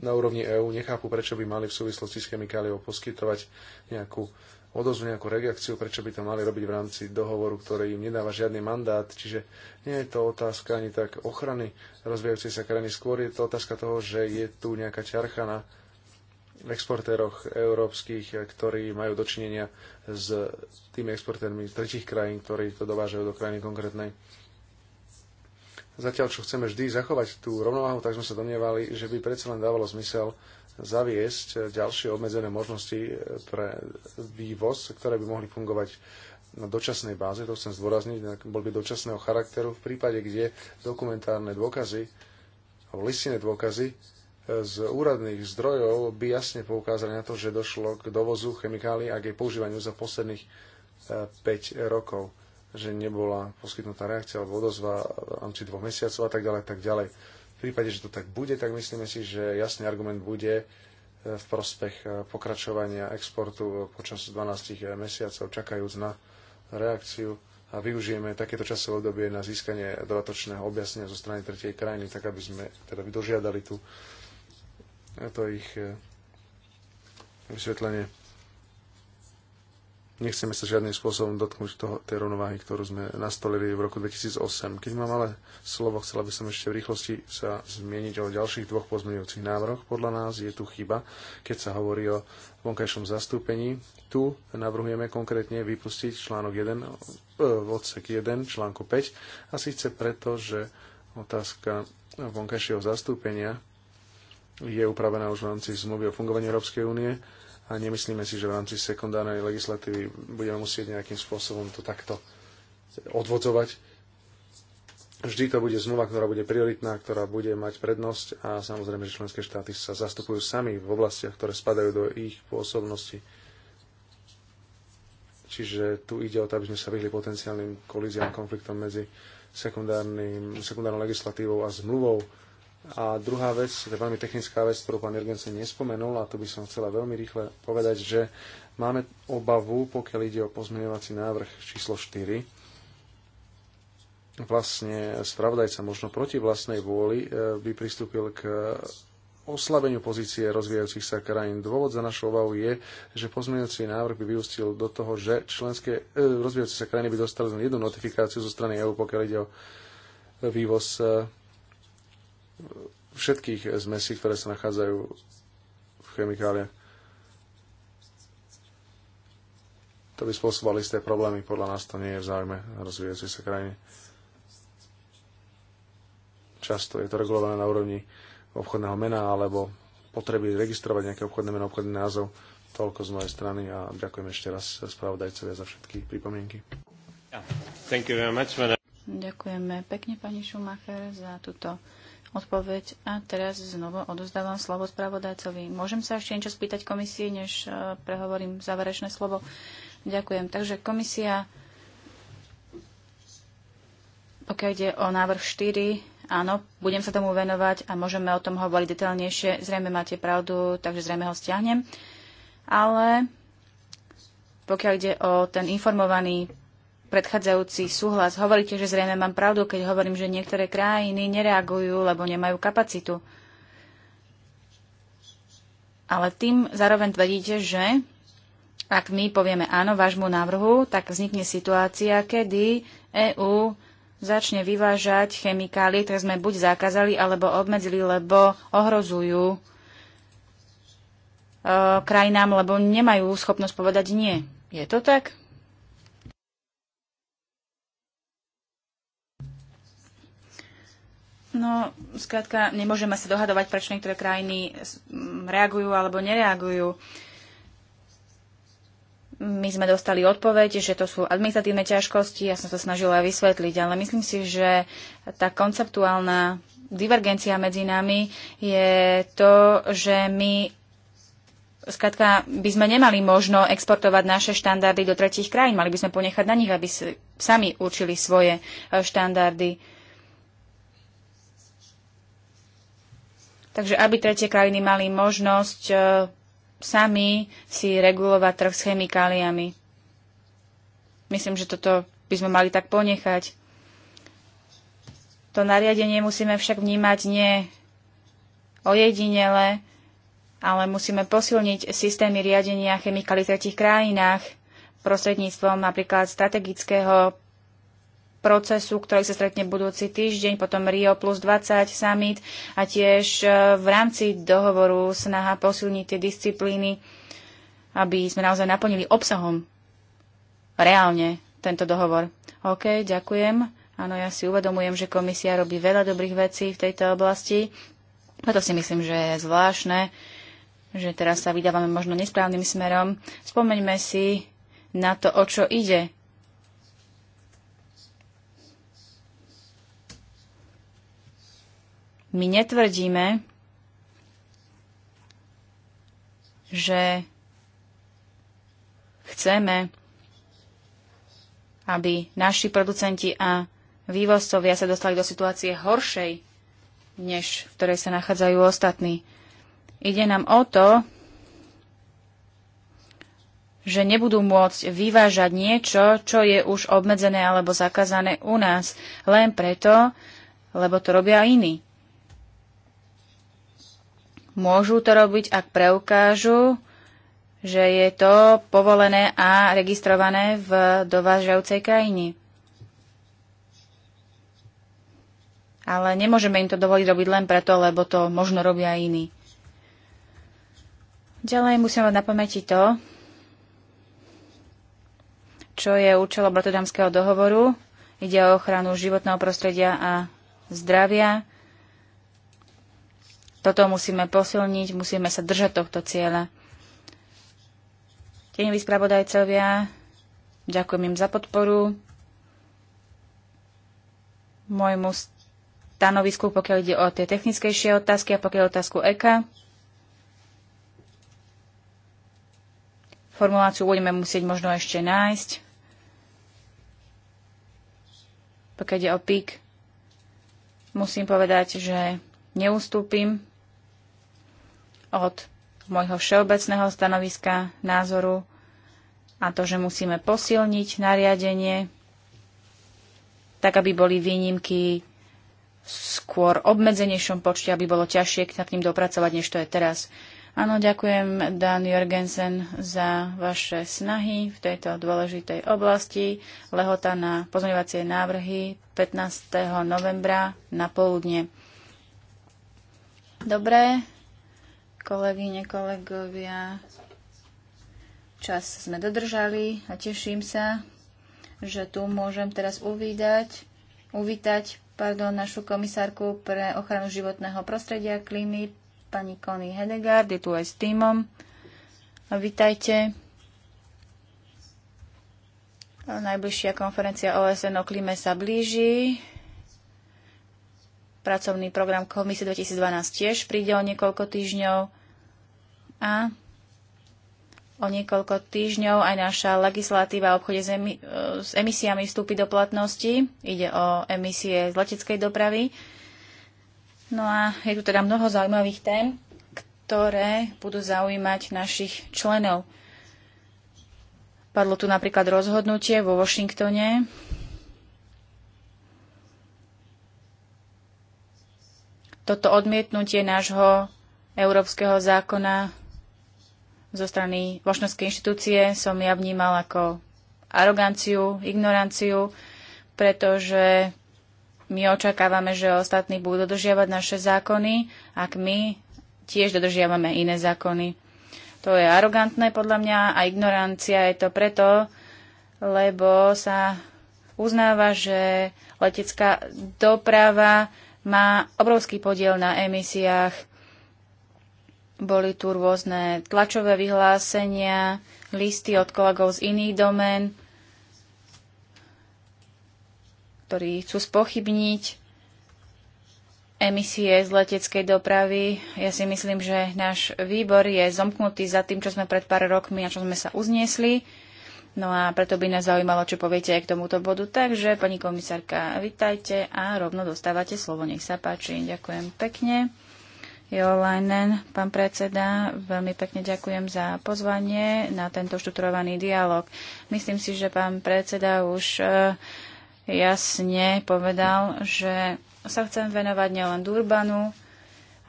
Speaker 2: na úrovni EÚ, nechápu, prečo by mali v súvislosti s chemikáliou poskytovať nejakú odozvu, nejakú reakciu, prečo by to mali robiť v rámci dohovoru, ktorý im nedáva žiadny mandát. Čiže nie je to otázka ani tak ochrany rozvíjajúcej sa krajiny, skôr je to otázka toho, že je tu nejaká ťarcha na exportéroch európskych, ktorí majú dočinenia s tými exportérmi z tretich krajín, ktorí to dovážajú do krajiny konkrétnej. Zatiaľ, čo chceme vždy zachovať tú rovnováhu, tak sme sa domnievali, že by predsa len dávalo zmysel zaviesť ďalšie obmedzené možnosti pre vývoz, ktoré by mohli fungovať na dočasnej báze, to chcem zdôrazniť, bol by dočasného charakteru v prípade, kde dokumentárne dôkazy alebo listinné dôkazy z úradných zdrojov by jasne poukázali na to, že došlo k dovozu chemikálií a k jej používaniu za posledných 5 eh, rokov že nebola poskytnutá reakcia alebo odozva v rámci dvoch mesiacov a tak ďalej, tak ďalej. V prípade, že to tak bude, tak myslíme si, že jasný argument bude e, v prospech e, pokračovania exportu e, počas 12 mesiacov, čakajúc na reakciu a využijeme takéto časové obdobie na získanie dodatočného objasnenia zo strany tretej krajiny, tak aby sme teda dožiadali tu to ich vysvetlenie. Nechceme sa žiadnym spôsobom dotknúť toho, tej rovnováhy, ktorú sme nastolili v roku 2008. Keď mám ale slovo, chcela by som ešte v rýchlosti sa zmieniť o ďalších dvoch pozmeňujúcich návrhoch. Podľa nás je tu chyba, keď sa hovorí o vonkajšom zastúpení. Tu navrhujeme konkrétne vypustiť článok 1, v e, odsek 1, článku 5, a síce preto, že otázka vonkajšieho zastúpenia je upravená už v rámci zmluvy o fungovaní Európskej únie a nemyslíme si, že v rámci sekundárnej legislatívy budeme musieť nejakým spôsobom to takto odvodzovať. Vždy to bude zmluva, ktorá bude prioritná, ktorá bude mať prednosť a samozrejme, že členské štáty sa zastupujú sami v oblastiach, ktoré spadajú do ich pôsobnosti. Čiže tu ide o to, aby sme sa vyhli potenciálnym kolíziám, konfliktom medzi sekundárnym, sekundárnou legislatívou a zmluvou a druhá vec, to je veľmi technická vec, ktorú pán Jurgensen nespomenul, a to by som chcela veľmi rýchle povedať, že máme obavu, pokiaľ ide o pozmeňovací návrh číslo 4. Vlastne spravodajca možno proti vlastnej vôli e, by pristúpil k oslabeniu pozície rozvíjajúcich sa krajín. Dôvod za našu obavu je, že pozmeňujúci návrh by vyústil do toho, že členské, e, rozvíjajúce sa krajiny by dostali len jednu notifikáciu zo strany EÚ, pokiaľ ide o vývoz e, všetkých zmesí, ktoré sa nachádzajú v chemikáliach. To by spôsobovalo isté problémy. Podľa nás to nie je v záujme rozvíjajúcej sa krajiny. Často je to regulované na úrovni obchodného mena alebo potreby registrovať nejaké obchodné meno, obchodný názov. Toľko z mojej strany a ďakujem ešte raz spravodajcovia za všetky pripomienky.
Speaker 3: Ďakujeme pekne pani Schumacher za túto odpoveď a teraz znovu odozdávam slovo spravodajcovi. Môžem sa ešte niečo spýtať komisie, než e, prehovorím záverečné slovo? Ďakujem. Takže komisia, pokiaľ ide o návrh 4, áno, budem sa tomu venovať a môžeme o tom hovoriť detailnejšie. Zrejme máte pravdu, takže zrejme ho stiahnem. Ale pokiaľ ide o ten informovaný predchádzajúci súhlas. Hovoríte, že zrejme mám pravdu, keď hovorím, že niektoré krajiny nereagujú, lebo nemajú kapacitu. Ale tým zároveň tvrdíte, že ak my povieme áno vášmu návrhu, tak vznikne situácia, kedy EÚ začne vyvážať chemikálie, ktoré sme buď zakázali alebo obmedzili, lebo ohrozujú e, krajinám, lebo nemajú schopnosť povedať nie. Je to tak? No, skrátka, nemôžeme sa dohadovať, prečo niektoré krajiny reagujú alebo nereagujú. My sme dostali odpoveď, že to sú administratívne ťažkosti, ja som sa snažila vysvetliť, ale myslím si, že tá konceptuálna divergencia medzi nami je to, že my Skrátka, by sme nemali možno exportovať naše štandardy do tretich krajín. Mali by sme ponechať na nich, aby si sami určili svoje e, štandardy. Takže aby tretie krajiny mali možnosť e, sami si regulovať trh s chemikáliami. Myslím, že toto by sme mali tak ponechať. To nariadenie musíme však vnímať nie ojedinele, ale musíme posilniť systémy riadenia chemikálií v tretich krajinách prostredníctvom napríklad strategického procesu, ktorý sa stretne budúci týždeň, potom Rio plus 20 summit a tiež e, v rámci dohovoru snaha posilniť tie disciplíny, aby sme naozaj naplnili obsahom reálne tento dohovor. OK, ďakujem. Áno, ja si uvedomujem, že komisia robí veľa dobrých vecí v tejto oblasti. Preto si myslím, že je zvláštne, že teraz sa vydávame možno nesprávnym smerom. Spomeňme si na to, o čo ide My netvrdíme, že chceme, aby naši producenti a vývozcovia sa dostali do situácie horšej, než v ktorej sa nachádzajú ostatní. Ide nám o to, že nebudú môcť vyvážať niečo, čo je už obmedzené alebo zakázané u nás, len preto, lebo to robia iní. Môžu to robiť, ak preukážu, že je to povolené a registrované v dovážajúcej krajine. Ale nemôžeme im to dovoliť robiť len preto, lebo to možno robia iní. Ďalej musím mať na pamäti to, čo je účelom Rotterdamského dohovoru. Ide o ochranu životného prostredia a zdravia. Toto musíme posilniť, musíme sa držať tohto cieľa. Tieňoví spravodajcovia, ďakujem im za podporu. Môjmu stanovisku, pokiaľ ide o tie technickejšie otázky a pokiaľ otázku EKA. Formuláciu budeme musieť možno ešte nájsť. Pokiaľ ide o PIK, musím povedať, že neustúpim od môjho všeobecného stanoviska, názoru a to, že musíme posilniť nariadenie, tak aby boli výnimky skôr obmedzenejšom počte, aby bolo ťažšie k tým dopracovať, než to je teraz. Áno, ďakujem Dan Jorgensen za vaše snahy v tejto dôležitej oblasti. Lehota na pozmeňovacie návrhy 15. novembra na poludne. Dobre, Kolegyne, kolegovia, čas sme dodržali a teším sa, že tu môžem teraz uvídať, uvítať pardon, našu komisárku pre ochranu životného prostredia klímy, pani Connie Hedegaard, je tu aj s týmom. Vítajte. Najbližšia konferencia OSN o klíme sa blíži. Pracovný program komisie 2012 tiež príde o niekoľko týždňov a o niekoľko týždňov aj naša legislatíva o obchode s, emi- s emisiami vstúpi do platnosti. Ide o emisie z leteckej dopravy. No a je tu teda mnoho zaujímavých tém, ktoré budú zaujímať našich členov. Padlo tu napríklad rozhodnutie vo Washingtone toto odmietnutie nášho európskeho zákona zo strany Vošnovskej inštitúcie som ja vnímal ako aroganciu, ignoranciu, pretože my očakávame, že ostatní budú dodržiavať naše zákony, ak my tiež dodržiavame iné zákony. To je arogantné podľa mňa a ignorancia je to preto, lebo sa uznáva, že letecká doprava má obrovský podiel na emisiách. Boli tu rôzne tlačové vyhlásenia, listy od kolegov z iných domén, ktorí chcú spochybniť emisie z leteckej dopravy. Ja si myslím, že náš výbor je zomknutý za tým, čo sme pred pár rokmi, a čo sme sa uzniesli. No a preto by nás zaujímalo, čo poviete aj k tomuto bodu. Takže, pani komisárka, vitajte a rovno dostávate slovo. Nech sa páči. Ďakujem pekne. Jo, Leinen, pán predseda, veľmi pekne ďakujem za pozvanie na tento štruktúrovaný dialog. Myslím si, že pán predseda už e, jasne povedal, že sa chcem venovať nielen Durbanu,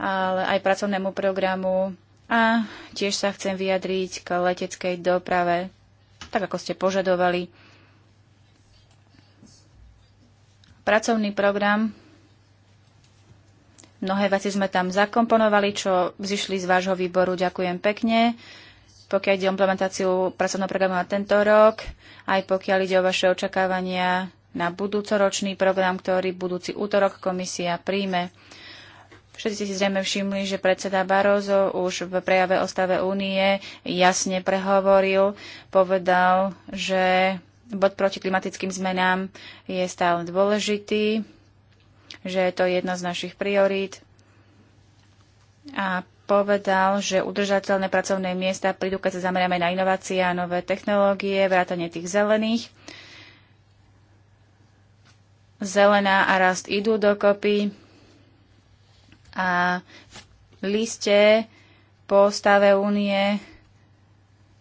Speaker 3: ale aj pracovnému programu a tiež sa chcem vyjadriť k leteckej doprave tak ako ste požadovali. Pracovný program. Mnohé veci sme tam zakomponovali, čo vzýšli z vášho výboru. Ďakujem pekne. Pokiaľ ide o implementáciu pracovného programu na tento rok, aj pokiaľ ide o vaše očakávania na budúcoročný program, ktorý budúci útorok komisia príjme. Všetci si zrejme všimli, že predseda Barozo už v prejave o stave únie jasne prehovoril, povedal, že bod proti klimatickým zmenám je stále dôležitý, že je to jedna z našich priorít a povedal, že udržateľné pracovné miesta prídu, keď sa zameriame na inovácie a nové technológie, vrátanie tých zelených. Zelená a rast idú dokopy a v liste po stave únie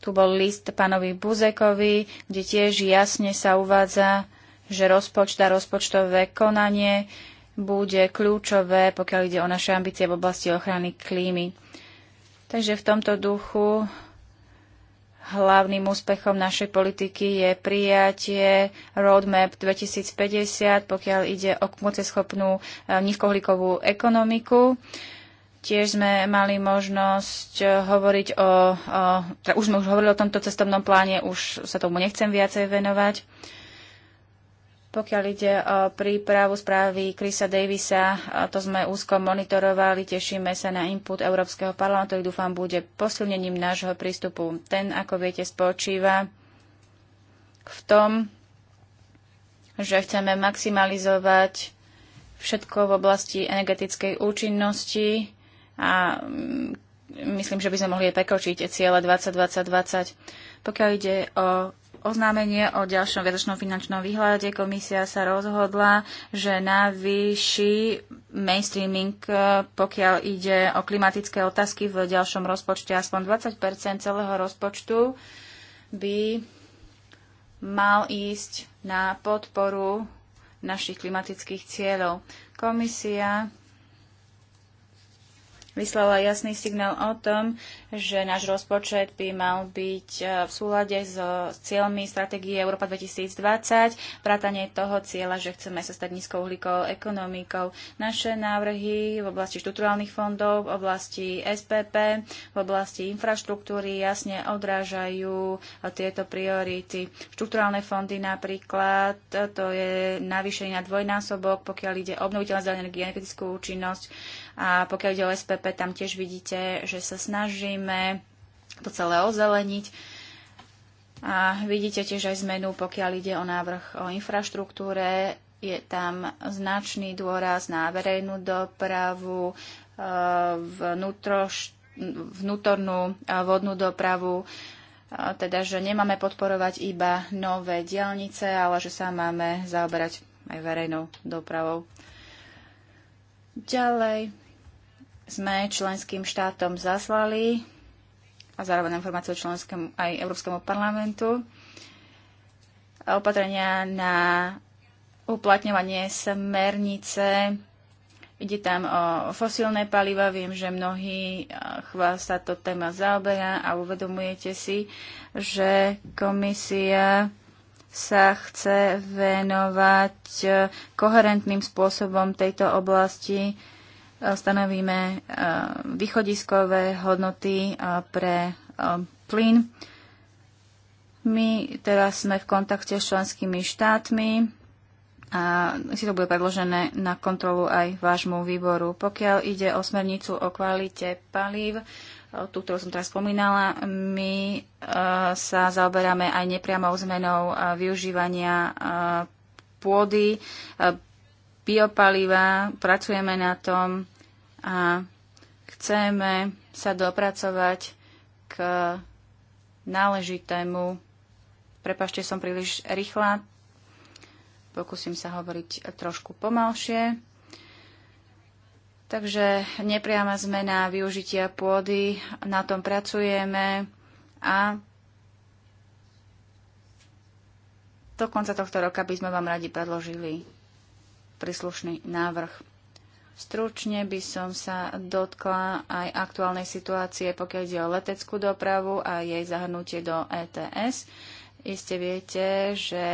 Speaker 3: tu bol list pánovi Buzekovi, kde tiež jasne sa uvádza, že rozpočt a rozpočtové konanie bude kľúčové, pokiaľ ide o naše ambície v oblasti ochrany klímy. Takže v tomto duchu Hlavným úspechom našej politiky je prijatie Roadmap 2050, pokiaľ ide o kmoceschopnú e, nízkohlíkovú ekonomiku. Tiež sme mali možnosť e, hovoriť o, o teda už sme už hovorili o tomto cestovnom pláne, už sa tomu nechcem viacej venovať. Pokiaľ ide o prípravu správy Krisa Davisa, to sme úzko monitorovali, tešíme sa na input Európskeho parlamentu, ktorý dúfam bude posilnením nášho prístupu. Ten, ako viete, spočíva v tom, že chceme maximalizovať všetko v oblasti energetickej účinnosti a mm, myslím, že by sme mohli aj prekročiť cieľa 2020-2020. Pokiaľ ide o oznámenie o ďalšom viacročnom finančnom výhľade komisia sa rozhodla, že navýši mainstreaming, eh, pokiaľ ide o klimatické otázky v ďalšom rozpočte, aspoň 20 celého rozpočtu by mal ísť na podporu našich klimatických cieľov. Komisia vyslala jasný signál o tom, že náš rozpočet by mal byť e, v súlade e, s cieľmi stratégie Európa 2020, vrátanie toho cieľa, že chceme sa stať nízkouhlíkovou ekonomikou. Naše návrhy v oblasti štruktúrálnych fondov, v oblasti SPP, v oblasti infraštruktúry jasne odrážajú e, tieto priority. Štruktúrálne fondy napríklad, to je navýšenie na dvojnásobok, pokiaľ ide o obnoviteľné energie, energetickú účinnosť, a pokiaľ ide o SPP, tam tiež vidíte, že sa snažíme to celé ozeleniť. A vidíte tiež aj zmenu, pokiaľ ide o návrh o infraštruktúre. Je tam značný dôraz na verejnú dopravu, e, vnútroš, vnútornú e, vodnú dopravu, e, teda, že nemáme podporovať iba nové dielnice, ale že sa máme zaoberať aj verejnou dopravou. Ďalej, sme členským štátom zaslali a zároveň informáciu členskému aj Európskemu parlamentu a opatrenia na uplatňovanie smernice. Ide tam o fosílne paliva. Viem, že mnohí vás sa to téma zaoberá a uvedomujete si, že komisia sa chce venovať koherentným spôsobom tejto oblasti stanovíme e, východiskové hodnoty e, pre e, plyn. My teraz sme v kontakte s členskými štátmi a si to bude predložené na kontrolu aj vášmu výboru. Pokiaľ ide o smernicu o kvalite palív, tú, ktorú som teraz spomínala, my sa zaoberáme aj nepriamou zmenou využívania pôdy, biopaliva, pracujeme na tom a chceme sa dopracovať k náležitému. Prepašte, som príliš rýchla. Pokúsim sa hovoriť trošku pomalšie. Takže nepriama zmena využitia pôdy, na tom pracujeme a do konca tohto roka by sme vám radi predložili príslušný návrh. Stručne by som sa dotkla aj aktuálnej situácie, pokiaľ ide o leteckú dopravu a jej zahrnutie do ETS. Iste viete, že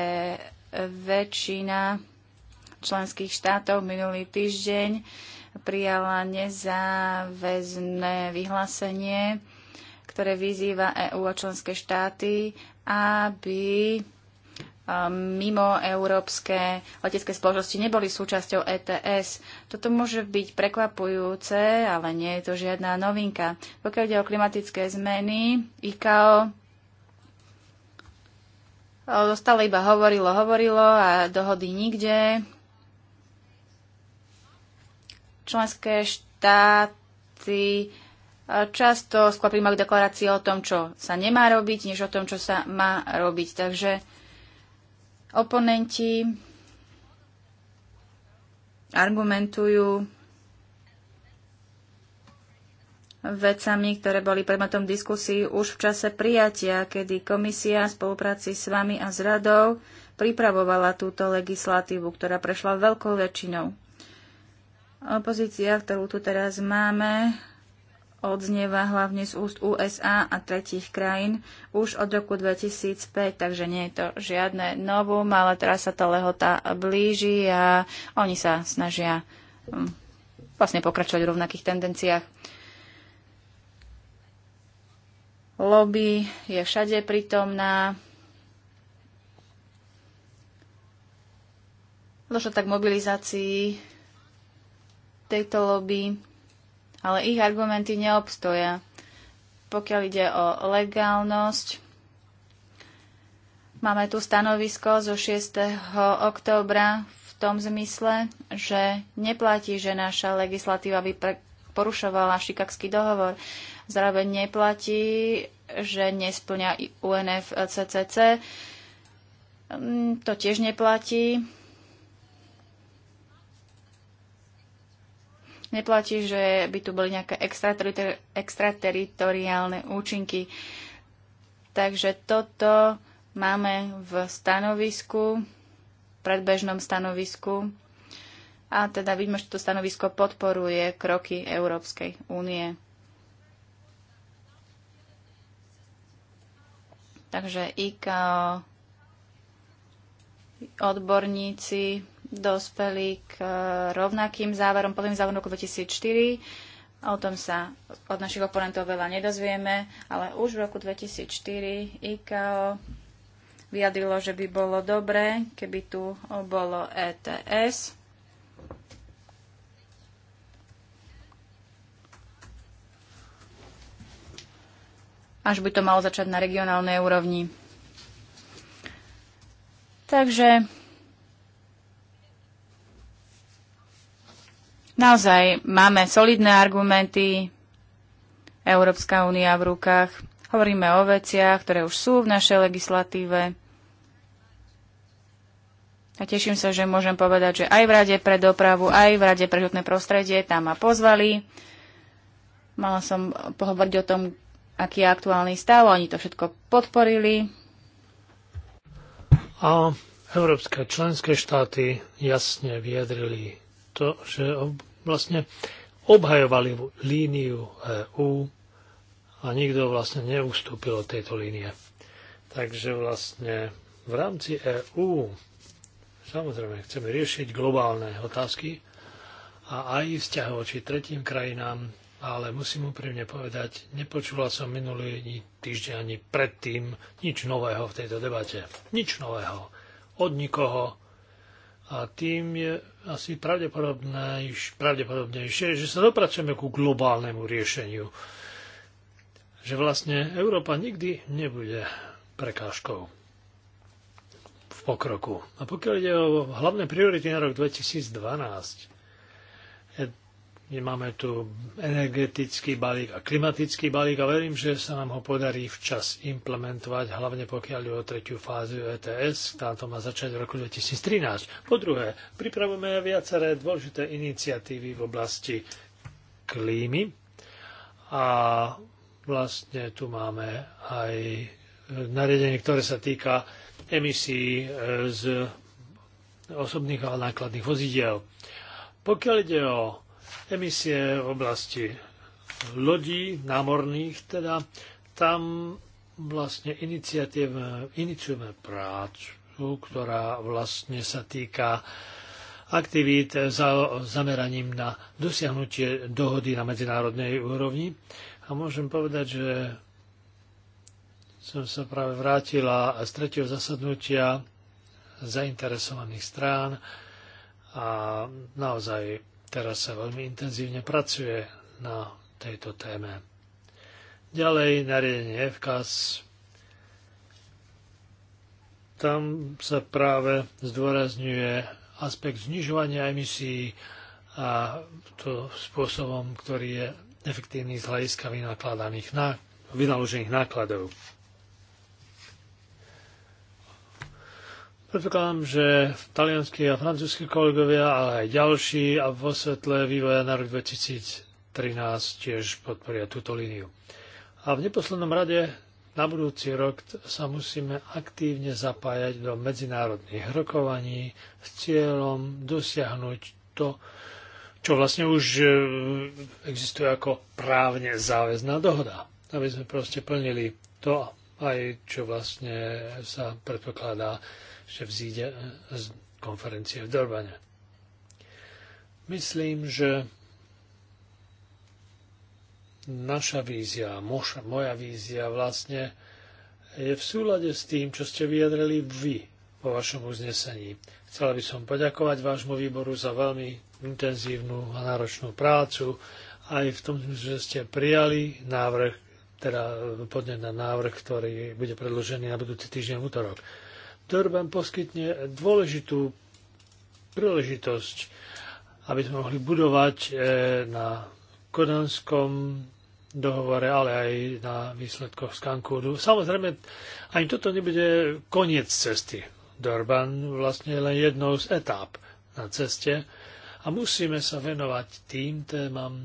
Speaker 3: väčšina členských štátov minulý týždeň prijala nezáväzné vyhlásenie, ktoré vyzýva EÚ a členské štáty, aby mimo európske letecké spoločnosti neboli súčasťou ETS. Toto môže byť prekvapujúce, ale nie je to žiadna novinka. Pokiaľ ide o klimatické zmeny, IKAO. stále iba hovorilo, hovorilo a dohody nikde. Členské štáty e, často skôr príjmajú deklarácie o tom, čo sa nemá robiť, než o tom, čo sa má robiť. Takže Oponenti argumentujú vecami, ktoré boli predmetom diskusí už v čase prijatia, kedy komisia v spolupráci s vami a s radou pripravovala túto legislatívu, ktorá prešla veľkou väčšinou. Opozícia, ktorú tu teraz máme, odznieva hlavne z úst USA a tretich krajín už od roku 2005, takže nie je to žiadne novum, ale teraz sa tá lehota blíži a oni sa snažia mm, vlastne pokračovať v rovnakých tendenciách. Lobby je všade prítomná. Došlo tak mobilizácii tejto lobby ale ich argumenty neobstoja. Pokiaľ ide o legálnosť, máme tu stanovisko zo 6. októbra v tom zmysle, že neplatí, že naša legislatíva by porušovala šikakský dohovor. Zároveň neplatí, že nesplňa UNFCCC. Mm, to tiež neplatí. Neplatí, že by tu boli nejaké extrateritoriálne účinky. Takže toto máme v stanovisku, predbežnom stanovisku. A teda vidíme, že to stanovisko podporuje kroky Európskej únie. Takže IKO, odborníci dospeli k e, rovnakým záverom, podľa záverom roku 2004. O tom sa od našich oponentov veľa nedozvieme, ale už v roku 2004 IKO vyjadrilo, že by bolo dobré, keby tu bolo ETS. Až by to malo začať na regionálnej úrovni. Takže Naozaj máme solidné argumenty, Európska únia v rukách. Hovoríme o veciach, ktoré už sú v našej legislatíve. A teším sa, že môžem povedať, že aj v Rade pre dopravu, aj v Rade pre životné prostredie tam ma pozvali. Mala som pohovoriť o tom, aký je aktuálny stav, oni to všetko podporili.
Speaker 1: A európske členské štáty jasne vyjadrili to, že vlastne obhajovali líniu EÚ a nikto vlastne neustúpil od tejto línie. Takže vlastne v rámci EÚ samozrejme chceme riešiť globálne otázky a aj vzťah voči tretím krajinám, ale musím úprimne povedať, nepočula som minulý týždeň ani predtým nič nového v tejto debate. Nič nového. Od nikoho a tým je asi pravdepodobnejšie, že sa dopracujeme ku globálnemu riešeniu. Že vlastne Európa nikdy nebude prekážkou v pokroku. A pokiaľ ide o hlavné priority na rok 2012, Máme tu energetický balík a klimatický balík a verím, že sa nám ho podarí včas implementovať, hlavne pokiaľ je o tretiu fázu ETS, táto má začať v roku 2013. Po druhé, pripravujeme viaceré dôležité iniciatívy v oblasti klímy a vlastne tu máme aj nariadenie, ktoré sa týka emisí e, z osobných a nákladných vozidiel. Pokiaľ ide o Emisie v oblasti lodí, námorných teda, tam vlastne iniciujeme prácu, ktorá vlastne sa týka aktivít za zameraním na dosiahnutie dohody na medzinárodnej úrovni. A môžem povedať, že som sa práve vrátila z tretieho zasadnutia zainteresovaných strán a naozaj Teraz sa veľmi intenzívne pracuje na tejto téme. Ďalej nariadenie FKS. Tam sa práve zdôrazňuje aspekt znižovania emisí a to spôsobom, ktorý je efektívny z hľadiska vynaložených nákladov. Predpokladám, že talianskí a francúzskí kolegovia a aj ďalší a vo svetle vývoja na rok 2013 tiež podporia túto líniu. A v neposlednom rade na budúci rok sa musíme aktívne zapájať do medzinárodných rokovaní s cieľom dosiahnuť to, čo vlastne už e, existuje ako právne záväzná dohoda. Aby sme proste plnili to, aj čo vlastne sa predpokladá že vzíde eh, z konferencie v Dorbane. Myslím, že naša vízia, moša, moja vízia vlastne je v súlade s tým, čo ste vyjadrili vy vo vašom uznesení. Chcela by som poďakovať vášmu výboru za veľmi intenzívnu a náročnú prácu, aj v tom, že ste prijali návrh, teda podnet na návrh, ktorý bude predložený na budúci týždeň v útorok. Durban poskytne dôležitú príležitosť, aby sme mohli budovať e, na kodanskom dohovore, ale aj na výsledkoch z Cancúdu. Samozrejme, ani toto nebude koniec cesty. Durban vlastne je len jednou z etáp na ceste a musíme sa venovať tým témam,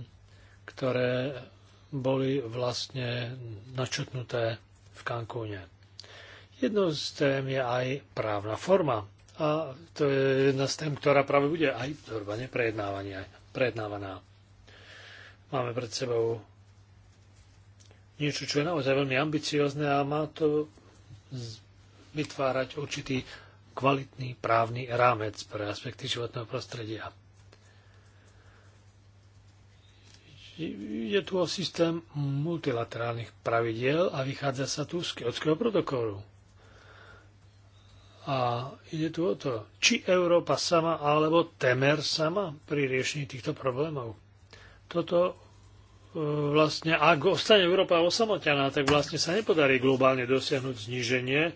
Speaker 1: ktoré boli vlastne načutnuté v Cancúne. Jednou z tém je aj právna forma. A to je jedna z tém, ktorá práve bude aj zhruba prejednávaná. Máme pred sebou niečo, čo je naozaj veľmi ambiciozne a má to vytvárať určitý kvalitný právny rámec pre aspekty životného prostredia. Je tu o systém multilaterálnych pravidiel a vychádza sa tu z Kyotského protokolu. A ide tu o to, či Európa sama alebo temer sama pri riešení týchto problémov. Toto e, vlastne, ak ostane Európa osamotaná, tak vlastne sa nepodarí globálne dosiahnuť zníženie e,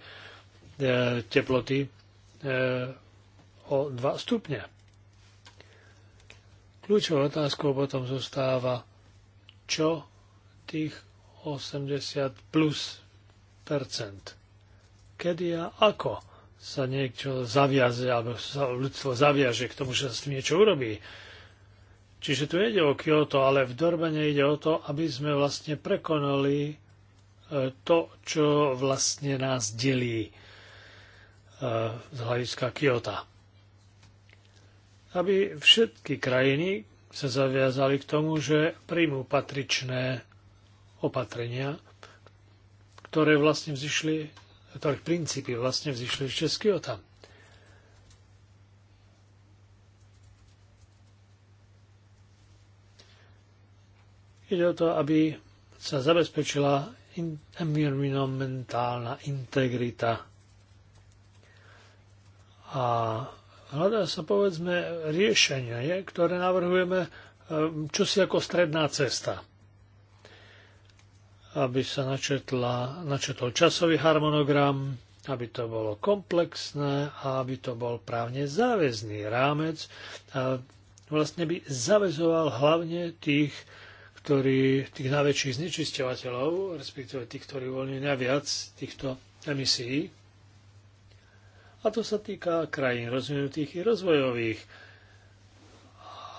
Speaker 1: teploty e, o 2 stupňa. Kľúčovou otázkou potom zostáva, čo tých 80 plus percent. Kedy a ako? sa niečo zaviaze, alebo sa ľudstvo zaviaže k tomu, že sa s tým niečo urobí. Čiže tu ide o Kyoto, ale v Dorbane ide o to, aby sme vlastne prekonali e, to, čo vlastne nás delí e, z hľadiska Kyoto. Aby všetky krajiny sa zaviazali k tomu, že príjmú patričné opatrenia, ktoré vlastne vzýšli tak princípy vlastne vzýšli ešte z Kyoto. Ide o to, aby sa zabezpečila environmentálna integrita a hľadá sa povedzme riešenia, ktoré navrhujeme ehm, čosi ako stredná cesta aby sa načetla, načetol časový harmonogram, aby to bolo komplexné a aby to bol právne záväzný rámec a vlastne by zavezoval hlavne tých, ktorí, tých najväčších znečisťovateľov, respektíve tých, ktorí uvoľňujú najviac týchto emisí. A to sa týka krajín rozvinutých i rozvojových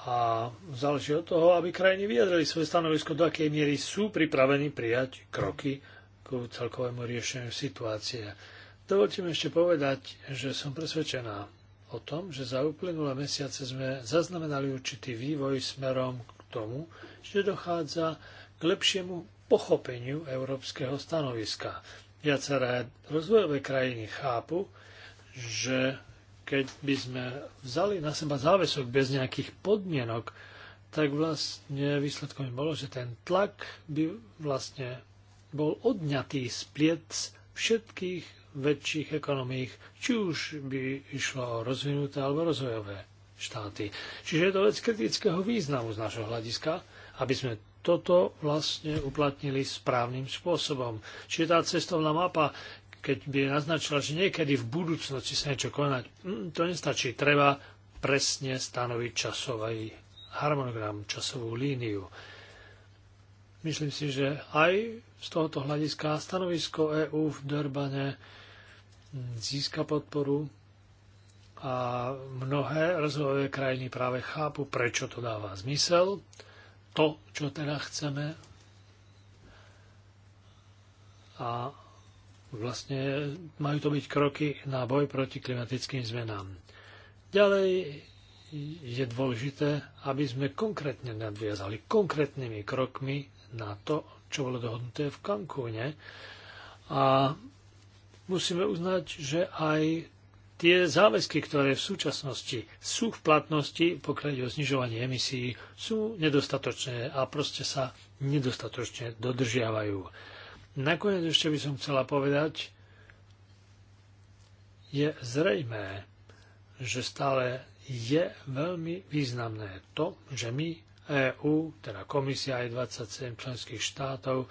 Speaker 1: a záleží od toho, aby krajiny vyjadrili svoje stanovisko, do akej miery sú pripravení prijať kroky k celkovému riešeniu situácie. Dovolte mi ešte povedať, že som presvedčená o tom, že za uplynulé mesiace sme zaznamenali určitý vývoj smerom k tomu, že dochádza k lepšiemu pochopeniu európskeho stanoviska. Viaceré rozvojové krajiny chápu, že keď by sme vzali na seba záväzok bez nejakých podmienok, tak vlastne výsledkom bolo, že ten tlak by vlastne bol odňatý z pliec všetkých väčších ekonomík, či už by išlo o rozvinuté alebo rozvojové štáty. Čiže je to vec kritického významu z našho hľadiska, aby sme toto vlastne uplatnili správnym spôsobom. Čiže tá cestovná mapa keď by naznačila, že niekedy v budúcnosti sa niečo konať, hm, to nestačí. Treba presne stanoviť časový harmonogram, časovú líniu. Myslím si, že aj z tohoto hľadiska stanovisko EÚ v Durbane získa podporu a mnohé rozvojové krajiny práve chápu, prečo to dáva zmysel. To, čo teda chceme. A Vlastne majú to byť kroky na boj proti klimatickým zmenám. Ďalej je dôležité, aby sme konkrétne nadviazali konkrétnymi krokmi na to, čo bolo dohodnuté v Cancúne. A musíme uznať, že aj tie záväzky, ktoré v súčasnosti sú v platnosti, pokiaľ ide o znižovanie emisí, sú nedostatočné a proste sa nedostatočne dodržiavajú. Nakoniec ešte by som chcela povedať, je zrejmé, že stále je veľmi významné to, že my, EÚ, teda komisia aj 27 členských štátov,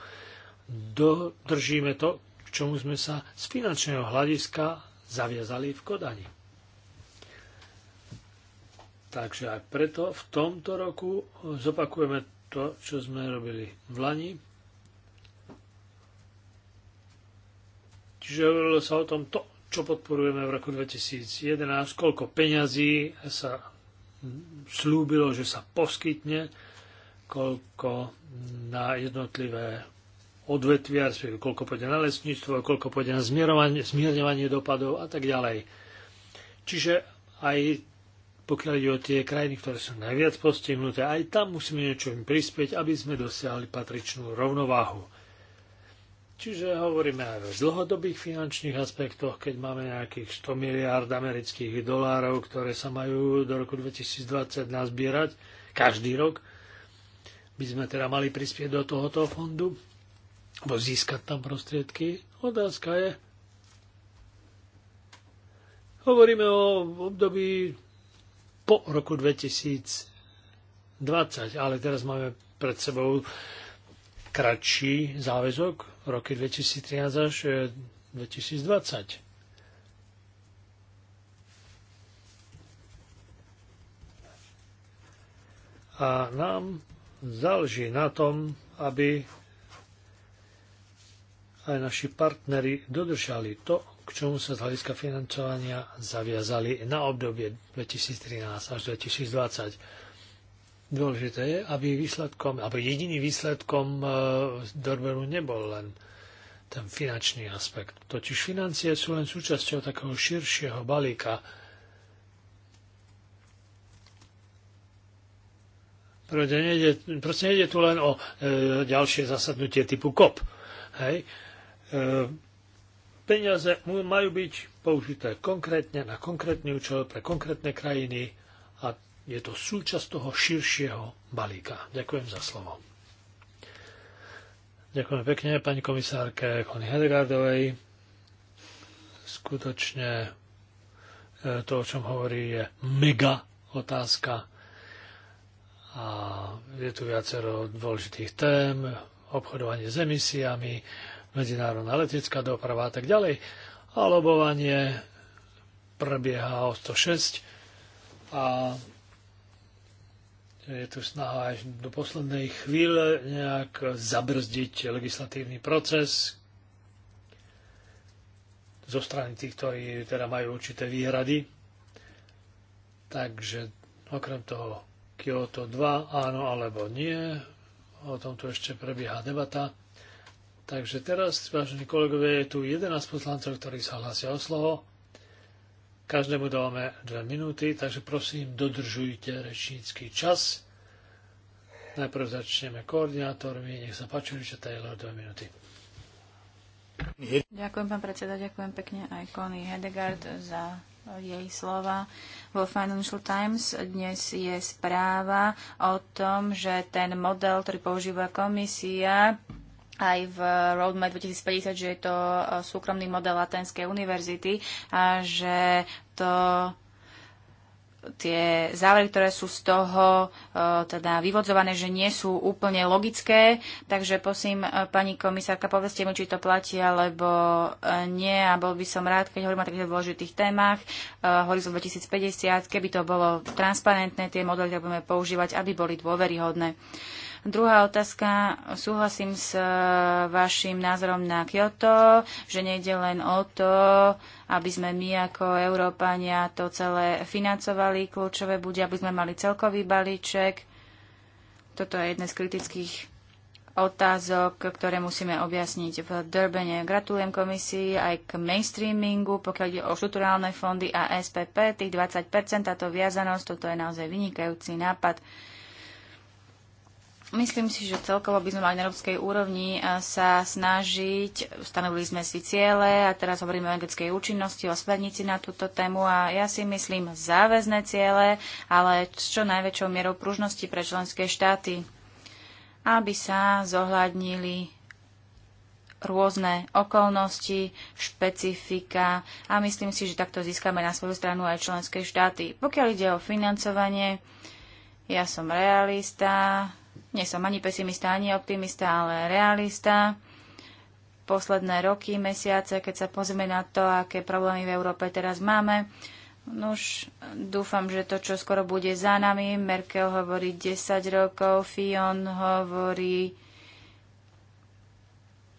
Speaker 1: dodržíme to, k čomu sme sa z finančného hľadiska zaviazali v Kodani. Takže aj preto v tomto roku zopakujeme to, čo sme robili v Lani, Čiže hovorilo sa o tom, to, čo podporujeme v roku 2011, koľko peňazí sa slúbilo, že sa poskytne, koľko na jednotlivé odvetvia, koľko pôjde na lesníctvo, koľko pôjde na zmierňovanie dopadov a tak ďalej. Čiže aj pokiaľ ide o tie krajiny, ktoré sú najviac postihnuté, aj tam musíme niečo im prispieť, aby sme dosiahli patričnú rovnováhu. Čiže hovoríme aj o dlhodobých finančných aspektoch, keď máme nejakých 100 miliard amerických dolárov, ktoré sa majú do roku 2020 nazbierať každý rok. By sme teda mali prispieť do tohoto fondu, alebo získať tam prostriedky. Otázka je, hovoríme o období po roku 2020, ale teraz máme pred sebou kratší záväzok roky 2013 až 2020. E, A nám záleží na tom, aby aj naši partnery dodržali to, k čomu sa z hľadiska financovania zaviazali na obdobie 2013 až 2020 Dôležité je, aby výsledkom, alebo jediný výsledkom e, Dorberu nebol len ten finančný aspekt. Totiž financie sú len súčasťou takého širšieho balíka. Proste nejde, proste nejde tu len o e, ďalšie zasadnutie typu KOP. Hej? E, peniaze majú byť použité konkrétne na konkrétny účel pre konkrétne krajiny je to súčasť toho širšieho balíka. Ďakujem za slovo. Ďakujem pekne pani komisárke Kony Hedegardovej. Skutočne e, to, o čom hovorí, je mega otázka. A je tu viacero dôležitých tém, obchodovanie s emisiami, medzinárodná letecká doprava a tak ďalej. A lobovanie prebieha o 106 a je tu snaha až do poslednej chvíle nejak zabrzdiť legislatívny proces zo strany tých, ktorí teda majú určité výhrady. Takže okrem toho Kyoto 2, áno alebo nie, o tom tu ešte prebieha debata. Takže teraz, vážení kolegovia, je tu 11 poslancov, ktorí sa hlásia o slovo. Každému dáme dve minúty, takže prosím, dodržujte rečnícky čas. Najprv začneme koordinátormi. Nech sa páči, že Taylor dve minúty.
Speaker 3: Ďakujem, pán predseda, ďakujem pekne aj Connie Hedegard za jej slova. Vo Financial Times dnes je správa o tom, že ten model, ktorý používa komisia, aj v Roadmap 2050, že je to e, súkromný model Latenskej univerzity a že to tie závery, ktoré sú z toho e, teda vyvodzované, že nie sú úplne logické. Takže prosím, e, pani komisárka, povedzte mi, či to platí, alebo nie. A bol by som rád, keď hovorím o takých dôležitých témach, Horizon 2050, keby to bolo transparentné, tie modely, ktoré budeme používať, aby boli dôveryhodné. Druhá otázka. Súhlasím s e, vašim názorom na Kyoto, že nejde len o to, aby sme my ako Európania to celé financovali. Kľúčové bude, aby sme mali celkový balíček. Toto je jedna z kritických otázok, ktoré musíme objasniť v Durbane. Gratulujem komisii aj k mainstreamingu, pokiaľ ide o štruktúrálne fondy a SPP, tých 20%, táto viazanosť, toto je naozaj vynikajúci nápad. Myslím si, že celkovo by sme mali na európskej úrovni eh, sa snažiť, stanovili sme si ciele a teraz hovoríme o energetickej účinnosti, o smernici na túto tému a ja si myslím záväzné ciele, ale s čo najväčšou mierou pružnosti pre členské štáty, aby sa zohľadnili rôzne okolnosti, špecifika a myslím si, že takto získame na svoju stranu aj členské štáty. Pokiaľ ide o financovanie, ja som realista, nie som ani pesimista, ani optimista, ale realista. Posledné roky, mesiace, keď sa pozrieme na to, aké problémy v Európe teraz máme, no Už dúfam, že to, čo skoro bude za nami, Merkel hovorí 10 rokov, Fion hovorí,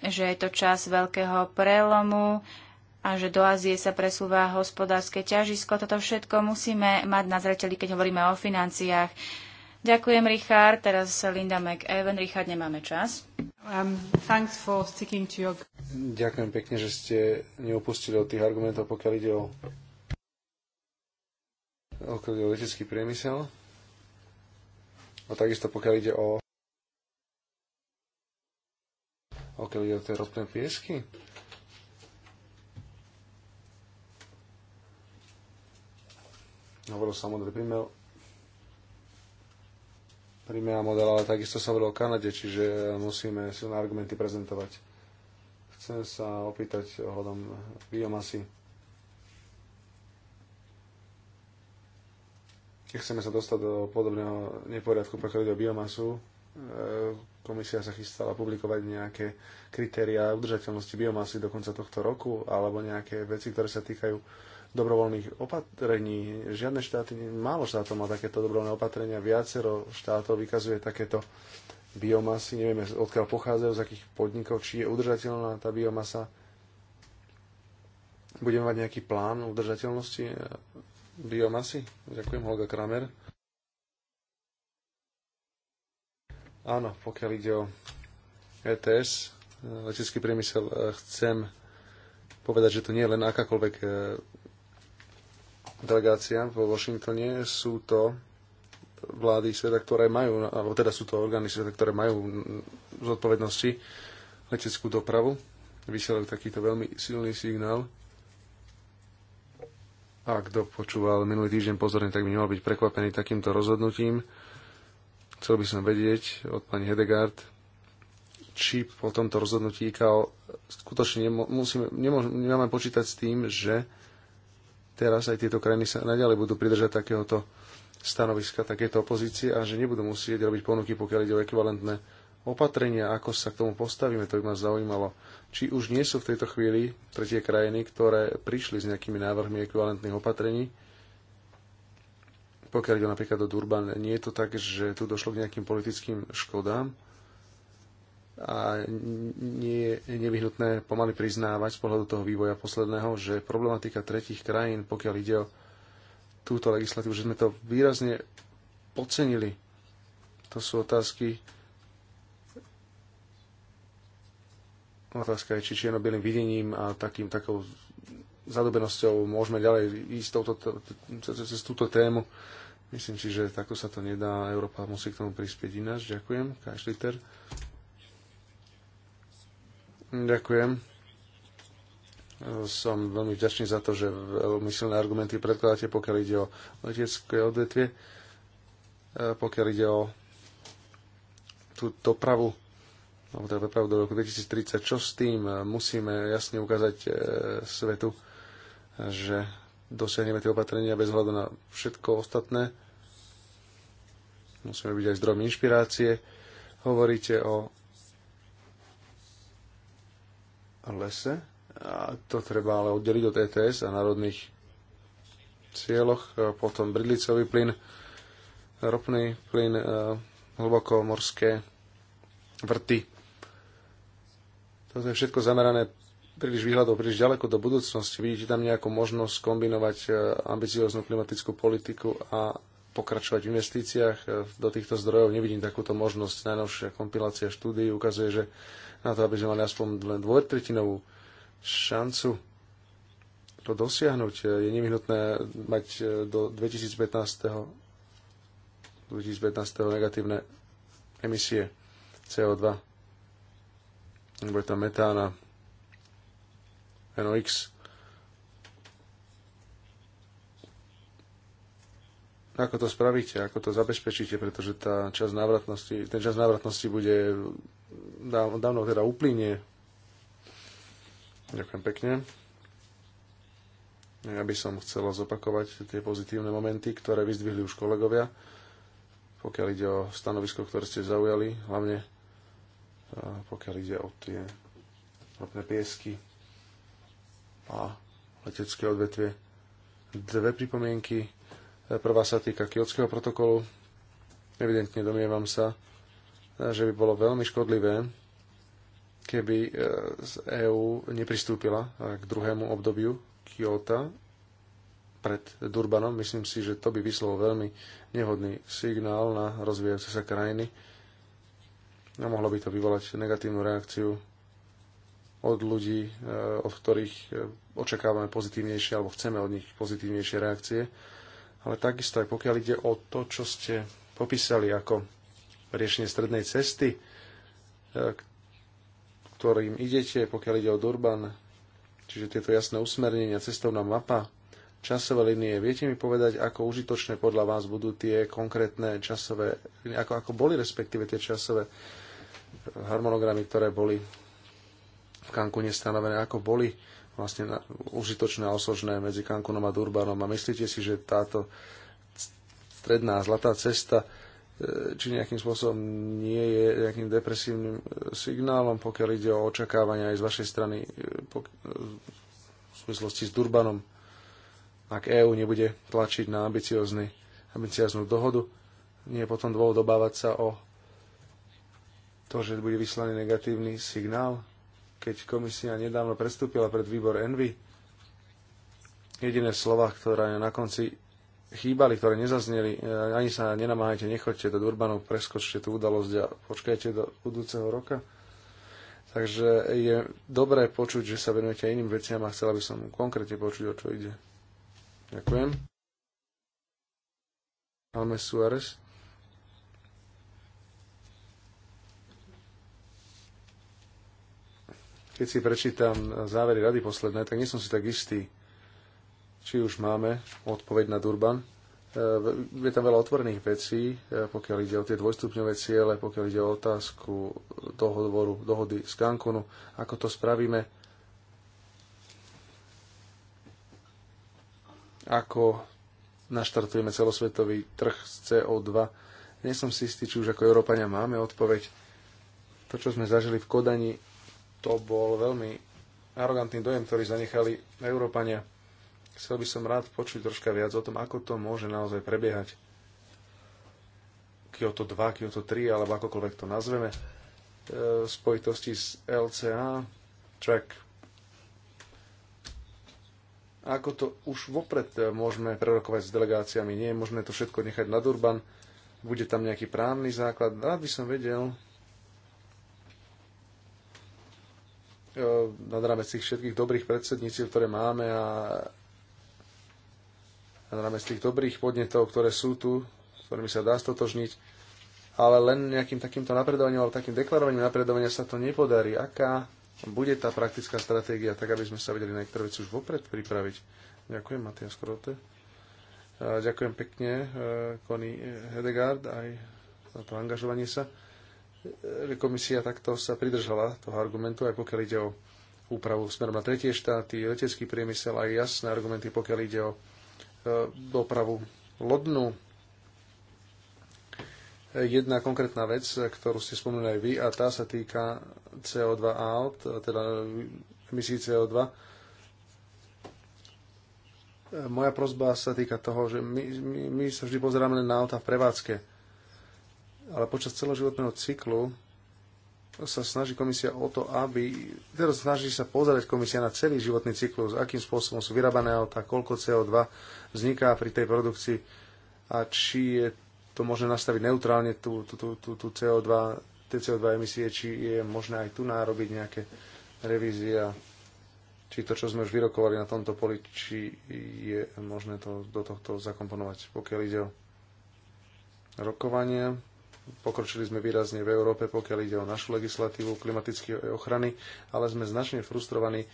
Speaker 3: že je to čas veľkého prelomu a že do Ázie sa presúva hospodárske ťažisko. Toto všetko musíme mať na zreteli, keď hovoríme o financiách. Ďakujem, Richard. Teraz Linda McEwen. Richard, nemáme čas. Um, your...
Speaker 2: Ďakujem pekne, že ste neopustili od tých argumentov, pokiaľ ide o, pokiaľ o letecký priemysel. A takisto pokiaľ ide o pokiaľ ide o tie ropné piesky. Hovoril som o Rimea model, ale takisto sa hovorilo o Kanade, čiže e, musíme silné argumenty prezentovať. Chcem sa opýtať ohľadom biomasy. Chceme sa dostať do podobného neporiadku, pokiaľ ide o biomasu. E, komisia sa chystala publikovať nejaké kritériá udržateľnosti biomasy do konca tohto roku, alebo nejaké veci, ktoré sa týkajú dobrovoľných opatrení. Žiadne štáty, málo štátov má takéto dobrovoľné opatrenia, viacero štátov vykazuje takéto biomasy, nevieme odkiaľ pochádzajú, z akých podnikov, či je udržateľná tá biomasa. Budeme mať nejaký plán udržateľnosti eh, biomasy? Ďakujem, Holga Kramer. Áno, pokiaľ ide o ETS, eh, letecký priemysel, eh, chcem povedať, že to nie je len akákoľvek delegáciám vo Washingtone. Sú to vlády sveta, ktoré majú, alebo teda sú to orgány sveta, ktoré majú zodpovednosti leteckú dopravu. Vysielajú takýto veľmi silný signál. A kto počúval minulý týždeň pozorne, tak by nemal byť prekvapený takýmto rozhodnutím. Chcel by som vedieť od pani Hedegard, či po tomto rozhodnutí IKO skutočne nemôžeme, nemáme počítať s tým, že teraz aj tieto krajiny sa naďalej budú pridržať takéhoto stanoviska, takéto opozície a že nebudú musieť robiť ponuky, pokiaľ ide o ekvivalentné opatrenia, ako sa k tomu postavíme, to by ma zaujímalo. Či už nie sú v tejto chvíli tretie krajiny, ktoré prišli s nejakými návrhmi ekvivalentných opatrení, pokiaľ ide napríklad do Durban, nie je to tak, že tu došlo k nejakým politickým škodám, a nie je nevyhnutné pomaly priznávať z pohľadu toho vývoja posledného, že problematika tretich krajín, pokiaľ ide o túto legislatívu, že sme to výrazne podcenili. To sú otázky. Otázka je, či čierno-bielým videním a takým, takou zadobenosťou môžeme ďalej ísť touto, cez túto tému. Myslím si, že takto sa to nedá. Európa musí k tomu prispieť ináč. Ďakujem. Kašliter. Ďakujem. Som veľmi vďačný za to, že veľmi silné argumenty predkladáte, pokiaľ ide o letecké odvetvie, e, pokiaľ ide o tú dopravu, alebo teda dopravu do roku 2030. Čo s tým? Musíme jasne ukázať e, svetu, že dosiahneme tie opatrenia bez hľadu na všetko ostatné. Musíme byť aj zdrojom inšpirácie. Hovoríte o lese. A to treba ale oddeliť od ETS a národných cieľoch. Potom bridlicový plyn, ropný plyn, e, hlbokomorské vrty. Toto je všetko zamerané príliš výhľadov, príliš ďaleko do budúcnosti. Vidíte tam nejakú možnosť kombinovať e, ambicióznu klimatickú politiku a pokračovať v investíciách e, do týchto zdrojov. Nevidím takúto možnosť. Najnovšia kompilácia štúdií ukazuje, že na to, aby sme mali aspoň len dvojtretinovú šancu to dosiahnuť. Je nevyhnutné mať e, do 2015. 2015. negatívne emisie CO2. Bude tam metána, NOx. Ako to spravíte, ako to zabezpečíte, pretože tá časť návratnosti, ten čas návratnosti bude dávno teda uplynie. Ďakujem pekne. Ja by som chcela zopakovať tie pozitívne momenty, ktoré vyzdvihli už kolegovia, pokiaľ ide o stanovisko, ktoré ste zaujali, hlavne e, pokiaľ ide o tie ropné piesky a letecké odvetvie. Dve pripomienky. E, prvá sa týka Kyotského protokolu. Evidentne domievam sa, že by bolo veľmi škodlivé, keby e, z EÚ nepristúpila e, k druhému obdobiu Kyoto pred Durbanom. Myslím si, že to by vyslovo veľmi nehodný signál na rozvíjajúce sa krajiny a mohlo by to vyvolať negatívnu reakciu od ľudí, e, od ktorých očakávame pozitívnejšie alebo chceme od nich pozitívnejšie reakcie. Ale takisto aj pokiaľ ide o to, čo ste popísali ako riešenie strednej cesty, e, ktorým idete, pokiaľ ide o Durban, čiže tieto jasné usmernenia, cestovná mapa, časové linie. Viete mi povedať, ako užitočné podľa vás budú tie konkrétne časové, ako, ako boli respektíve tie časové e, harmonogramy, ktoré boli v Cancúne stanovené, ako boli vlastne na, užitočné a osožné medzi Cancunom a Durbanom. A myslíte si, že táto stredná zlatá cesta E, či nejakým spôsobom nie je nejakým depresívnym e, signálom, pokiaľ ide o očakávania aj z vašej strany e, v súvislosti s Durbanom, ak EÚ nebude tlačiť na ambicioznú dohodu. Nie je potom dôvod obávať sa o to, že bude vyslaný negatívny signál, keď komisia nedávno prestúpila pred výbor Envy. Jediné slova, ktoré na konci chýbali, ktoré nezazneli, e, ani sa nenamáhajte, nechoďte do Durbanu, preskočte tú udalosť a počkajte do budúceho roka. Takže je dobré počuť, že sa venujete iným veciam a chcela by som konkrétne počuť, o čo ide. Ďakujem. Alme Suárez. Keď si prečítam závery rady posledné, tak nie som si tak istý, či už máme odpoveď na Durban. E, je tam veľa otvorených vecí, e, pokiaľ ide o tie dvojstupňové ciele, pokiaľ ide o otázku dohovoru, dohody z Cancunu, ako to spravíme, ako naštartujeme celosvetový trh z CO2. Nie som si istý, či už ako Európania máme odpoveď. To, čo sme zažili v Kodani, to bol veľmi arogantný dojem, ktorý zanechali Európania. Chcel by som rád počuť troška viac o tom, ako to môže naozaj prebiehať. Kyoto 2, Kyoto 3, alebo akokoľvek to nazveme, e, v spojitosti s LCA, track ako to už vopred e, môžeme prerokovať s delegáciami. Nie je možné to všetko nechať na Durban. Bude tam nejaký právny základ. Rád by som vedel e, nad rámec tých všetkých dobrých predsedníci, ktoré máme a rámec tých dobrých podnetov, ktoré sú tu, s ktorými sa dá stotožniť, ale len nejakým takýmto napredovaním alebo takým deklarovaním napredovania sa to nepodarí. Aká bude tá praktická stratégia, tak aby sme sa vedeli na niektoré veci už vopred pripraviť? Ďakujem, Matias Krote. Ďakujem pekne, Kony e, Hedegard, aj za to angažovanie sa. E, komisia takto sa pridržala toho argumentu, aj pokiaľ ide o úpravu smerom na tretie štáty, letecký priemysel, aj jasné argumenty, pokiaľ ide o E, dopravu lodnú. Jedna konkrétna vec, ktorú ste spomenuli aj vy, a tá sa týka CO2 out, e, teda emisí CO2 e, moja prozba sa týka toho, že my, my, my sa vždy pozeráme len na auta v prevádzke, ale počas celoživotného cyklu sa snaží komisia o to, aby... Teraz snaží sa pozerať komisia na celý životný cyklus, akým spôsobom sú vyrábané autá, koľko CO2 vzniká pri tej produkcii a či je to možné nastaviť neutrálne tú, tú, tú, tú, tú CO2, tie CO2 emisie, či je možné aj tu nárobiť nejaké revízia, či to, čo sme už vyrokovali na tomto poli, či je možné to do tohto zakomponovať, pokiaľ ide o rokovania Pokročili sme výrazne v Európe, pokiaľ ide o našu legislatívu klimatickej ochrany, ale sme značne frustrovaní e,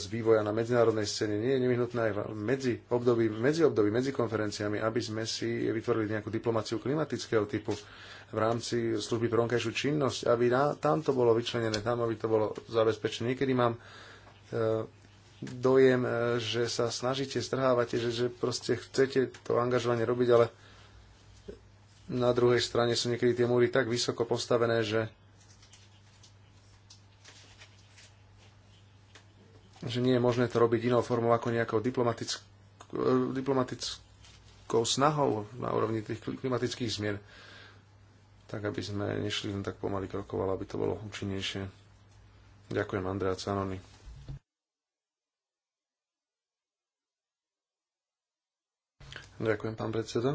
Speaker 2: z vývoja na medzinárodnej scéne. Nie je nevyhnutné aj medzi období, medzi období, medzi konferenciami, aby sme si vytvorili nejakú diplomáciu klimatického typu v rámci služby pre vonkajšiu činnosť, aby na, tam to bolo vyčlenené, tam aby to bolo zabezpečené. Niekedy mám e, dojem, e, že sa snažíte, strhávate, že, že proste chcete to angažovanie robiť, ale na druhej strane sú niekedy tie múry tak vysoko postavené, že že nie je možné to robiť inou formou ako nejakou diplomatick- diplomatickou snahou na úrovni tých klimatických zmien. Tak, aby sme nešli len tak pomaly krokov, aby to bolo účinnejšie. Ďakujem, Andrea Canoni. Ďakujem, pán predseda.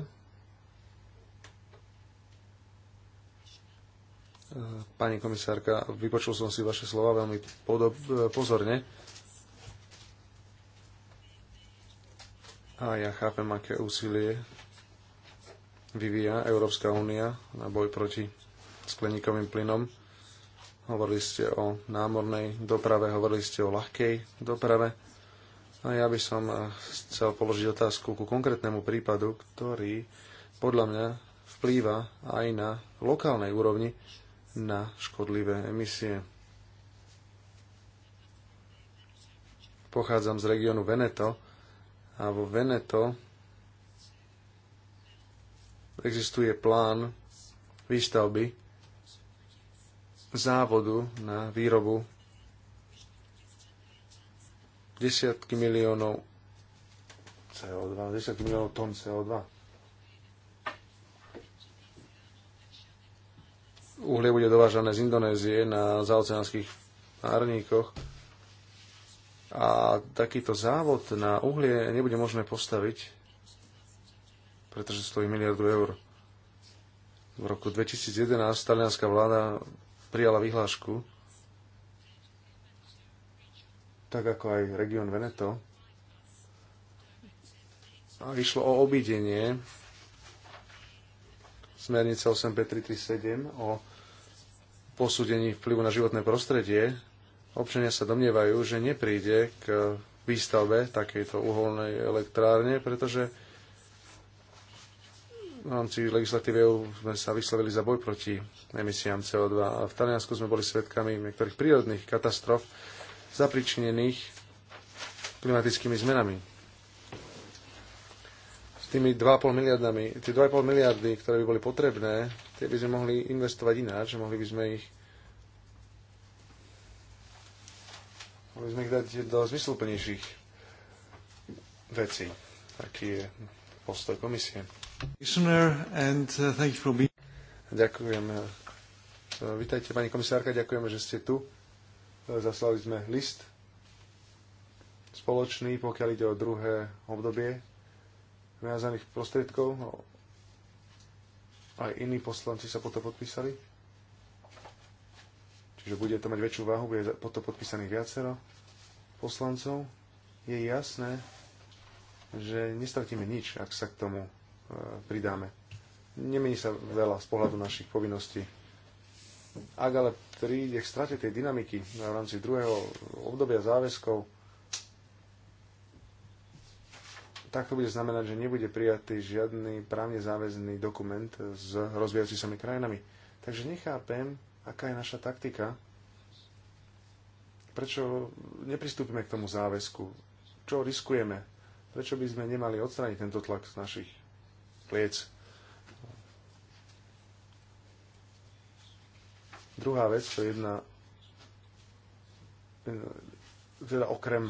Speaker 2: Pani komisárka, vypočul som si vaše slova veľmi podob, pozorne. A ja chápem, aké úsilie vyvíja Európska únia na boj proti skleníkovým plynom. Hovorili ste o námornej doprave, hovorili ste o ľahkej doprave. A ja by som eh, chcel položiť otázku ku konkrétnemu prípadu, ktorý podľa mňa vplýva aj na lokálnej úrovni na škodlivé emisie. Pochádzam z regiónu Veneto a vo Veneto existuje plán výstavby závodu na výrobu desiatky miliónov CO2, desiatky miliónov tón CO2. uhlie bude dovážané z Indonézie na zaoceánskych párníkoch a takýto závod na uhlie nebude možné postaviť, pretože stojí miliardu eur. V roku 2011 talianská vláda prijala vyhlášku, tak ako aj región Veneto, a išlo o obidenie smernice 8537 o posúdení vplyvu na životné prostredie občania sa domnievajú, že nepríde k výstavbe takejto uholnej elektrárne, pretože v rámci legislatívy EU sme sa vyslovili za boj proti emisiám CO2 a v Taliansku sme boli svedkami niektorých prírodných katastrof zapričinených klimatickými zmenami. S tými 2,5 miliardami, tie 2,5 miliardy, ktoré by boli potrebné tie by sme mohli investovať ináč, mohli by sme ich mohli by sme ich dať do zmysluplnejších vecí. Taký je postoj komisie. Uh, Ďakujem. Uh, vítajte, pani komisárka, ďakujeme, že ste tu. Uh, zaslali sme list spoločný, pokiaľ ide o druhé obdobie viazaných prostriedkov, no, aj iní poslanci sa potom podpísali. Čiže bude to mať väčšiu váhu, bude potom podpísaných viacero poslancov. Je jasné, že nestratíme nič, ak sa k tomu e, pridáme. Nemení sa veľa z pohľadu našich povinností. Ak ale príde k strate tej dynamiky v rámci druhého obdobia záväzkov, tak to bude znamenať, že nebude prijatý žiadny právne záväzný dokument s rozvíjajúcimi krajinami. Takže nechápem, aká je naša taktika, prečo nepristúpime k tomu záväzku, čo riskujeme, prečo by sme nemali odstrániť tento tlak z našich pliec. Druhá vec, to je jedna teda okrem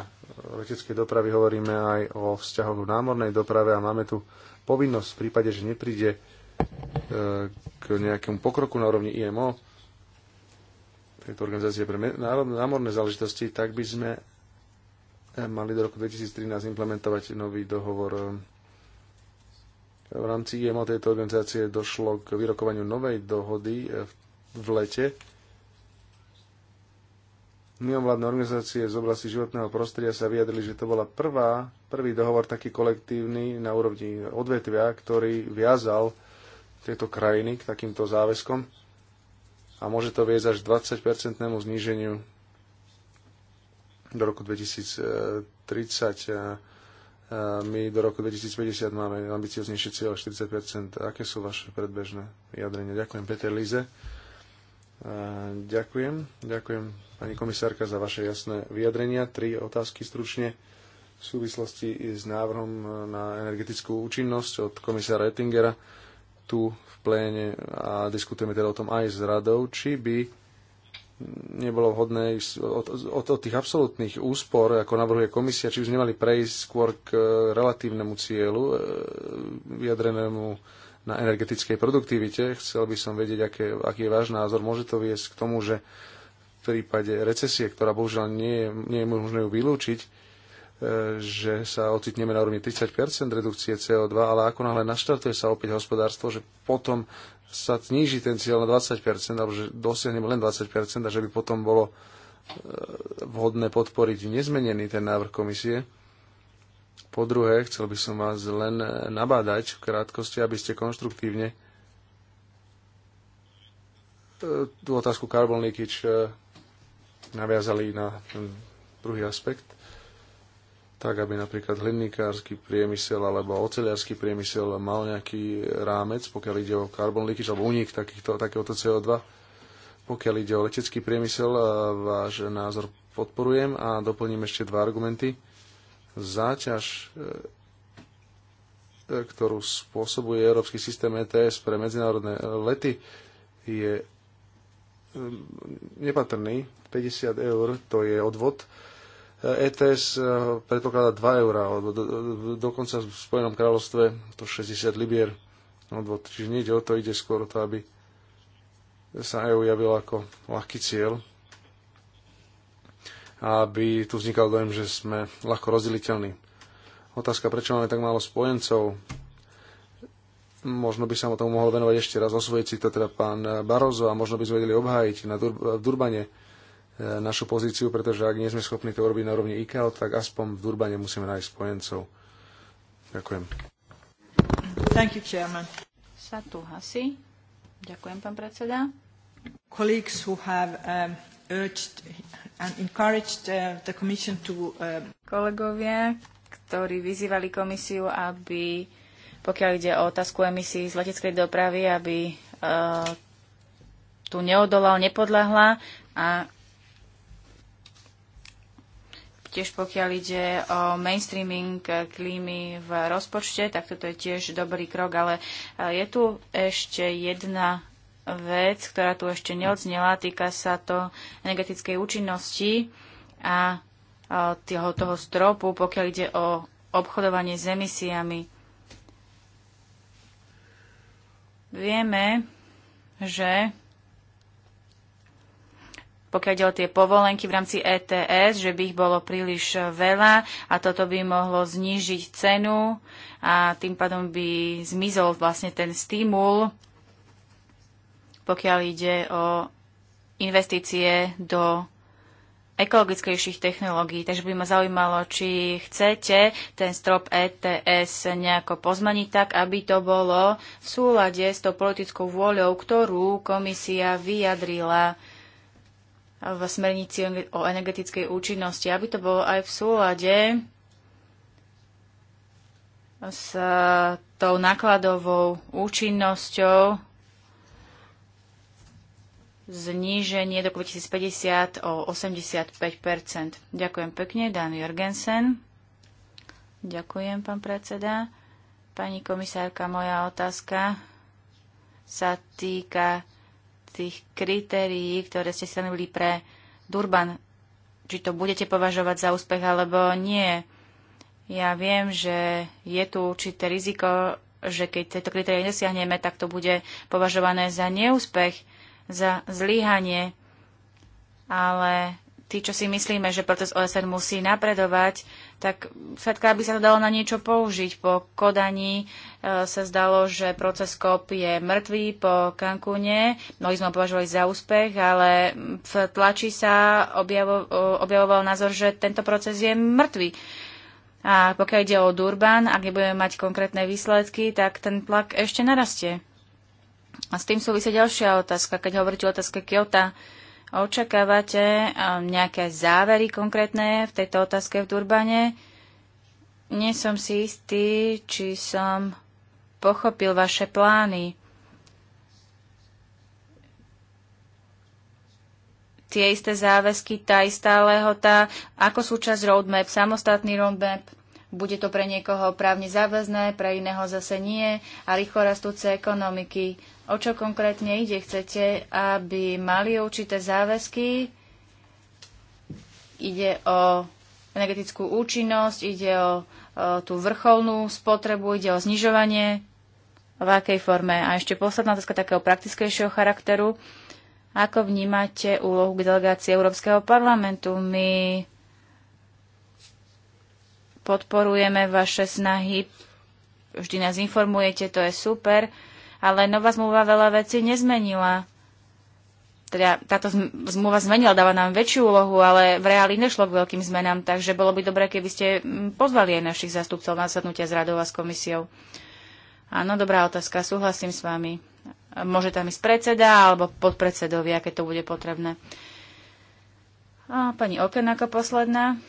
Speaker 2: leteckej dopravy hovoríme aj o vzťahoch v námornej doprave a máme tu povinnosť v prípade, že nepríde e, k nejakému pokroku na úrovni IMO, tejto organizácie pre námorné záležitosti, tak by sme mali do roku 2013 implementovať nový dohovor. V rámci IMO tejto organizácie došlo k vyrokovaniu novej dohody v lete mimovládne organizácie z oblasti životného prostredia sa vyjadrili, že to bola prvá, prvý dohovor taký kolektívny na úrovni odvetvia, ktorý viazal tieto krajiny k takýmto záväzkom a môže to viesť až 20-percentnému zníženiu do roku 2030. a My do roku 2050 máme ambicioznejšie cieľ 40 Aké sú vaše predbežné vyjadrenia? Ďakujem, Peter Lize. Ďakujem. Ďakujem pani komisárka, za vaše jasné vyjadrenia. Tri otázky stručne v súvislosti s návrhom na energetickú účinnosť od komisára Ettingera tu v pléne a diskutujeme teda o tom aj s radou, či by nebolo vhodné ísť od, od, od tých absolútnych úspor, ako navrhuje komisia, či by sme nemali prejsť skôr k relatívnemu cieľu e, vyjadrenému na energetickej produktivite. Chcel by som vedieť, aké, aký je váš názor. Môže to viesť k tomu, že prípade recesie, ktorá bohužiaľ nie je, nie je možné ju vylúčiť, e, že sa ocitneme na úrovni 30 redukcie CO2, ale ako náhle naštartuje sa opäť hospodárstvo, že potom sa zníži ten cieľ na 20 alebo že dosiahneme len 20 a že by potom bolo e, vhodné podporiť nezmenený ten návrh komisie. Po druhé, chcel by som vás len nabádať v krátkosti, aby ste konštruktívne e, tú otázku Leakage naviazali na ten druhý aspekt, tak aby napríklad hlinnikársky priemysel alebo oceliársky priemysel mal nejaký rámec, pokiaľ ide o carbon leakage alebo únik takýchto, takéhoto CO2. Pokiaľ ide o letecký priemysel, váš názor podporujem a doplním ešte dva argumenty. Záťaž e, e, ktorú spôsobuje európsky systém ETS pre medzinárodné e, lety, je Ehm, nepatrný. 50 eur to je odvod. ETS ehm, e eh, predpokladá 2 eur. dokonca v Spojenom kráľovstve to 60 libier odvod. Čiže ide o to, ide skôr o to, aby sa EU javil ako ľahký cieľ. Aby tu vznikal dojem, že sme ľahko rozdeliteľní. Otázka, prečo máme tak málo spojencov, možno by sa mu tomu mohol venovať ešte raz, osvojiť si to teda pán Barozo a možno by sme vedeli obhájiť na Dur- v Durbane e, našu pozíciu, pretože ak nie sme schopní to urobiť na rovni ICAO, tak aspoň v Durbane musíme nájsť spojencov. Ďakujem.
Speaker 3: Thank you, chairman. Satu Hasi. Ďakujem, pán predseda. Colleagues who have um, urged and encouraged uh, the commission to... Uh... Kolegovia, ktorí vyzývali komisiu, aby uh, pokiaľ ide o otázku emisí z leteckej dopravy, aby e, tu neodolal, nepodľahla a tiež pokiaľ ide o mainstreaming klímy v rozpočte, tak toto je tiež dobrý krok, ale e, je tu ešte jedna vec, ktorá tu ešte neodznela, týka sa to energetickej účinnosti a e, toho, toho stropu, pokiaľ ide o obchodovanie s emisiami. Vieme, že pokiaľ ide o tie povolenky v rámci ETS, že by ich bolo príliš veľa a toto by mohlo znížiť cenu a tým pádom by zmizol vlastne ten stimul, pokiaľ ide o investície do ekologickejších technológií. Takže by ma zaujímalo, či chcete ten strop ETS nejako pozmeniť tak, aby to bolo v súlade s tou politickou vôľou, ktorú komisia vyjadrila v smernici o energetickej účinnosti, aby to bolo aj v súlade s tou nákladovou účinnosťou zníženie do 2050 o 85 Ďakujem pekne, Dan Jorgensen. Ďakujem, pán predseda. Pani komisárka, moja otázka sa týka tých kritérií, ktoré ste stanovili pre Durban. Či to budete považovať za úspech alebo nie. Ja viem, že je tu určité riziko, že keď tieto kritérie nesiahneme, tak to bude považované za neúspech za zlyhanie, ale tí, čo si myslíme, že proces OSN musí napredovať, tak všetká by sa to dalo na niečo použiť. Po Kodaní e, sa zdalo, že proces KOP je mŕtvý po Cancúne. Mnohí sme ho považovali za úspech, ale v tlači sa objavo, objavoval názor, že tento proces je mŕtvý. A pokiaľ ide o Durban, ak nebudeme mať konkrétne výsledky, tak ten tlak ešte narastie. A s tým súvisí ďalšia otázka. Keď hovoríte o otázke Kyoto, očakávate eh, nejaké závery konkrétne v tejto otázke v Durbane? Nie som si istý, či som pochopil vaše plány. Tie isté záväzky, tá istá lehota, ako súčasť roadmap, samostatný roadmap, bude to pre niekoho právne záväzné, pre iného zase nie a rýchlo rastúce ekonomiky O čo konkrétne ide? Chcete, aby mali určité záväzky? Ide o energetickú účinnosť, ide o, o tú vrcholnú spotrebu, ide o znižovanie v akej forme. A ešte posledná otázka takého praktickejšieho charakteru. Ako vnímate úlohu k delegácii Európskeho parlamentu? My podporujeme vaše snahy, vždy nás informujete, to je super ale nová zmluva veľa vecí nezmenila. Teda táto zmluva zmenila, dáva nám väčšiu úlohu, ale v reáli nešlo k veľkým zmenám, takže bolo by dobré, keby ste mm, pozvali aj našich zastupcov na sadnutia s radou a s komisiou. Áno, dobrá otázka, súhlasím s vami. Môže tam ísť predseda alebo podpredsedovia, keď to bude potrebné. A pani Oken ako posledná.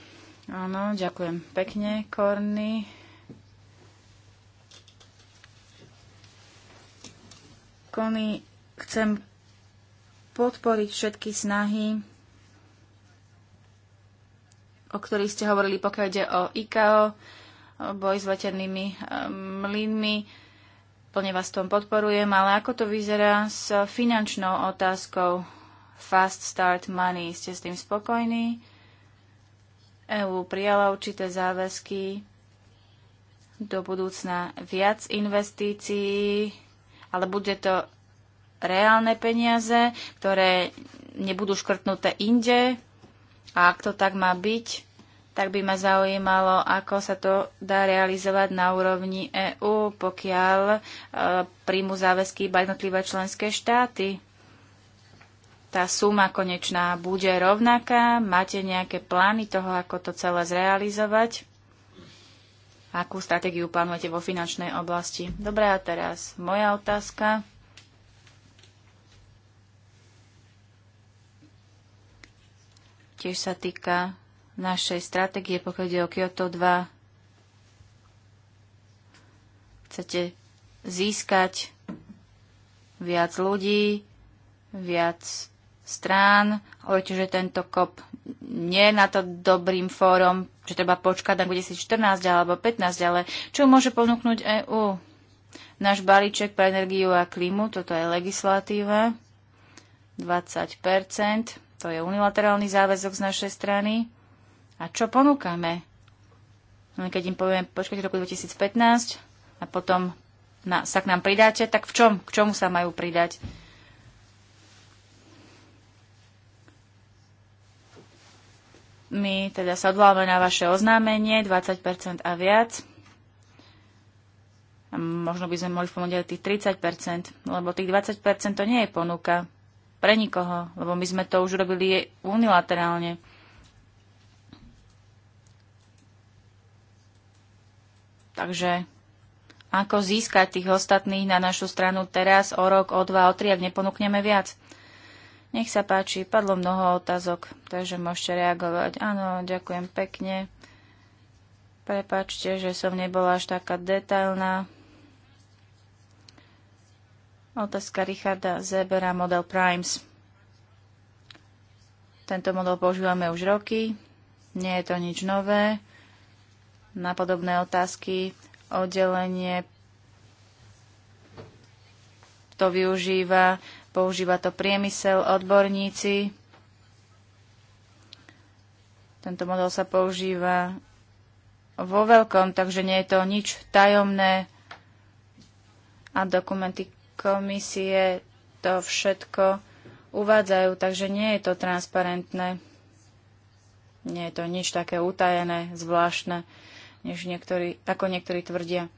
Speaker 3: Áno, ďakujem pekne, Korny. Kony, chcem podporiť všetky snahy, o ktorých ste hovorili, pokiaľ ide o IKO, boj s veternými eh, mlynmi. Plne vás tom podporujem, ale ako to vyzerá s finančnou otázkou Fast Start Money? Ste s tým spokojní? EU prijala určité záväzky do budúcna viac investícií ale bude to reálne peniaze, ktoré nebudú škrtnuté inde. A ak to tak má byť, tak by ma zaujímalo, ako sa to dá realizovať na úrovni EÚ, pokiaľ e, príjmu záväzky iba jednotlivé členské štáty. Tá suma konečná bude rovnaká? Máte nejaké plány toho, ako to celé zrealizovať? akú stratégiu plánujete vo finančnej oblasti. Dobre, a teraz moja otázka. Tiež sa týka našej stratégie, pokiaľ ide o Kyoto 2. Chcete získať viac ľudí, viac strán. Hovoríte, že tento kop nie je na to dobrým fórom že treba počkať na 2014 alebo 15, ale čo môže ponúknuť EÚ? Náš balíček pre energiu a klímu, toto je legislatíva, 20 to je unilaterálny záväzok z našej strany. A čo ponúkame? No, keď im povieme počkajte roku 2015 a potom na, sa k nám pridáte, tak v čom? K čomu sa majú pridať? My teda sa odvoláme na vaše oznámenie, 20% a viac. A možno by sme mohli pomôcť aj tých 30%, lebo tých 20% to nie je ponuka pre nikoho, lebo my sme to už robili unilaterálne. Takže ako získať tých ostatných na našu stranu teraz, o rok, o dva, o tri, ak neponúkneme viac? Nech sa páči, padlo mnoho otázok, takže môžete reagovať. Áno, ďakujem pekne. Prepačte, že som nebola až taká detailná. Otázka Richarda Zebera, model Primes. Tento model používame už roky, nie je to nič nové. Na podobné otázky oddelenie to využíva používa to priemysel, odborníci. Tento model sa používa vo veľkom, takže nie je to nič tajomné a dokumenty komisie to všetko uvádzajú, takže nie je to transparentné. Nie je to nič také utajené, zvláštne, než niektorí, ako niektorí tvrdia.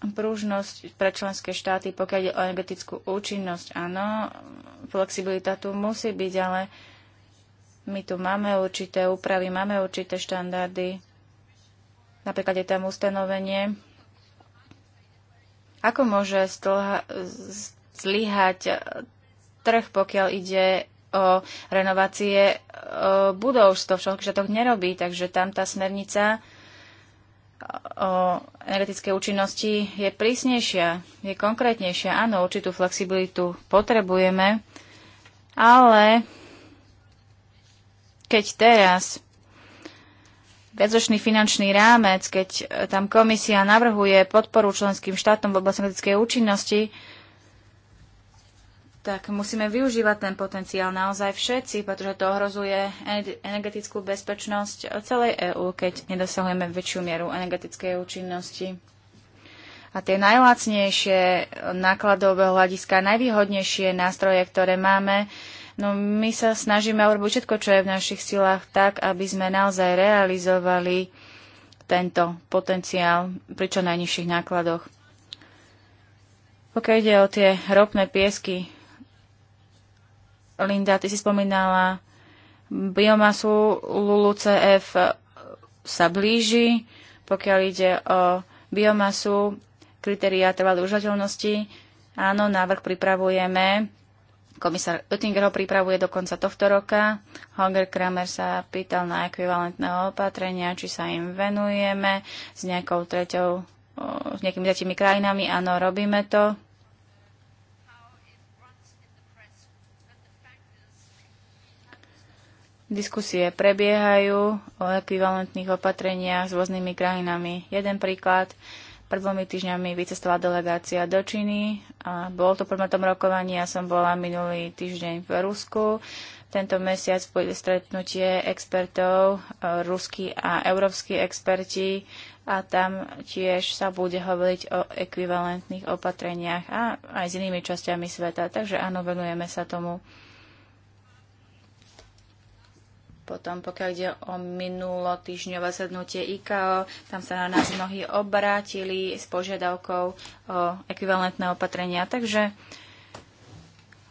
Speaker 3: Prúžnosť pre členské štáty, pokiaľ ide o energetickú účinnosť, áno, flexibilita tu musí byť, ale my tu máme určité úpravy, máme určité štandardy. Napríklad je tam ustanovenie, ako môže zlyhať trh, pokiaľ ide o renovácie e, budov, čo to v štátoch nerobí, takže tam tá smernica o energetickej účinnosti je prísnejšia, je konkrétnejšia. Áno, určitú flexibilitu potrebujeme, ale keď teraz viacročný finančný rámec, keď tam komisia navrhuje podporu členským štátom v oblasti energetickej účinnosti, tak musíme využívať ten potenciál naozaj všetci, pretože to ohrozuje energetickú bezpečnosť celej EÚ, keď nedosahujeme väčšiu mieru energetickej účinnosti. A tie najlacnejšie nákladové hľadiska, najvýhodnejšie nástroje, ktoré máme, no my sa snažíme urobiť všetko, čo je v našich silách, tak, aby sme naozaj realizovali tento potenciál pri čo najnižších nákladoch. Pokiaľ ide o tie ropné piesky, Linda, ty si spomínala biomasu Lulu CF sa blíži, pokiaľ ide o biomasu, kritéria trvalej užateľnosti. Áno, návrh pripravujeme. Komisár Oettinger ho pripravuje do konca tohto roka. Holger Kramer sa pýtal na ekvivalentné opatrenia, či sa im venujeme s nejakou treťou, s nejakými tretimi krajinami. Áno, robíme to. Diskusie prebiehajú o ekvivalentných opatreniach s rôznymi krajinami. Jeden príklad. Pred dvomi týždňami vycestovala delegácia do Číny a bol to predmetom rokovania. Ja som bola minulý týždeň v Rusku. Tento mesiac bude stretnutie expertov, e, ruskí a európsky experti a tam tiež sa bude hovoriť o ekvivalentných opatreniach a aj s inými časťami sveta. Takže áno, venujeme sa tomu. Potom pokiaľ ide o minulotýžňové sednutie IKO, tam sa na nás mnohí obrátili s požiadavkou o ekvivalentné opatrenia. Takže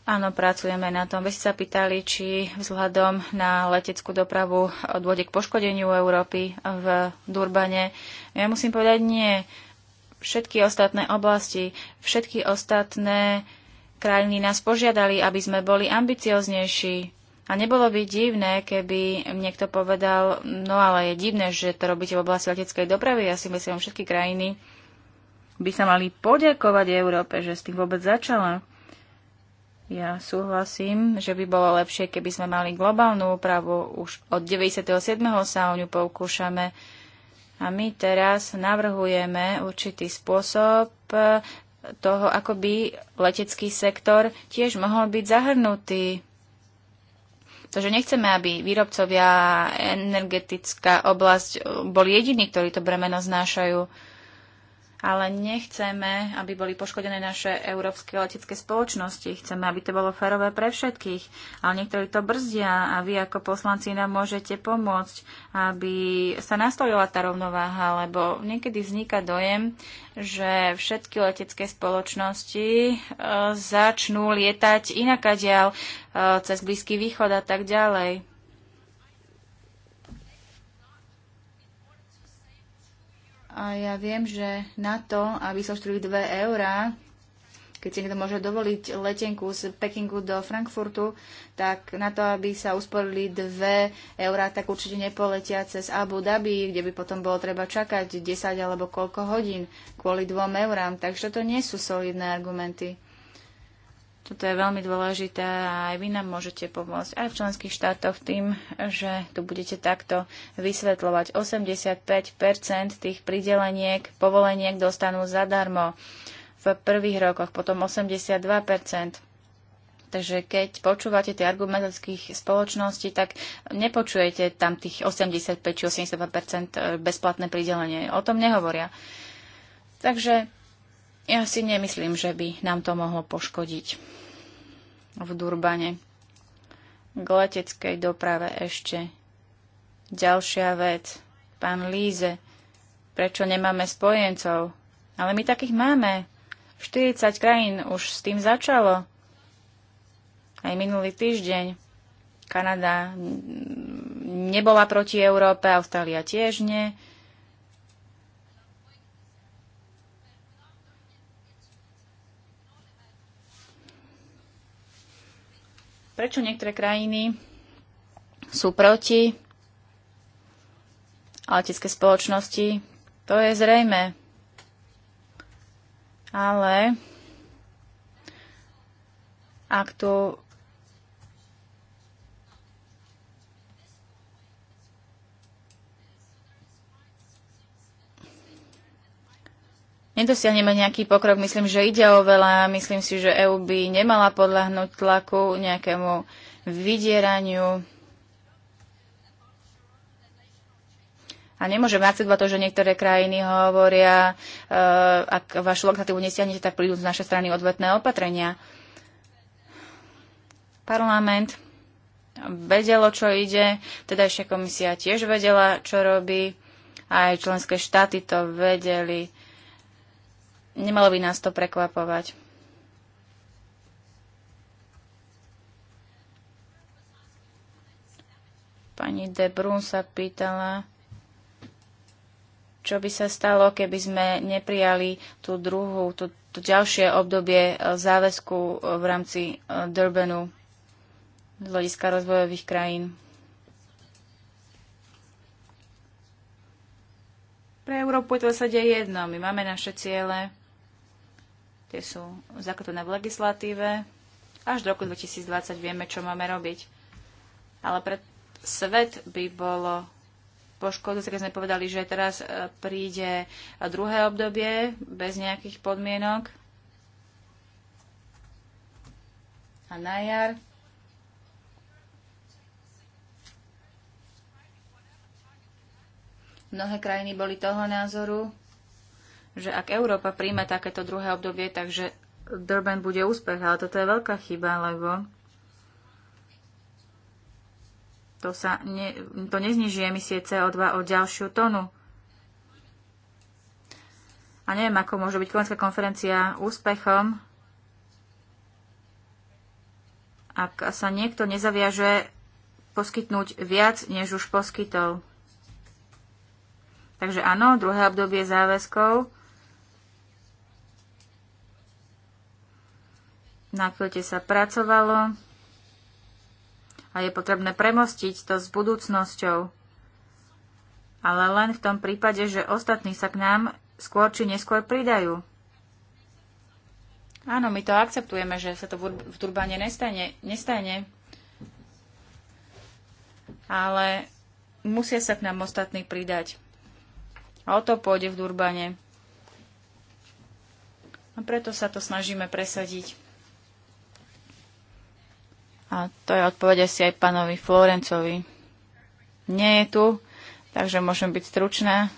Speaker 3: Áno, pracujeme na tom. Vy ste sa pýtali, či vzhľadom na leteckú dopravu dôjde k poškodeniu Európy v Durbane. Ja musím povedať nie. Všetky ostatné oblasti, všetky ostatné krajiny nás požiadali, aby sme boli ambicioznejší. A nebolo by divné, keby niekto povedal, no ale je divné, že to robíte v oblasti leteckej dopravy. Ja si myslím, všetky krajiny by sa mali poďakovať Európe, že s tým vôbec začala. Ja súhlasím, že by bolo lepšie, keby sme mali globálnu úpravu. Už od 97. sa o ňu poukúšame. A my teraz navrhujeme určitý spôsob toho, ako by letecký sektor tiež mohol byť zahrnutý Takže nechceme, aby výrobcovia energetická oblasť boli jediní, ktorí to bremeno znášajú ale nechceme, aby boli poškodené naše európske letecké spoločnosti. Chceme, aby to bolo férové pre všetkých, ale niektorí to brzdia a vy ako poslanci nám môžete pomôcť, aby sa nastolila tá rovnováha, lebo niekedy vzniká dojem, že všetky letecké spoločnosti e, začnú lietať inakadiaľ e, cez Blízky východ a tak ďalej. A ja viem, že na to, aby som štruli 2 eurá, keď si niekto môže dovoliť letenku z Pekingu do Frankfurtu, tak na to, aby sa usporili 2 eurá, tak určite nepoletia cez Abu Dhabi, kde by potom bolo treba čakať 10 alebo koľko hodín kvôli 2 eurám. Takže to nie sú solidné argumenty. Toto je veľmi dôležité a aj vy nám môžete pomôcť aj v členských štátoch tým, že tu budete takto vysvetľovať. 85 tých prideleniek, povoleniek dostanú zadarmo v prvých rokoch, potom 82 Takže keď počúvate tie argumentovských spoločností, tak nepočujete tam tých 85 či 82 bezplatné pridelenie. O tom nehovoria. Takže ja si nemyslím, že by nám to mohlo poškodiť v Durbane. K leteckej doprave ešte. Ďalšia vec. Pán Líze, prečo nemáme spojencov? Ale my takých máme. 40 krajín už s tým začalo. Aj minulý týždeň. Kanada mm, nebola proti Európe, Austrália tiež nie. prečo niektoré krajiny sú proti letecké spoločnosti, to je zrejme. Ale ak tu nedosiahneme nejaký pokrok. Myslím, že ide o veľa. Myslím si, že EU by nemala podľahnúť tlaku nejakému vydieraniu. A nemôžeme akceptovať to, že niektoré krajiny hovoria, uh, ak vašu legislatívu nestiahnete, tak prídu z našej strany odvetné opatrenia. Parlament vedelo, čo ide, teda ešte komisia tiež vedela, čo robí, aj členské štáty to vedeli. Nemalo by nás to prekvapovať. Pani De Brun sa pýtala, čo by sa stalo, keby sme neprijali tú druhú, tú, tú ďalšie obdobie e, záväzku e, v rámci e, Durbanu z hľadiska rozvojových krajín. Pre Európu je to v zásade jedno. My máme naše ciele. Tie sú zakotvené v legislatíve. Až do roku 2020 vieme, čo máme robiť. Ale pre svet by bolo poškodujúce, keď sme povedali, že teraz e, príde druhé obdobie bez nejakých podmienok. A na jar Mnohé krajiny boli toho názoru, že ak Európa príjme takéto druhé obdobie, takže Durban bude úspech, ale toto je veľká chyba, lebo to, sa ne, to nezniží emisie CO2 o ďalšiu tonu. A neviem, ako môže byť konská konferencia úspechom, ak sa niekto nezaviaže poskytnúť viac, než už poskytol. Takže áno, druhé obdobie záväzkov na Kyote sa pracovalo a je potrebné premostiť to s budúcnosťou. Ale len v tom prípade, že ostatní sa k nám skôr či neskôr pridajú. Áno, my to akceptujeme, že sa to v turbáne nestane, nestane. Ale musia sa k nám ostatní pridať. A o to pôjde v Durbane. A preto sa to snažíme presadiť. A to je odpovede si aj pánovi Florencovi. Nie je tu, takže môžem byť stručná,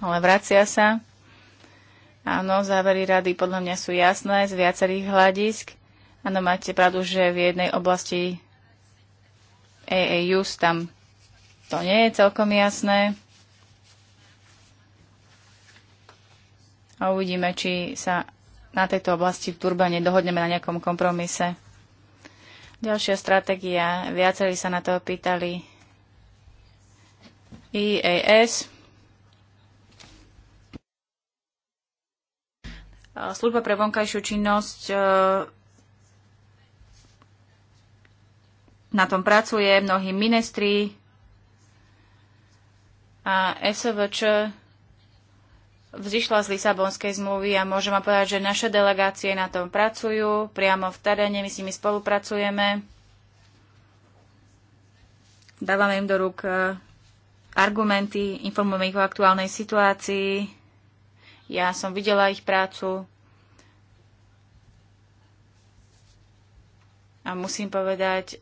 Speaker 3: ale vracia sa. Áno, závery rady podľa mňa sú jasné z viacerých hľadisk. Áno, máte pravdu, že v jednej oblasti AAUs e e tam to nie je celkom jasné. A uvidíme, či sa na tejto oblasti v Turbane dohodneme na nejakom kompromise. Ďalšia stratégia, viacerí sa na to pýtali. EAS. Služba pre vonkajšiu činnosť e, na tom pracuje mnohí ministri a SVČ vzýšla z Lisabonskej zmluvy a môžem vám povedať, že naše delegácie na tom pracujú, priamo v teréne, my s nimi spolupracujeme. Dávame im do rúk e, argumenty, informujeme ich o aktuálnej situácii. Ja som videla ich prácu. A musím povedať,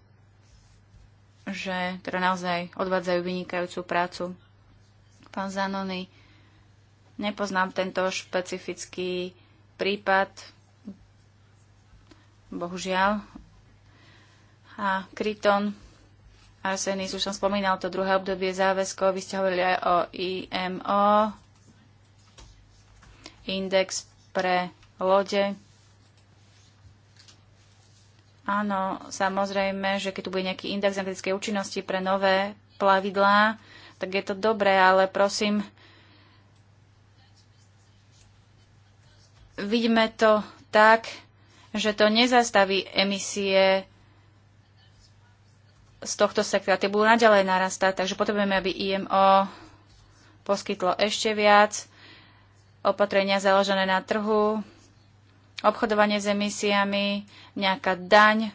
Speaker 3: že teda naozaj odvádzajú vynikajúcu prácu. Pán Zanony, Nepoznám tento špecifický prípad, bohužiaľ. A Kryton, Arsenis, už som spomínal to druhé obdobie záväzkov, vy ste hovorili aj o IMO, index pre lode. Áno, samozrejme, že keď tu bude nejaký index energetickej účinnosti pre nové plavidlá, tak je to dobré, ale prosím, vidíme to tak, že to nezastaví emisie z tohto sektora. Tie budú naďalej narastať, takže potrebujeme, aby IMO poskytlo ešte viac opatrenia založené na trhu, obchodovanie s emisiami, nejaká daň.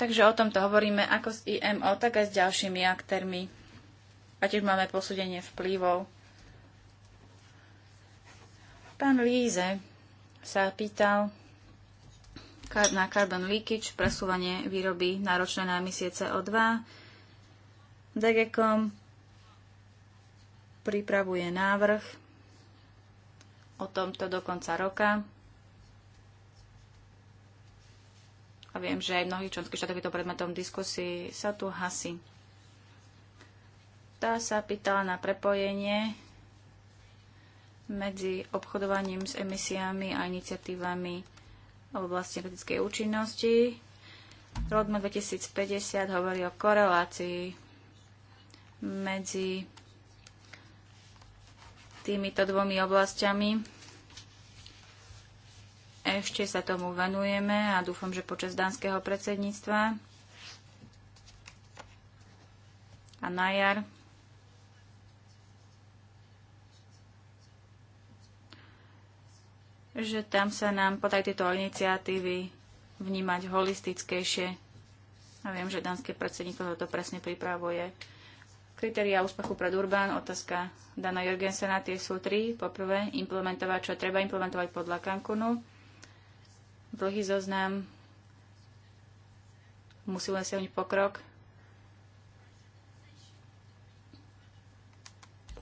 Speaker 3: Takže o tomto hovoríme ako s IMO, tak aj s ďalšími aktérmi. A tiež máme posúdenie vplyvov. Pán Líze sa pýtal na carbon leakage, presúvanie výroby náročné na emisie CO2. DGCOM pripravuje návrh o tomto do konca roka. A viem, že aj mnohých členských štátov je to predmetom diskusí. Sa tu hasi. Tá sa pýtala na prepojenie medzi obchodovaním s emisiami a iniciatívami v oblasti energetickej účinnosti. Roadmap 2050 hovorí o korelácii medzi týmito dvomi oblastiami. Ešte sa tomu venujeme a dúfam, že počas dánskeho predsedníctva a na jar že tam sa nám podaj tieto iniciatívy vnímať holistickejšie. A viem, že danské predsedníctvo to presne pripravuje. Kritéria úspechu pre Durban, otázka Dana Jorgensena, tie sú tri. Poprvé, implementovať, čo treba implementovať podľa Cancunu. Dlhý zoznam, musí dosiahnuť pokrok.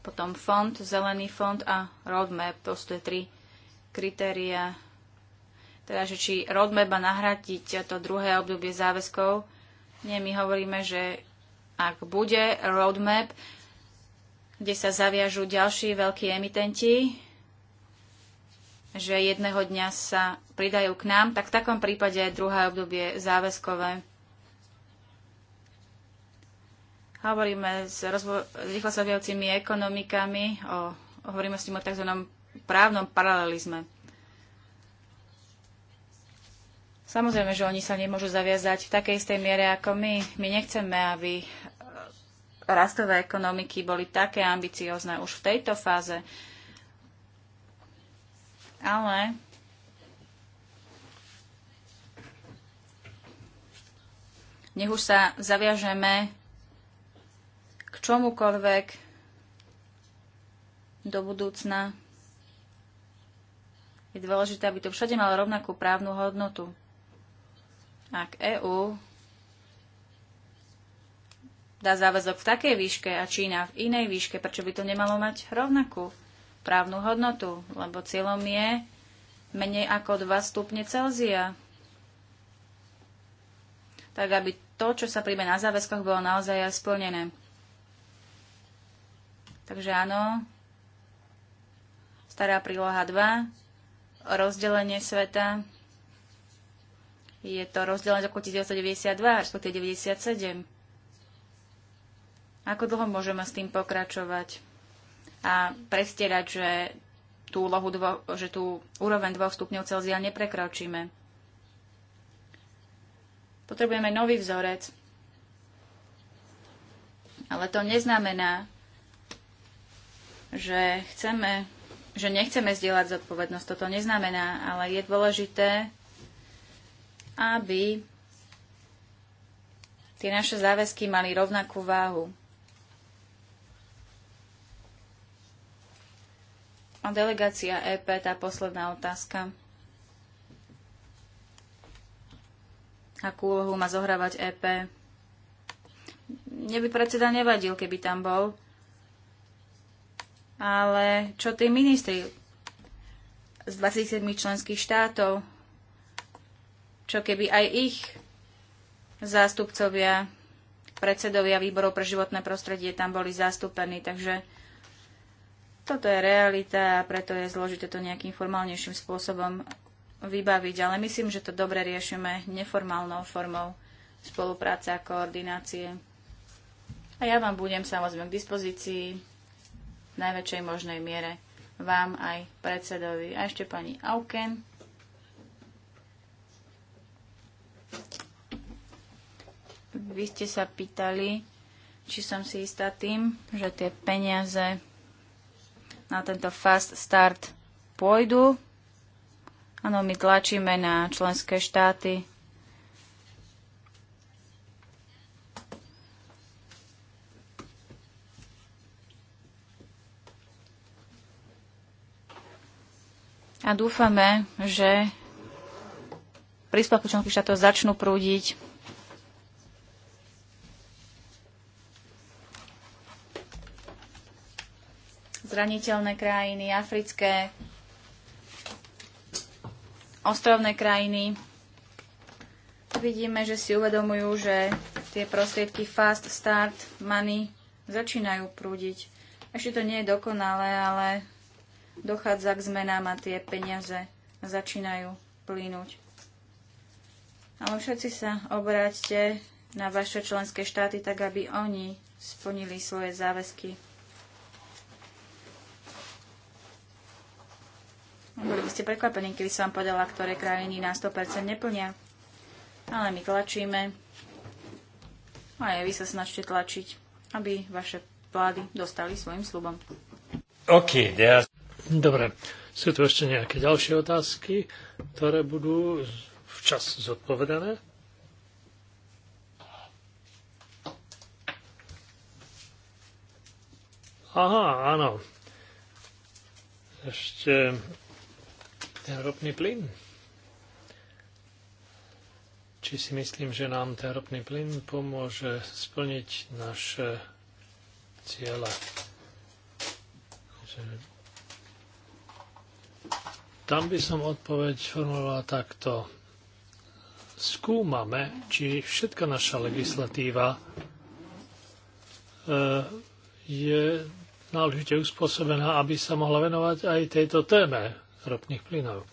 Speaker 3: Potom fond, zelený fond a roadmap, to sú tie tri kritéria, teda že či roadmapa nahradiť to druhé obdobie záväzkov. Nie, my hovoríme, že ak bude roadmap, kde sa zaviažú ďalší veľkí emitenti, že jedného dňa sa pridajú k nám, tak v takom prípade je druhé obdobie záväzkové. Hovoríme s, rozvo- rýchlo ekonomikami, o, hovoríme s tým o tzv právnom paralelizme. Samozrejme, že oni sa nemôžu zaviazať v takej istej miere ako my. My nechceme, aby e, rastové ekonomiky boli také ambiciozne už v tejto fáze. Ale nech už sa zaviažeme k čomukoľvek do budúcna je dôležité, aby to všade malo rovnakú právnu hodnotu. Ak EÚ dá záväzok v takej výške a Čína v inej výške, prečo by to nemalo mať rovnakú právnu hodnotu? Lebo cieľom je menej ako 2 stupne Celzia. Tak aby to, čo sa príjme na záväzkoch, bolo naozaj aj splnené. Takže áno, stará príloha 2, rozdelenie sveta. Je to rozdelenie z roku 1992, až 97. Ako dlho môžeme s tým pokračovať a prestierať, že tú, lohu dvo, že tú úroveň 2 stupňov Celzia neprekročíme? Potrebujeme nový vzorec, ale to neznamená, že chceme že nechceme zdieľať zodpovednosť. Toto neznamená, ale je dôležité, aby tie naše záväzky mali rovnakú váhu. A delegácia EP, tá posledná otázka. Akú úlohu má zohrávať EP? Mne by predseda nevadil, keby tam bol. Ale čo tí ministri z 27 členských štátov, čo keby aj ich zástupcovia, predsedovia výborov pre životné prostredie tam boli zastúpení. Takže toto je realita a preto je zložité to nejakým formálnejším spôsobom vybaviť. Ale myslím, že to dobre riešime neformálnou formou spolupráce a koordinácie. A ja vám budem samozrejme k dispozícii v najväčšej možnej miere vám aj predsedovi. A ešte pani Auken. Vy ste sa pýtali, či som si istá tým, že tie peniaze na tento fast start pôjdu. Áno, my tlačíme na členské štáty, A dúfame, že príspevky členských štátov začnú prúdiť zraniteľné krajiny, africké, ostrovné krajiny. Vidíme, že si uvedomujú, že tie prostriedky Fast Start Money začínajú prúdiť. Ešte to nie je dokonalé, ale dochádza k zmenám a tie peniaze začínajú plynúť. Ale všetci sa obráťte na vaše členské štáty, tak aby oni splnili svoje záväzky. Boli by ste prekvapení, keby som vám povedala, ktoré krajiny na 100% neplnia. Ale my tlačíme. A aj vy sa snažte tlačiť, aby vaše vlády dostali svojim slubom.
Speaker 1: Okay, there Dobre, sú tu ešte nejaké ďalšie otázky, ktoré budú včas zodpovedané? Aha, áno. Ešte ten ropný plyn. Či si myslím, že nám ten ropný plyn pomôže splniť naše ciele. Že tam by som odpoveď formulovala takto. Skúmame, či všetka naša legislatíva e, je náležite uspôsobená, aby sa mohla venovať aj tejto téme ropných plynov.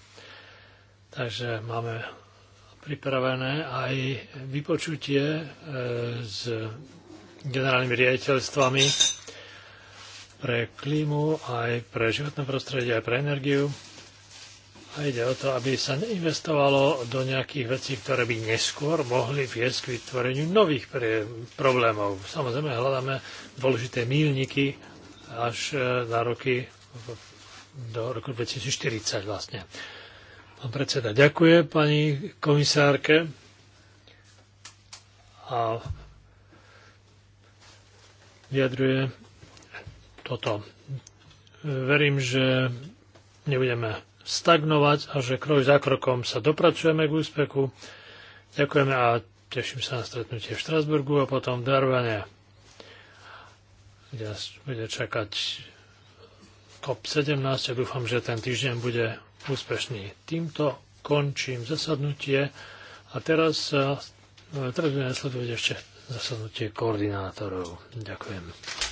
Speaker 1: Takže máme pripravené aj vypočutie e, s generálnymi riaditeľstvami pre klímu, aj pre životné prostredie, aj pre energiu. A ide o to, aby sa neinvestovalo do nejakých vecí, ktoré by neskôr mohli viesť k vytvoreniu nových problémov. Samozrejme, hľadáme dôležité mílniky až e, na roky do roku 2040 vlastne. Pán predseda, ďakuje pani komisárke. A vyjadruje toto. Verím, že nebudeme stagnovať a že krok za krokom sa dopracujeme k úspechu. Ďakujeme a teším sa na stretnutie v Štrasburgu a potom v Darvane, kde nás bude čakať COP17 a dúfam, že ten týždeň bude úspešný. Týmto končím zasadnutie a teraz, no, teraz budeme sledovať ešte zasadnutie koordinátorov. Ďakujem.